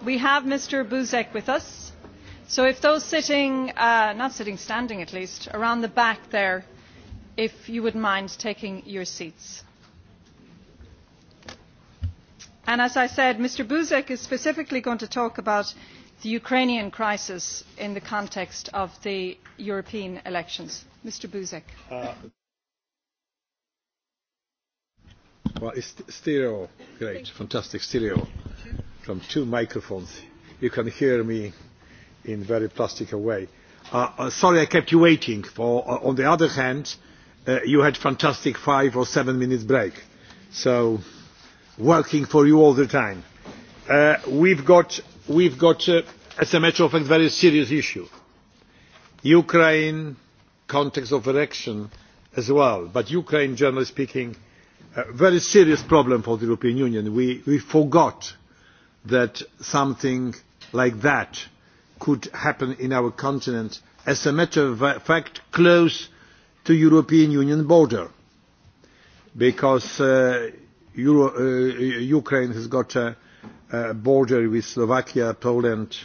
We have Mr. Buzek with us. So if those sitting, uh, not sitting, standing at least, around the back there, if you would mind taking your seats. And as I said, Mr. Buzek is specifically going to talk about the Ukrainian crisis in the context of the European elections. Mr. Buzek. Uh Well, it's stereo. Great. Fantastic stereo. From two microphones. You can hear me in very plastic way. Uh, uh, sorry I kept you waiting. For, uh, on the other hand, uh, you had fantastic five or seven minutes break. So, working for you all the time. Uh, we've got, we've got uh, as a matter of fact, very serious issue. Ukraine, context of election as well, but Ukraine, generally speaking, a very serious problem for the European Union. We, we forgot that something like that could happen in our continent as a matter of fact close to European Union border because uh, Euro, uh, Ukraine has got a, a border with Slovakia, Poland,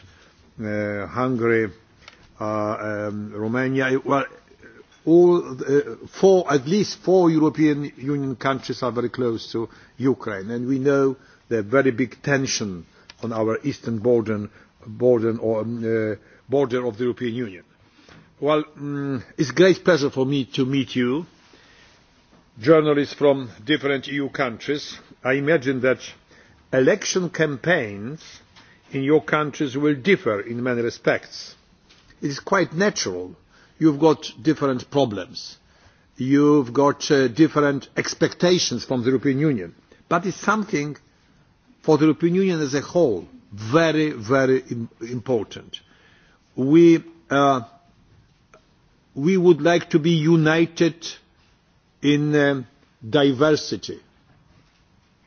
uh, Hungary, uh, um, Romania. Well, all, uh, four, at least four European Union countries are very close to Ukraine, and we know the very big tension on our eastern border, border, or, um, uh, border of the European Union. Well, um, it's a great pleasure for me to meet you, journalists from different EU countries. I imagine that election campaigns in your countries will differ in many respects. It is quite natural you've got different problems. You've got uh, different expectations from the European Union. But it's something for the European Union as a whole very, very Im important. We, uh, we would like to be united in uh, diversity.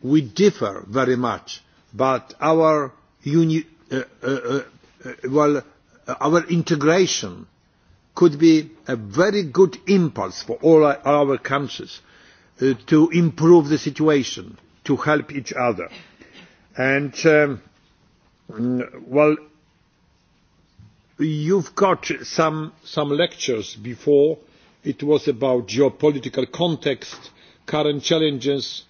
We differ very much, but our, uni uh, uh, uh, uh well, uh, our integration could be a very good impulse for all our countries uh, to improve the situation, to help each other. And, um, mm, well, you've got some, some lectures before. It was about geopolitical context, current challenges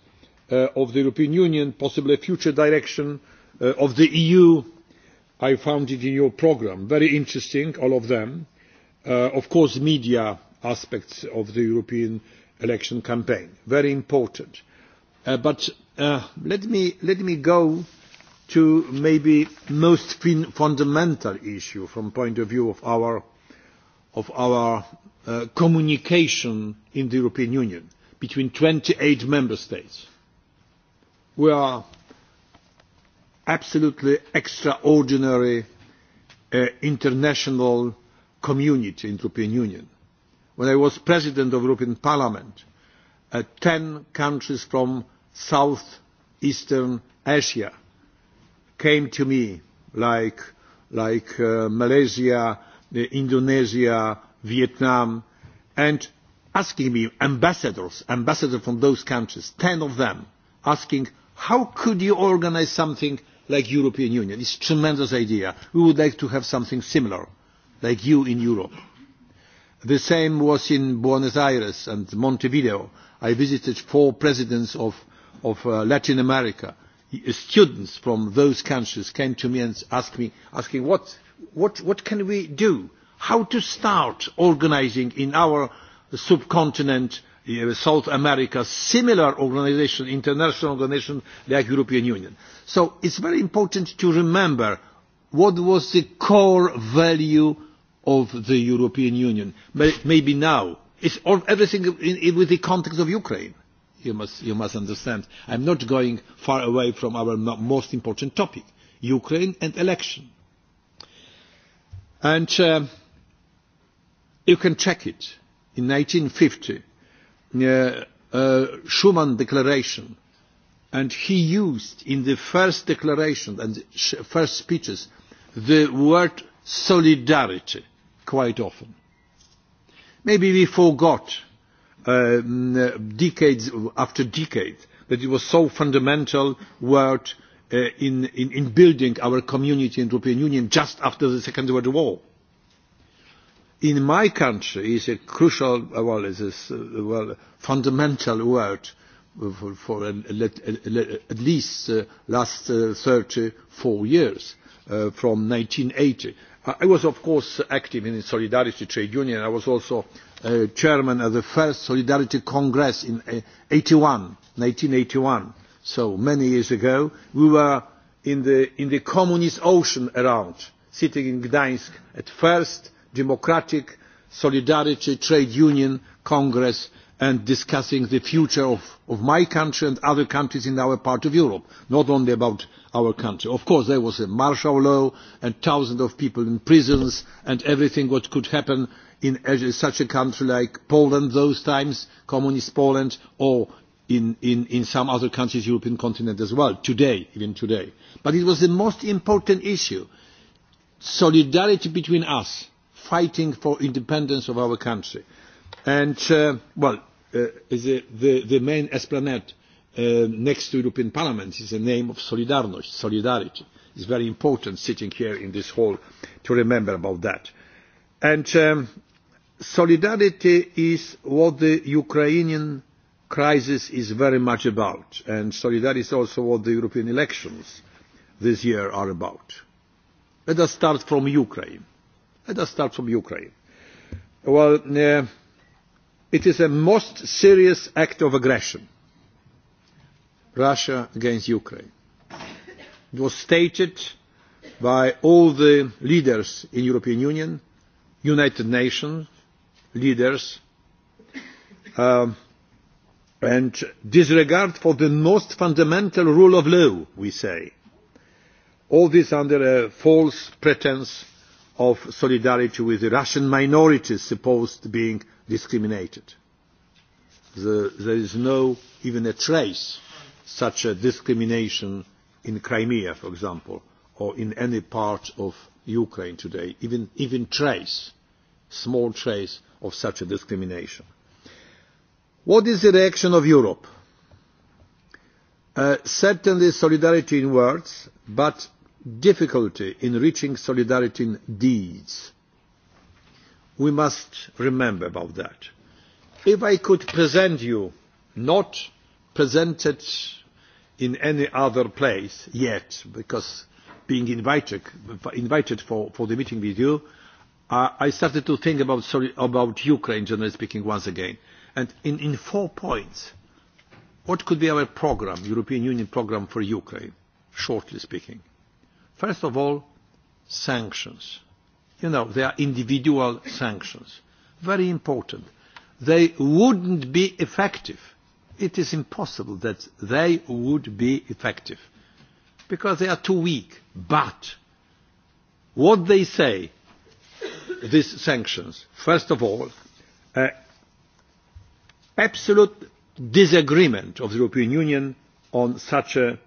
uh, of the European Union, possibly future direction uh, of the EU. I found it in your program very interesting, all of them. Uh, of course, media aspects of the European election campaign, very important. Uh, but uh, let, me, let me go to maybe most fundamental issue from point of view of our, of our uh, communication in the European Union between 28 member states. We are absolutely extraordinary uh, international community in the European Union. When I was president of the European Parliament, uh, 10 countries from Southeastern Asia came to me, like, like uh, Malaysia, uh, Indonesia, Vietnam, and asking me, ambassadors, ambassadors from those countries, 10 of them, asking, how could you organize something like European Union? It's a tremendous idea. We would like to have something similar like you in Europe. The same was in Buenos Aires and Montevideo. I visited four presidents of, of uh, Latin America. Students from those countries came to me and asked me, asking what, what, what can we do? How to start organizing in our subcontinent, uh, South America, similar organization, international organization like European Union. So it's very important to remember what was the core value of the European Union. maybe now. It's all, everything in, in, with the context of Ukraine. You must, you must understand. I'm not going far away from our most important topic, Ukraine and election. And uh, you can check it. In 1950, uh, uh, Schumann Declaration, and he used in the first declaration and first speeches the word solidarity quite often. Maybe we forgot um, decades after decades that it was so fundamental word uh, in, in, in building our community in the European Union just after the Second World War. In my country, it's a crucial, uh, well, it's a uh, well, fundamental word for, for uh, at least uh, last uh, 34 years, uh, from 1980. I was, of course, active in the Solidarity Trade Union. I was also uh, chairman of the first Solidarity Congress in uh, 81, 1981, so many years ago. We were in the, in the communist ocean around, sitting in Gdańsk at first democratic Solidarity Trade Union Congress and discussing the future of, of my country and other countries in our part of Europe, not only about our country. Of course, there was a martial law and thousands of people in prisons and everything what could happen in such a country like Poland those times, communist Poland, or in, in, in some other countries, European continent as well, today, even today. But it was the most important issue, solidarity between us, fighting for independence of our country. And, uh, well, uh, is the the, the main esplanade uh, next to European Parliament is the name of Solidarność, solidarity. It's very important sitting here in this hall to remember about that. And um, solidarity is what the Ukrainian crisis is very much about. And solidarity is also what the European elections this year are about. Let us start from Ukraine. Let us start from Ukraine. Well, uh, It is a most serious act of aggression. Russia against Ukraine. It was stated by all the leaders in European Union, United Nations leaders, uh, and disregard for the most fundamental rule of law, we say. All this under a false pretense of solidarity with the Russian minorities supposed to being discriminated. The, there is no even a trace such a discrimination in Crimea, for example, or in any part of Ukraine today, even, even trace, small trace of such a discrimination. What is the reaction of Europe? Uh, certainly solidarity in words, but difficulty in reaching solidarity in deeds we must remember about that. If I could present you, not presented in any other place yet, because being invited, invited for, for the meeting with you, uh, I started to think about, sorry, about Ukraine, generally speaking, once again. And in, in four points, what could be our program, European Union program for Ukraine, shortly speaking? First of all, sanctions you know, they are individual sanctions. Very important. They wouldn't be effective. It is impossible that they would be effective because they are too weak. But what they say, these sanctions, first of all, uh, absolute disagreement of the European Union on such a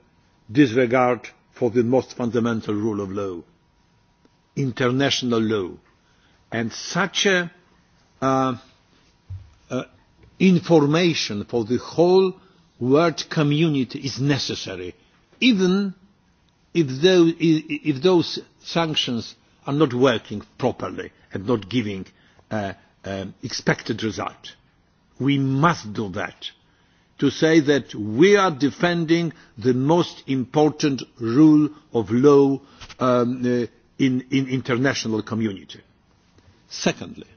disregard for the most fundamental rule of law international law. And such a uh, uh, information for the whole world community is necessary, even if those, if those sanctions are not working properly and not giving uh, um, expected result. We must do that to say that we are defending the most important rule of law um, uh, in, in international community. Secondly,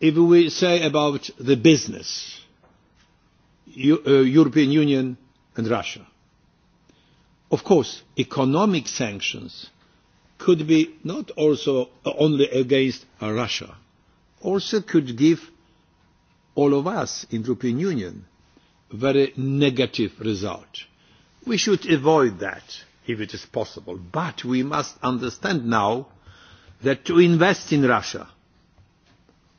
if we say about the business, uh, European Union and Russia, of course, economic sanctions could be not also only against Russia, also could give all of us in European Union very negative result. We should avoid that if it is possible. But we must understand now that to invest in Russia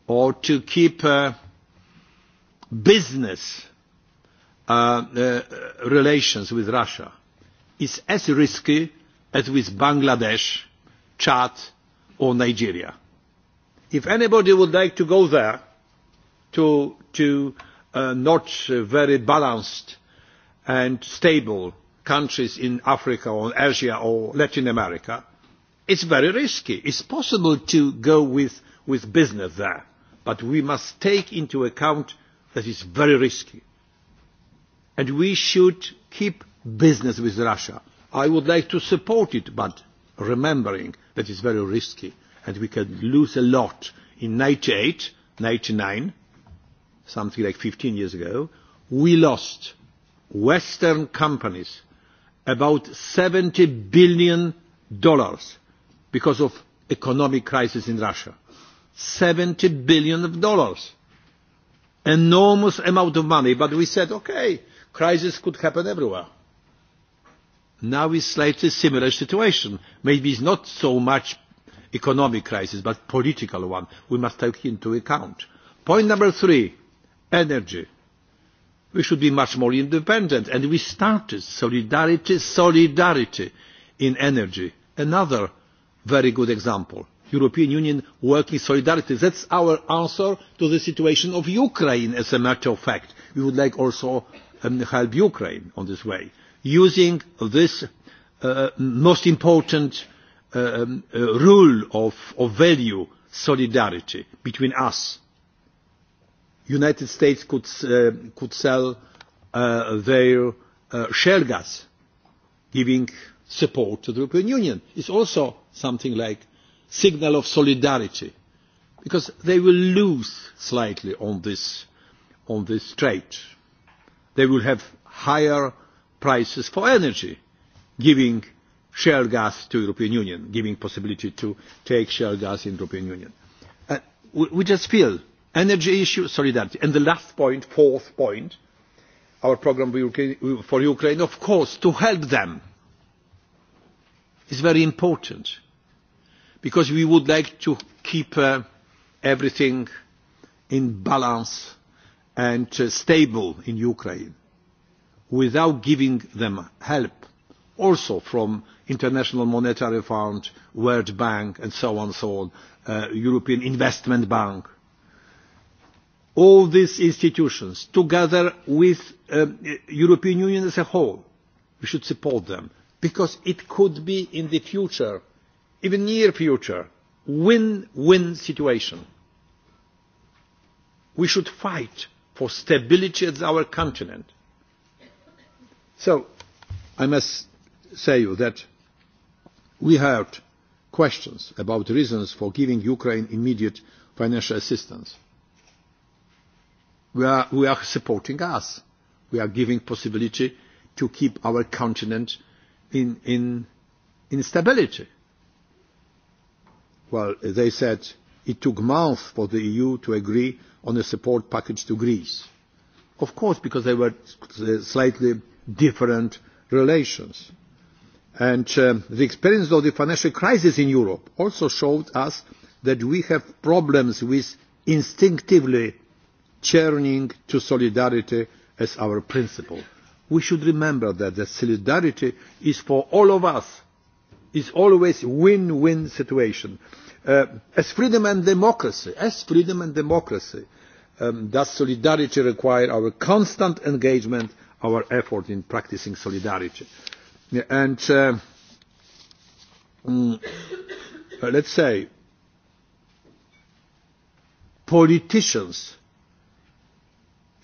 or to keep uh, business uh, uh, relations with Russia is as risky as with Bangladesh, Chad or Nigeria. If anybody would like to go there to, to uh, not uh, very balanced and stable countries in Africa or Asia or Latin America, it's very risky. It's possible to go with, with business there, but we must take into account that it's very risky. And we should keep business with Russia. I would like to support it, but remembering that it's very risky and we can lose a lot in 98, 99, something like 15 years ago, we lost Western companies about 70 billion dollars because of economic crisis in Russia. 70 billion of dollars. Enormous amount of money. But we said, okay, crisis could happen everywhere. Now it's slightly similar situation. Maybe it's not so much economic crisis, but political one. We must take into account. Point number three, energy. We should be much more independent. And we started solidarity, solidarity in energy. Another very good example. European Union working solidarity. That's our answer to the situation of Ukraine, as a matter of fact. We would like also um, help Ukraine on this way, using this uh, most important uh, um, uh, rule of, of value, solidarity, between us United States could, uh, could sell uh, their uh, shale gas, giving support to the European Union. It's also something like signal of solidarity, because they will lose slightly on this, on this trade. They will have higher prices for energy, giving shale gas to European Union, giving possibility to take shale gas in European Union. Uh, we, we just feel Energy issue, solidarity. And the last point, fourth point, our program for Ukraine, of course, to help them is very important because we would like to keep uh, everything in balance and uh, stable in Ukraine without giving them help also from International Monetary Fund, World Bank and so on so on, uh, European Investment Bank all these institutions together with the um, European Union as a whole. We should support them because it could be in the future, even near future, win-win situation. We should fight for stability at our continent. So, I must say you that we heard questions about reasons for giving Ukraine immediate financial assistance We are, we are supporting us. We are giving possibility to keep our continent in, in, in stability. Well, they said it took months for the EU to agree on a support package to Greece. Of course, because they were slightly different relations. And uh, the experience of the financial crisis in Europe also showed us that we have problems with instinctively turning to solidarity as our principle. We should remember that the solidarity is for all of us, is always win-win situation. Uh, as freedom and democracy, as freedom and democracy, um, does solidarity require our constant engagement, our effort in practicing solidarity. And uh, mm, uh, let's say, politicians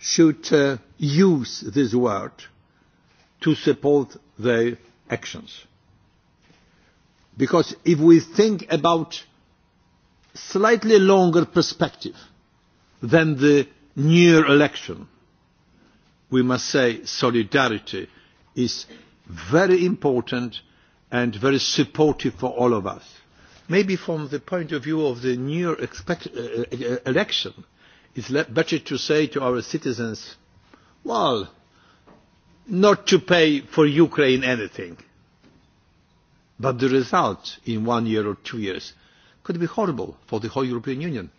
should uh, use this word to support their actions. Because if we think about slightly longer perspective than the near election, we must say solidarity is very important and very supportive for all of us. Maybe from the point of view of the near expect, uh, uh election, it's better to say to our citizens, well, not to pay for Ukraine anything. But the result in one year or two years could be horrible for the whole European Union.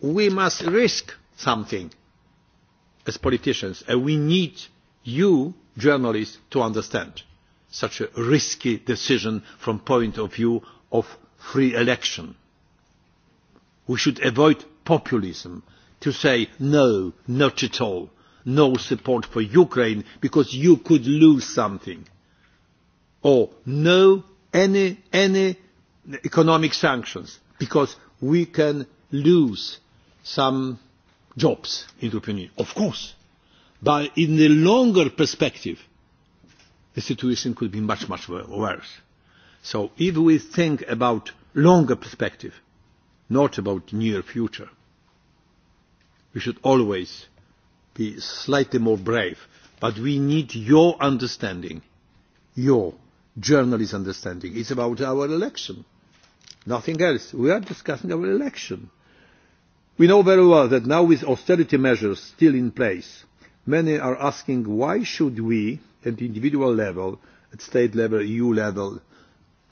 We must risk something as politicians, and we need you, journalists, to understand such a risky decision from point of view of free election. We should avoid populism to say no, not at all, no support for Ukraine because you could lose something. Or no, any, any economic sanctions because we can lose some jobs in the European Union. Of course. But in the longer perspective, the situation could be much, much worse. So if we think about longer perspective, not about near future. We should always be slightly more brave, but we need your understanding, your journalist understanding. It's about our election, nothing else. We are discussing our election. We know very well that now with austerity measures still in place, many are asking why should we, at the individual level, at state level, EU level,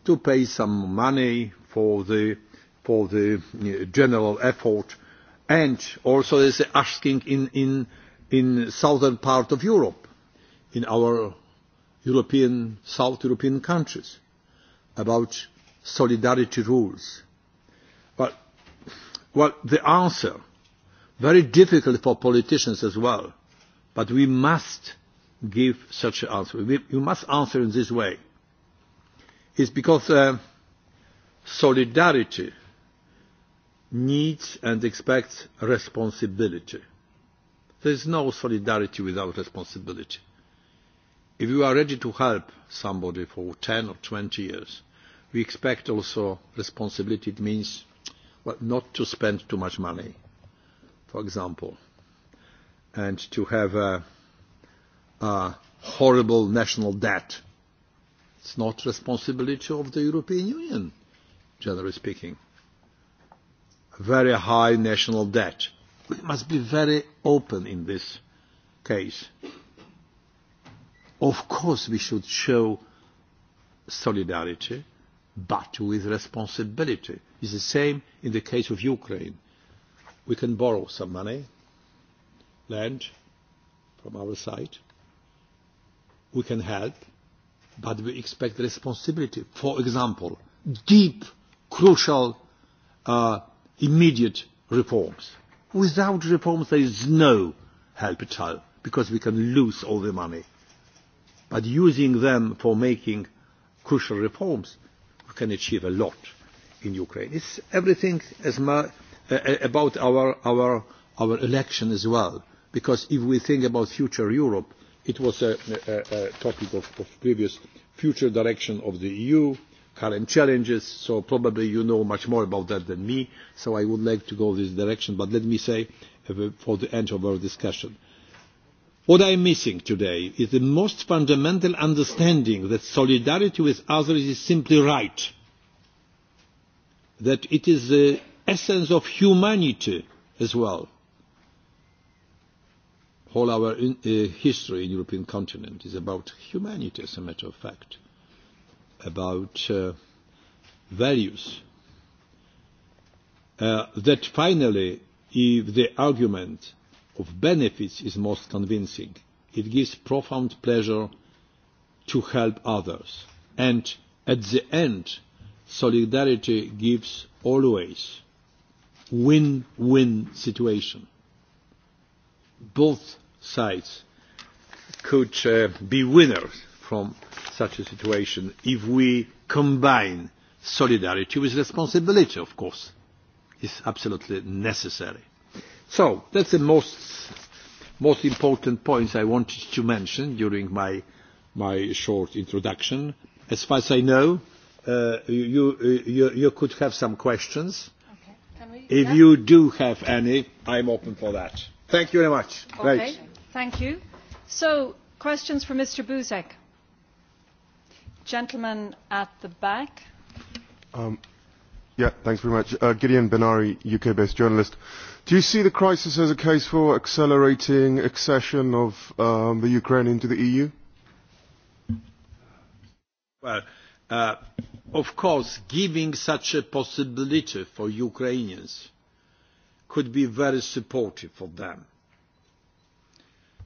to pay some money for the for the uh, general effort and also there is asking in, in, in southern part of Europe, in our European, South European countries, about solidarity rules. Well, well, the answer, very difficult for politicians as well, but we must give such an answer. We, you must answer in this way. It's because uh, solidarity needs and expects responsibility. There is no solidarity without responsibility. If you are ready to help somebody for 10 or 20 years, we expect also responsibility. It means well, not to spend too much money, for example, and to have a, a horrible national debt. It's not responsibility of the European Union, generally speaking very high national debt. We must be very open in this case. Of course we should show solidarity, but with responsibility. It's the same in the case of Ukraine. We can borrow some money, land from our side. We can help, but we expect responsibility. For example, deep, crucial uh, immediate reforms. Without reforms there is no help at all because we can lose all the money. But using them for making crucial reforms, we can achieve a lot in Ukraine. It's everything as ma uh, uh, about our, our, our election as well, because if we think about future Europe, it was a, a, a topic of, of previous future direction of the EU, current challenges, so probably you know much more about that than me, so I would like to go this direction, but let me say uh, for the end of our discussion. What I am missing today is the most fundamental understanding that solidarity with others is simply right, that it is the essence of humanity as well. All our in, uh, history in European continent is about humanity, as a matter of fact about uh, values. Uh, that finally, if the argument of benefits is most convincing, it gives profound pleasure to help others. And at the end, solidarity gives always win-win situation. Both sides could uh, be winners from such a situation if we combine solidarity with responsibility, of course. It's absolutely necessary. So that's the most, most important points I wanted to mention during my, my short introduction. As far as I know, uh, you, you, you could have some questions. if yeah? you do have any, I'm open for that. Thank you very much. Okay. Great. Thank you. So, questions for Mr. Buzek gentleman at the back. Um, yeah, thanks very much. Uh, Gideon Benari, UK-based journalist. Do you see the crisis as a case for accelerating accession of um, the Ukraine into the EU? Well, uh, of course, giving such a possibility for Ukrainians could be very supportive for them.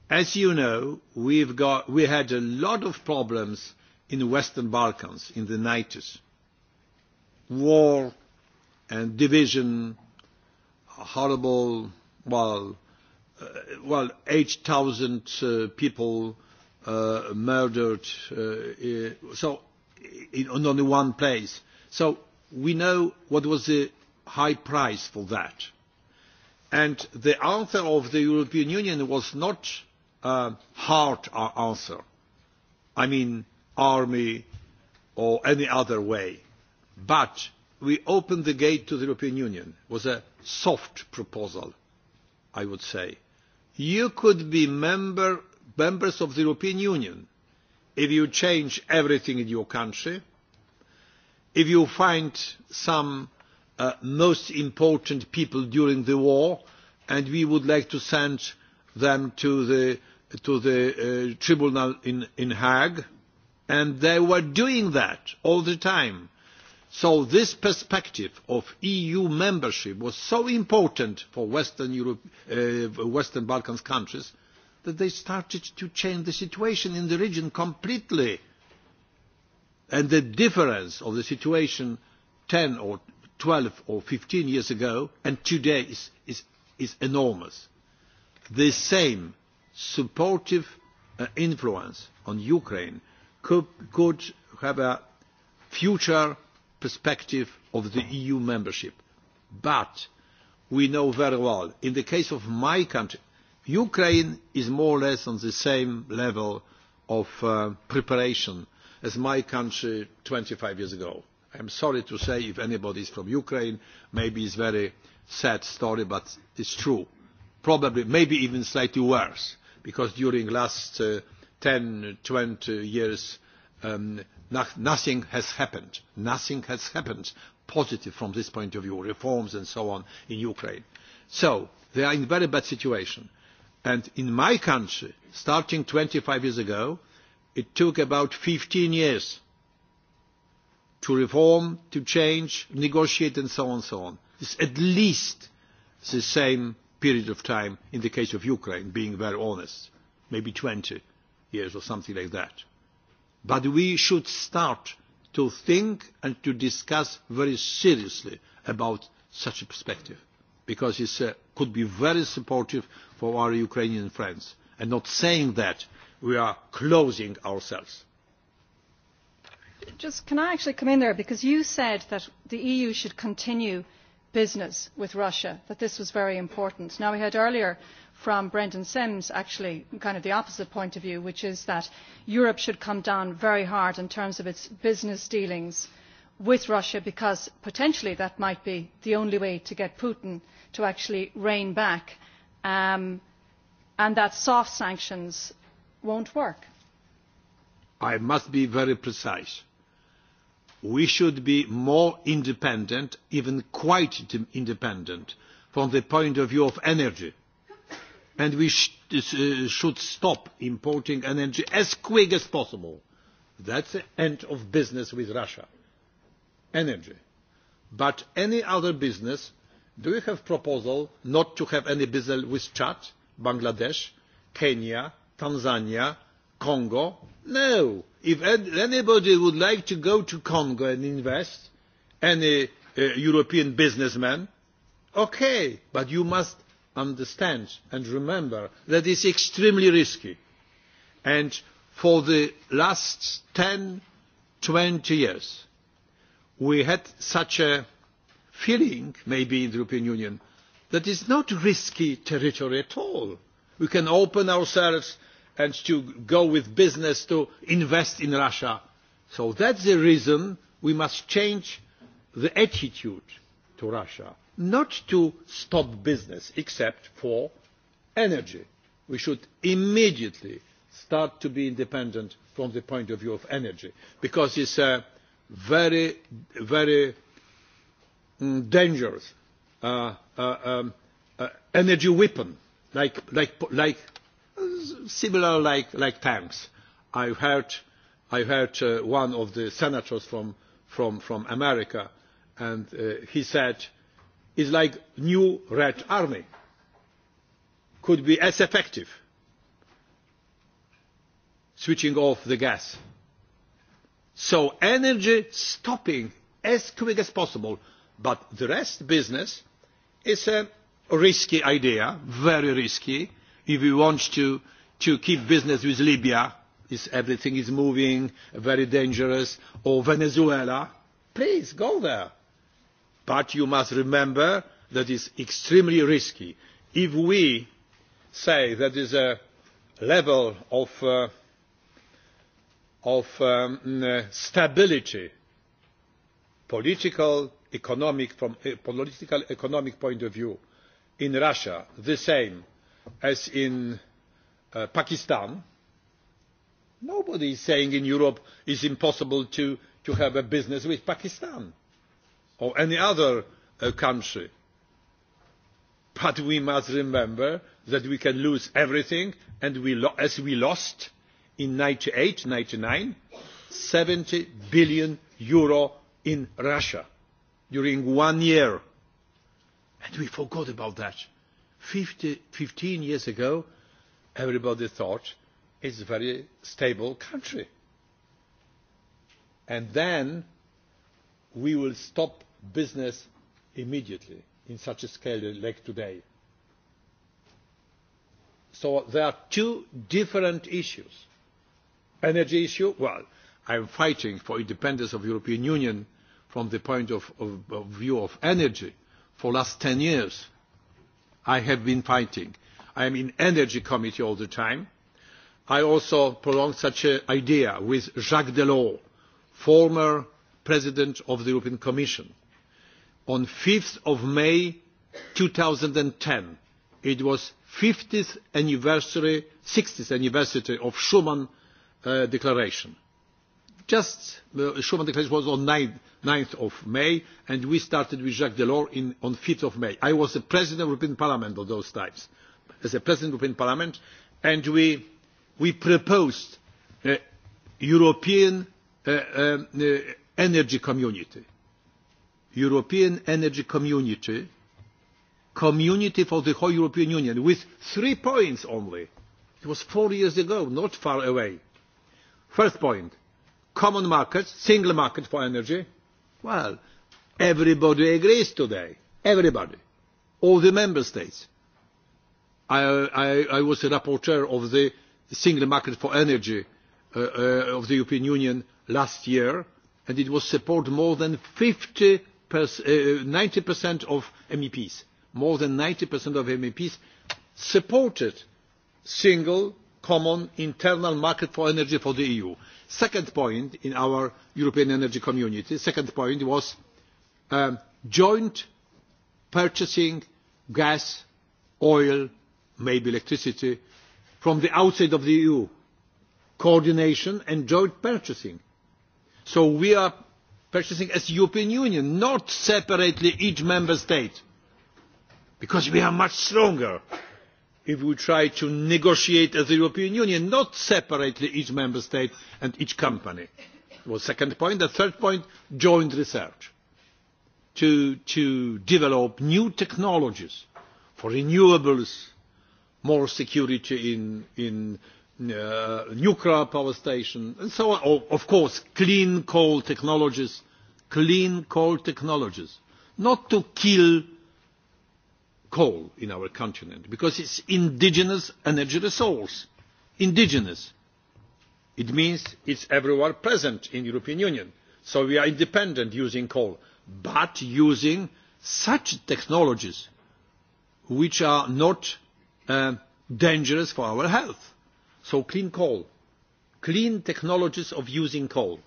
As you know, we've got, we had a lot of problems in the Western Balkans in the 90s. War and division, horrible, well, uh, well 8,000 uh, people uh, murdered, uh, uh, so in, in only one place. So we know what was the high price for that. And the answer of the European Union was not a hard answer. I mean, army, or any other way. But we opened the gate to the European Union. It was a soft proposal, I would say. You could be member, members of the European Union if you change everything in your country, if you find some uh, most important people during the war, and we would like to send them to the, to the uh, tribunal in, in Hague, And they were doing that all the time. So this perspective of EU membership was so important for Western, Europe, uh, Western Balkans countries that they started to change the situation in the region completely. And the difference of the situation 10 or 12 or 15 years ago and today is, is, is enormous. The same supportive uh, influence on Ukraine could, could have a future perspective of the EU membership. But we know very well, in the case of my country, Ukraine is more or less on the same level of uh, preparation as my country 25 years ago. I'm sorry to say if anybody is from Ukraine, maybe it's a very sad story, but it's true. Probably, maybe even slightly worse, because during last uh, 10, 20 years, um, no, nothing has happened. Nothing has happened positive from this point of view, reforms and so on in Ukraine. So they are in a very bad situation. And in my country, starting 25 years ago, it took about 15 years to reform, to change, negotiate and so on and so on. It's at least the same period of time in the case of Ukraine, being very honest, maybe 20, years or something like that. But we should start to think and to discuss very seriously about such a perspective because it uh, could be very supportive for our Ukrainian friends and not saying that we are closing ourselves. Just can I actually come in there because you said that the EU should continue business with Russia, that this was very important. Now we had earlier from Brendan Sims, actually, kind of the opposite point of view, which is that Europe should come down very hard in terms of its business dealings with Russia because potentially that might be the only way to get Putin to actually rein back um, and that soft sanctions won't work. I must be very precise. We should be more independent, even quite independent, from the point of view of energy and we sh uh, should stop importing energy as quick as possible. That's the end of business with Russia. Energy. But any other business, do you have proposal not to have any business with Chad, Bangladesh, Kenya, Tanzania, Congo? No. If anybody would like to go to Congo and invest, any uh, European businessman, okay, but you must understand and remember that it's extremely risky. And for the last 10, 20 years, we had such a feeling, maybe in the European Union, that it's not risky territory at all. We can open ourselves and to go with business to invest in Russia. So that's the reason we must change the attitude to Russia not to stop business except for energy. We should immediately start to be independent from the point of view of energy because it's a very, very mm, dangerous uh, uh, um, uh, energy weapon like, like, like similar like, like tanks. I heard, I heard uh, one of the senators from, from, from America and uh, he said is like new Red Army, could be as effective switching off the gas. So energy stopping as quick as possible, but the rest business is a risky idea, very risky. If you want to, to keep business with Libya, is everything is moving, very dangerous, or Venezuela, please go there But you must remember that is extremely risky. If we say that is a level of, uh, of um, stability, political, economic, from a political, economic point of view, in Russia, the same as in uh, Pakistan, nobody is saying in Europe it's impossible to, to have a business with Pakistan or any other uh, country. But we must remember that we can lose everything, and we lo as we lost in 98, 99, 70 billion euro in Russia during one year. And we forgot about that. 50, 15 years ago, everybody thought it's a very stable country. And then we will stop business immediately in such a scale like today. So there are two different issues. Energy issue, well, I'm fighting for independence of European Union from the point of, of, of view of energy for the last 10 years. I have been fighting. I am in energy committee all the time. I also prolonged such an idea with Jacques Delors, former president of the European Commission on 5th of May 2010. It was 50th anniversary, 60th anniversary of Schuman uh, Declaration. Just uh, Schuman Declaration was on 9th, 9th of May, and we started with Jacques Delors in, on 5th of May. I was the President of the European Parliament of those times, as a President of the European Parliament, and we, we proposed uh, European uh, um, uh, energy community European Energy Community, Community for the whole European Union, with three points only. It was four years ago, not far away. First point, common market, single market for energy. Well, everybody agrees today. Everybody. All the member states. I, I, I was a rapporteur of the single market for energy uh, uh, of the European Union last year, and it was supported more than 50 90% uh, eh, of MEPs, more than 90% of MEPs supported single common internal market for energy for the EU. Second point in our European energy community, second point was um, joint purchasing gas, oil, maybe electricity from the outside of the EU, coordination and joint purchasing. So we are purchasing as European Union, not separately each member state. Because we are much stronger if we try to negotiate as the European Union, not separately each member state and each company. That second point. The third point, joint research to, to develop new technologies for renewables, more security in, in uh, nuclear power station, and so on. Oh, of course, clean coal technologies, clean coal technologies, not to kill coal in our continent, because it's indigenous energy resource, indigenous. It means it's everywhere present in the European Union. So we are independent using coal, but using such technologies which are not uh, dangerous for our health So clean coal, clean technologies of using coal.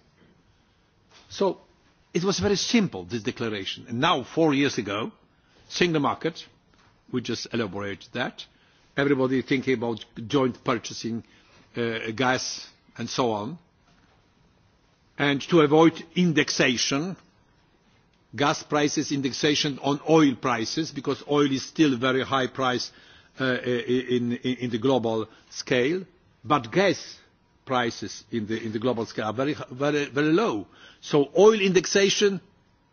So it was very simple, this declaration. And now, four years ago, single market, we just elaborated that. Everybody thinking about joint purchasing uh, gas and so on. And to avoid indexation, gas prices indexation on oil prices, because oil is still very high price uh, in, in, in the global scale but gas prices in the, in the global scale are very, very, very low. So oil indexation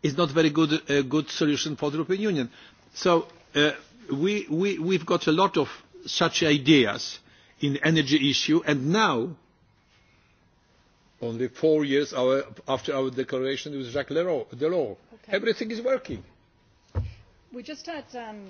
is not very good, a uh, good solution for the European Union. So uh, we, we, we've got a lot of such ideas in the energy issue, and now, only four years our, after our declaration with Jacques Delors, okay. everything is working. We just had um,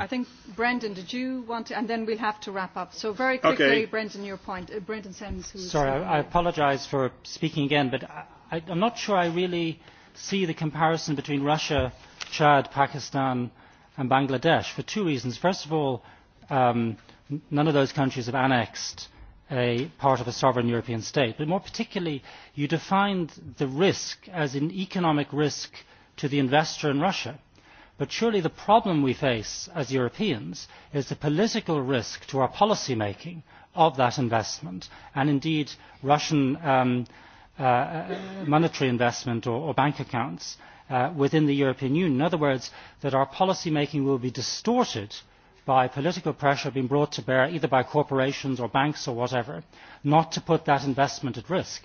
I think, Brendan, did you want to, and then we'll have to wrap up. So very quickly, okay. Brendan, your point. Uh, Brendan Sims, who's... Sorry, I, I apologize for speaking again, but I, I, I'm not sure I really see the comparison between Russia, Chad, Pakistan, and Bangladesh for two reasons. First of all, um, none of those countries have annexed a part of a sovereign European state. But more particularly, you defined the risk as an economic risk to the investor in Russia But surely the problem we face as Europeans is the political risk to our policy making of that investment and indeed Russian um, uh, uh, monetary investment or, or bank accounts uh, within the European Union. In other words, that our policy making will be distorted by political pressure being brought to bear either by corporations or banks or whatever, not to put that investment at risk.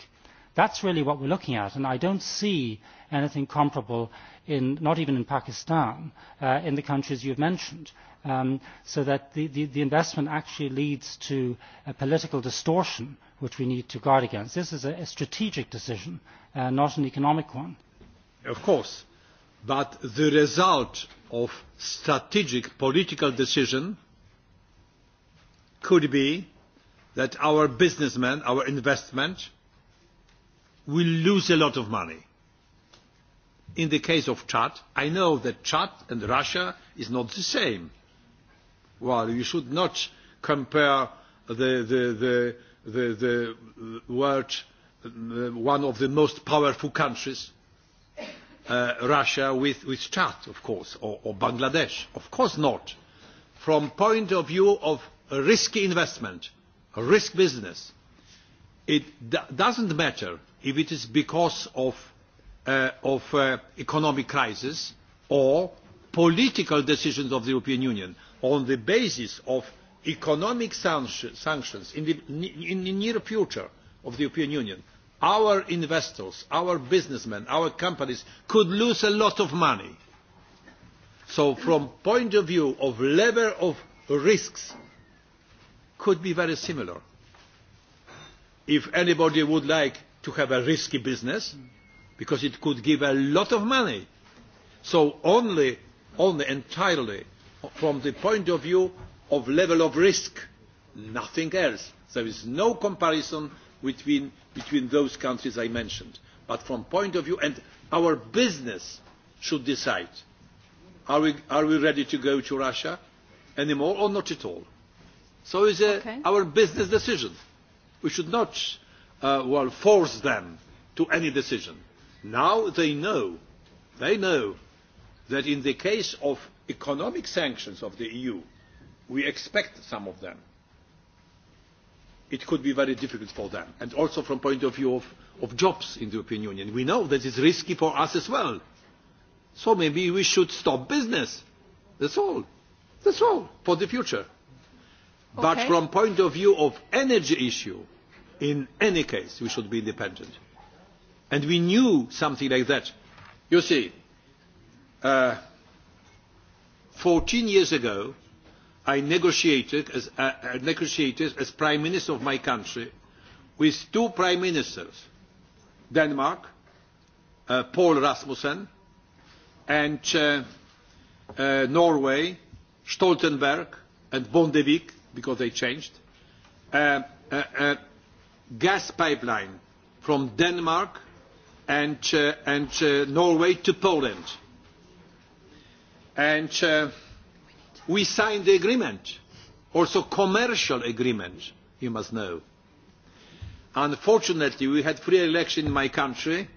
That's really what we're looking at, and I don't see anything comparable in, not even in Pakistan, uh, in the countries you've mentioned. Um, so that the, the, the investment actually leads to a political distortion which we need to guard against. This is a, a strategic decision, uh, not an economic one. Of course, but the result of strategic political decision could be that our businessmen, our investment, will lose a lot of money in the case of Chad, I know that Chad and Russia is not the same. Well, you should not compare the, the, the, the, the world, uh, one of the most powerful countries, uh, Russia, with, with Chad, of course, or, or Bangladesh. Of course not. From point of view of risky investment, risk business, it doesn't matter if it is because of uh, of uh, economic crisis or political decisions of the European Union on the basis of economic sanctions in the, in the near future of the European Union, our investors, our businessmen, our companies could lose a lot of money. So from point of view of level of risks could be very similar. If anybody would like to have a risky business, because it could give a lot of money. So only, only entirely from the point of view of level of risk, nothing else. There is no comparison between, between those countries I mentioned. But from point of view, and our business should decide, are we, are we ready to go to Russia anymore or not at all? So it's a, okay. our business decision. We should not uh, well, force them to any decision. Now they know, they know that in the case of economic sanctions of the EU, we expect some of them. It could be very difficult for them, and also from point of view of, of jobs in the European Union. We know that it's risky for us as well. So maybe we should stop business. That's all. That's all for the future. Okay. But from point of view of energy issue, in any case, we should be independent. And we knew something like that. You see, uh, 14 years ago, I negotiated as, uh, I uh, negotiated as Prime Minister of my country with two Prime Ministers, Denmark, uh, Paul Rasmussen, and uh, uh, Norway, Stoltenberg, and Bondevik, because they changed, uh, uh, uh, gas pipeline from Denmark and, uh, and uh, Norway to Poland. And uh, we signed the agreement, also commercial agreement, you must know. Unfortunately, we had free election in my country,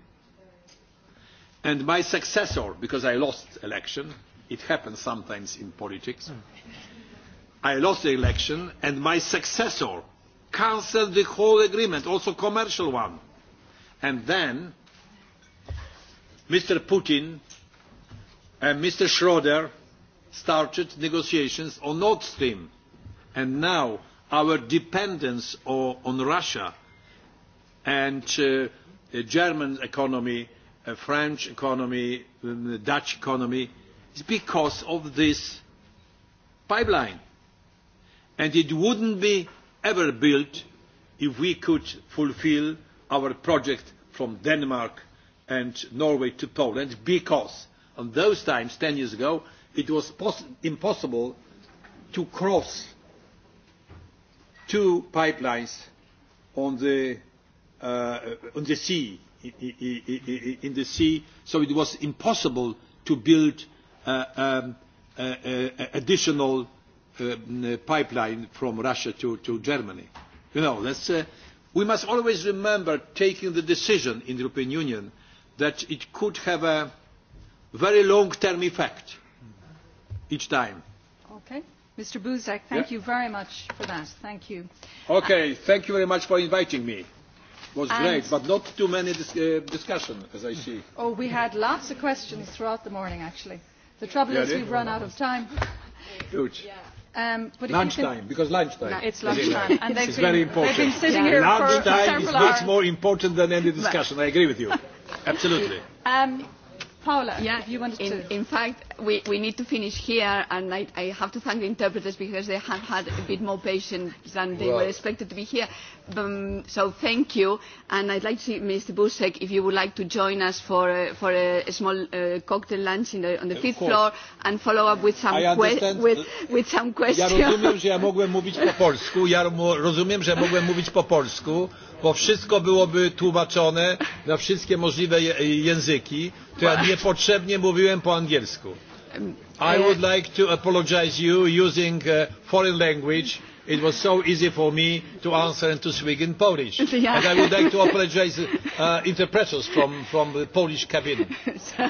and my successor, because I lost election, it happens sometimes in politics, I lost the election, and my successor cancelled the whole agreement, also commercial one. And then Mr. Putin and Mr. Schroeder started negotiations on Nord Stream, and now our dependence on Russia and uh, the German economy, the French economy, the um, Dutch economy, is because of this pipeline. And it wouldn't be ever built if we could fulfill our project from Denmark and Norway to Poland because on those times, 10 years ago, it was impossible to cross two pipelines on the, uh, on the sea, in the sea, so it was impossible to build uh, um, uh, uh, additional um, uh, pipeline from Russia to, to Germany. You know, that's, uh, we must always remember taking the decision in the European Union that it could have a very long-term effect each time. Okay. Mr. Buzek, thank yeah. you very much for that. Thank you. Okay, uh, thank you very much for inviting me. It was great, but not too many dis uh, discussion, as I see. Oh, we had lots of questions throughout the morning, actually. The trouble yeah, is we've run out of time. Huge. Um, but lunchtime, can, because lunchtime. It's lunchtime. and they've it's been, very important. They've been sitting yeah. here lunchtime for several is much hours. more important than any discussion. I agree with you. Absolutely. Um, Paula, yeah, you wanted in, to. In fact, we, we need to finish here, and I, I have to thank the interpreters because they have had a bit more patience than they right. were expected to be here. Um, so thank you, and I'd like to see Mr. Busek if you would like to join us for a, for a, a small uh, cocktail lunch in the, on the of fifth course. floor and follow up with some, que with, with some questions. Ja rozumiem, że ja mogłem mówić po polsku. Ja rozumiem, że mogłem mówić po polsku bo wszystko byłoby tłumaczone na wszystkie możliwe języki, to ja niepotrzebnie mówiłem po angielsku. I eh, would like to apologize you using uh, foreign language. It was so easy for me to answer and to speak in Polish. Yeah. And I would like to apologize uh, interpreters from, from the Polish cabinet.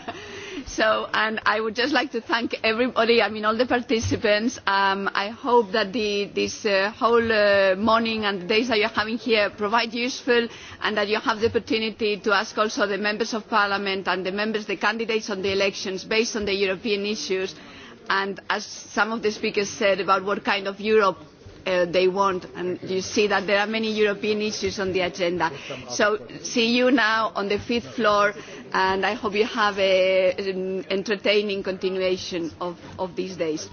So, and I would just like to thank everybody, I mean, all the participants. Um, I hope that the, this uh, whole uh, morning and the days that you're having here provide useful and that you have the opportunity to ask also the members of parliament and the members, the candidates on the elections based on the European issues and as some of the speakers said about what kind of Europe uh, they want. And you see that there are many European issues on the agenda. So see you now on the fifth floor, and I hope you have an um, entertaining continuation of, of these days.